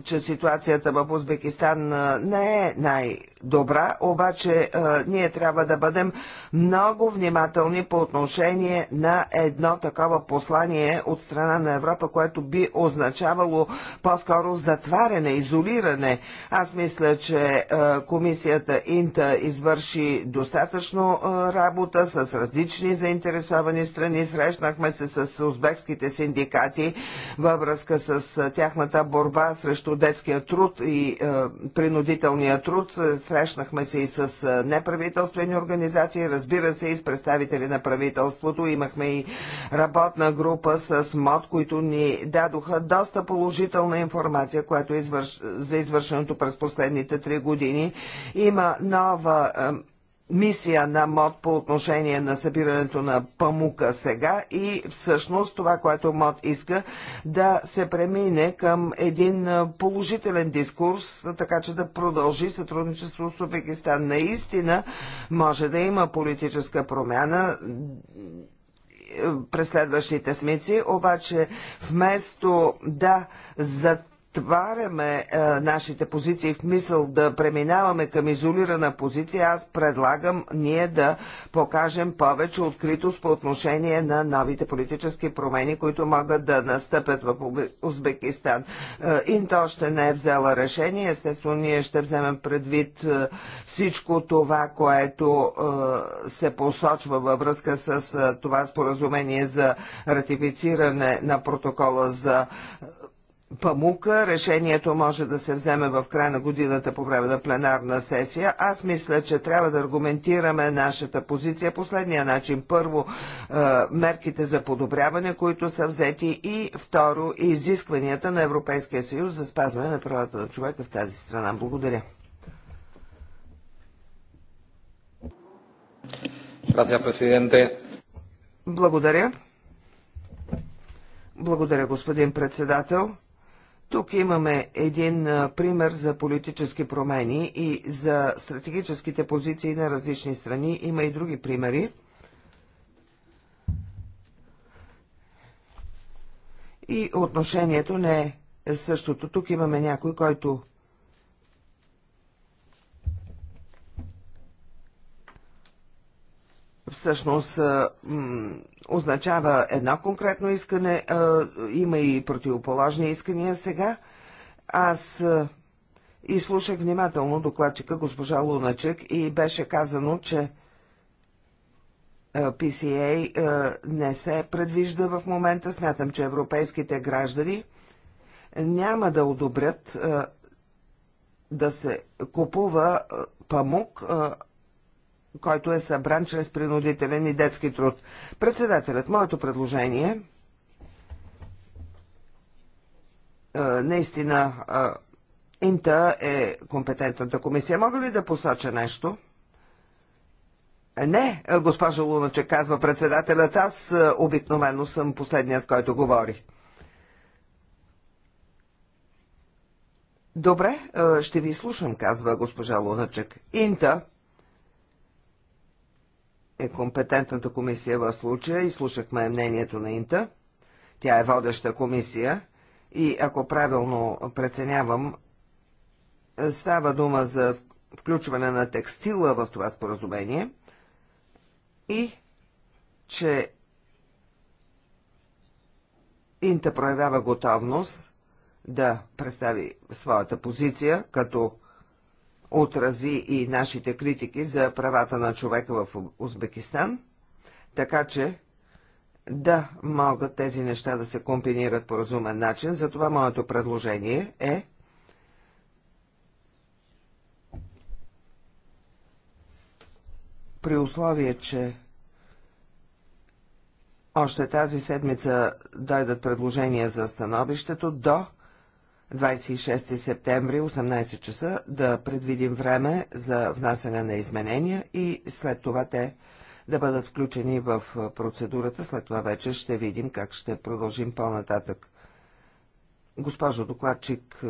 [SPEAKER 1] че ситуацията в Узбекистан не е най-добра, обаче ние трябва да бъдем много внимателни по отношение на едно такова послание от страна на Европа, което би означавало по-скоро затваряне, изолиране. Аз мисля, че комисията Инта извърши достатъчно работа с различни заинтересовани страни. Срещнахме се с узбекските синдикати във връзка с тяхната борба срещу детския труд и принудителния труд. Срещнахме се и с неправителствени организации, разбира се и с представители на правителството. Имахме и работна група с МОД, които ни дадоха доста положителна информация, която извърш... за извършеното през последните три години години има нова мисия на МОД по отношение на събирането на памука сега и всъщност това, което МОД иска да се премине към един е, положителен дискурс, така че да продължи сътрудничество с Убекистан. Наистина може да има политическа промяна е, през следващите смици, обаче вместо да за затваряме а, е, нашите позиции в мисъл да преминаваме към изолирана позиция, аз предлагам ние да покажем повече откритост по отношение на новите политически промени, които могат да настъпят в Узбекистан. Е, Инта още не е взела решение. Естествено, ние ще вземем предвид е, всичко това, което а, е, се посочва във връзка с а, това споразумение за ратифициране на протокола за памука. Решението може да се вземе в края на годината по време на пленарна сесия. Аз мисля, че трябва да аргументираме нашата позиция последния начин. Първо, е, мерките за подобряване, които са взети и второ, изискванията на Европейския съюз за спазване на правата на човека в тази страна. Благодаря. Благодаря. Благодаря, господин председател. Тук имаме един пример за политически промени и за стратегическите позиции на различни страни. Има и други примери. И отношението не е същото. Тук имаме някой, който всъщност означава едно конкретно искане, има и противоположни искания сега. Аз изслушах внимателно докладчика госпожа Луначек и беше казано, че PCA не се предвижда в момента. Смятам, че европейските граждани няма да одобрят да се купува памук който е събран чрез принудителен и детски труд. Председателят, моето предложение е, наистина е, Инта е компетентната комисия. Мога ли да посоча нещо? Не, госпожа Луначе, казва председателят. Аз е, обикновено съм последният, който говори. Добре, ще ви слушам, казва госпожа Луначек. Инта е компетентната комисия в случая и слушахме мнението на Инта. Тя е водеща комисия и ако правилно преценявам, става дума за включване на текстила в това споразумение и че Инта проявява готовност да представи своята позиция като отрази и нашите критики за правата на човека в Узбекистан, така че да могат тези неща да се комбинират по разумен начин. Затова моето предложение е при условие, че още тази седмица дойдат предложения за становището до 26 септември, 18 часа, да предвидим време за внасяне на изменения и след това те да бъдат включени в процедурата. След това вече ще видим как ще продължим по-нататък. Госпожо докладчик,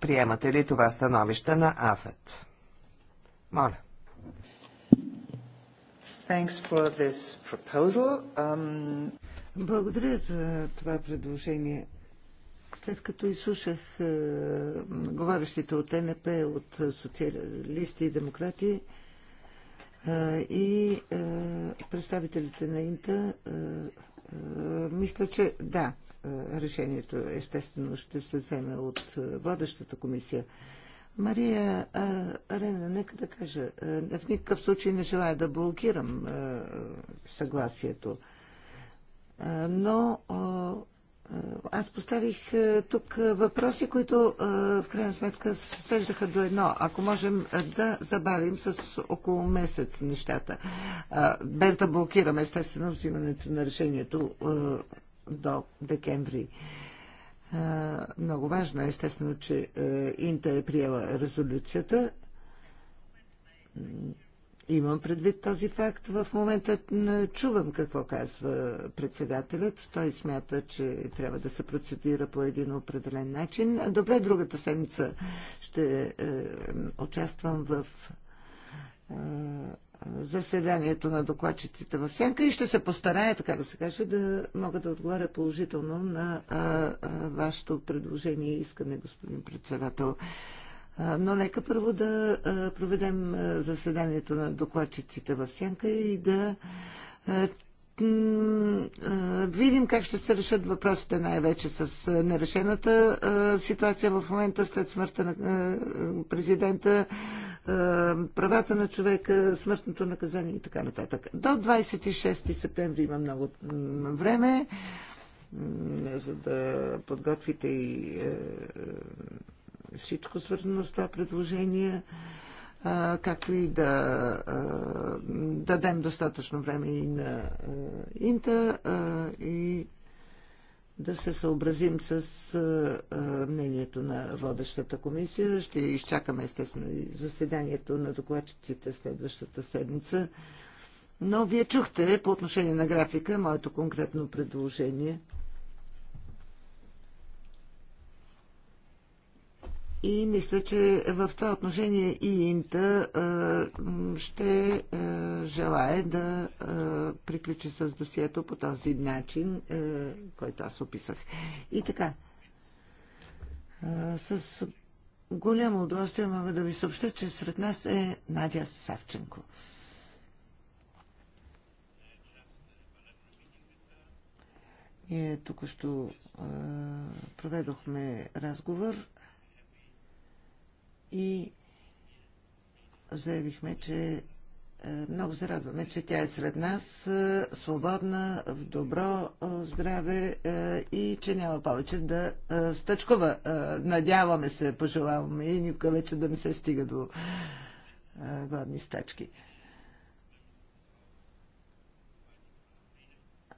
[SPEAKER 1] приемате ли това становище на АФЕТ?
[SPEAKER 3] Моля. Thanks for this proposal. Um... Благодаря за това предложение. След като изслушах е, говорещите от НП, от социалисти и демократи е, и е, представителите на Инта, е, е, мисля, че да, е, решението естествено ще се вземе от е, водещата комисия. Мария Арена, е, нека да кажа, е, в никакъв случай не желая да блокирам съгласието но аз поставих тук въпроси, които в крайна сметка се свеждаха до едно. Ако можем да забавим с около месец нещата, без да блокираме естествено взимането на решението до декември. Много важно е естествено, че Инта е приела резолюцията Имам предвид този факт. В момента не чувам какво казва председателят. Той смята, че трябва да се процедира по един определен начин. Добре, другата седмица ще е, участвам в е, заседанието на докладчиците в Сенка и ще се постарая, така да се каже, да мога да отговаря положително на е, е, вашето предложение и искане, господин председател. Но нека първо да проведем заседанието на докладчиците в Сянка и да видим как ще се решат въпросите най-вече с нерешената ситуация в момента след смъртта на президента, правата на човека, смъртното наказание и така нататък. До 26 септември има много време, за да подготвите и всичко свързано с това предложение, както и да дадем достатъчно време и на Инта и да се съобразим с мнението на водещата комисия. Ще изчакаме естествено и заседанието на докладчиците следващата седмица. Но вие чухте по отношение на графика моето конкретно предложение – И мисля, че в това отношение и Инта ще желая да приключи с досието по този начин, който аз описах. И така, с голямо удоволствие мога да ви съобща, че сред нас е Надя Савченко. Ние тук що проведохме разговор и заявихме, че е, много се радваме, че тя е сред нас, е, свободна, в добро е, здраве и че няма повече да стъчкува. Надяваме се, пожелаваме и никога вече да не се стига до гладни стачки.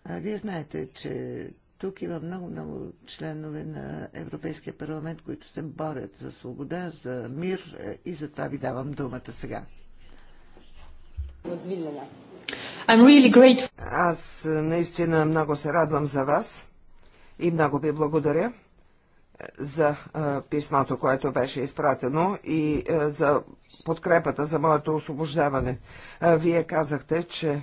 [SPEAKER 3] Вие знаете, че тук има много-много членове на Европейския парламент, които се борят за свобода, за мир е, и за това ви давам думата сега. I'm really grateful. Аз е,
[SPEAKER 1] наистина много се радвам за вас и много ви благодаря е, за а, писмато, което беше изпратено и а, за подкрепата за моето освобождаване. А, вие казахте, че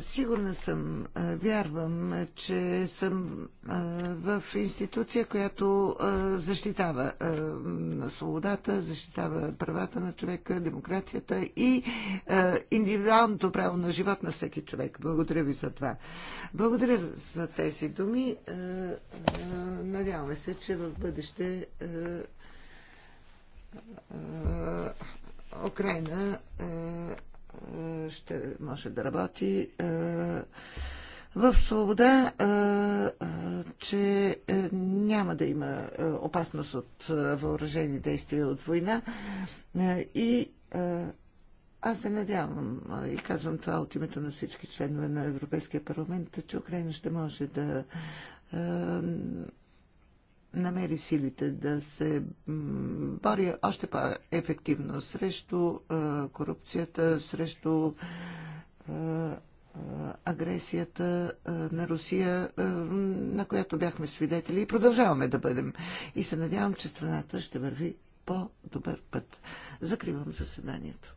[SPEAKER 3] Сигурна съм, вярвам, че съм в институция, която защитава свободата, защитава правата на човека, демокрацията и индивидуалното право на живот на всеки човек. Благодаря ви за това. Благодаря за тези думи. Надяваме се, че в бъдеще Украина ще може да работи е, в свобода, е, е, че няма да има опасност от въоръжени действия от война и аз се надявам и казвам това от името на всички членове на Европейския парламент, че Украина ще може да намери силите да се бори още по-ефективно срещу корупцията, срещу агресията на Русия, на която бяхме свидетели и продължаваме да бъдем. И се надявам, че страната ще върви по-добър път. Закривам заседанието.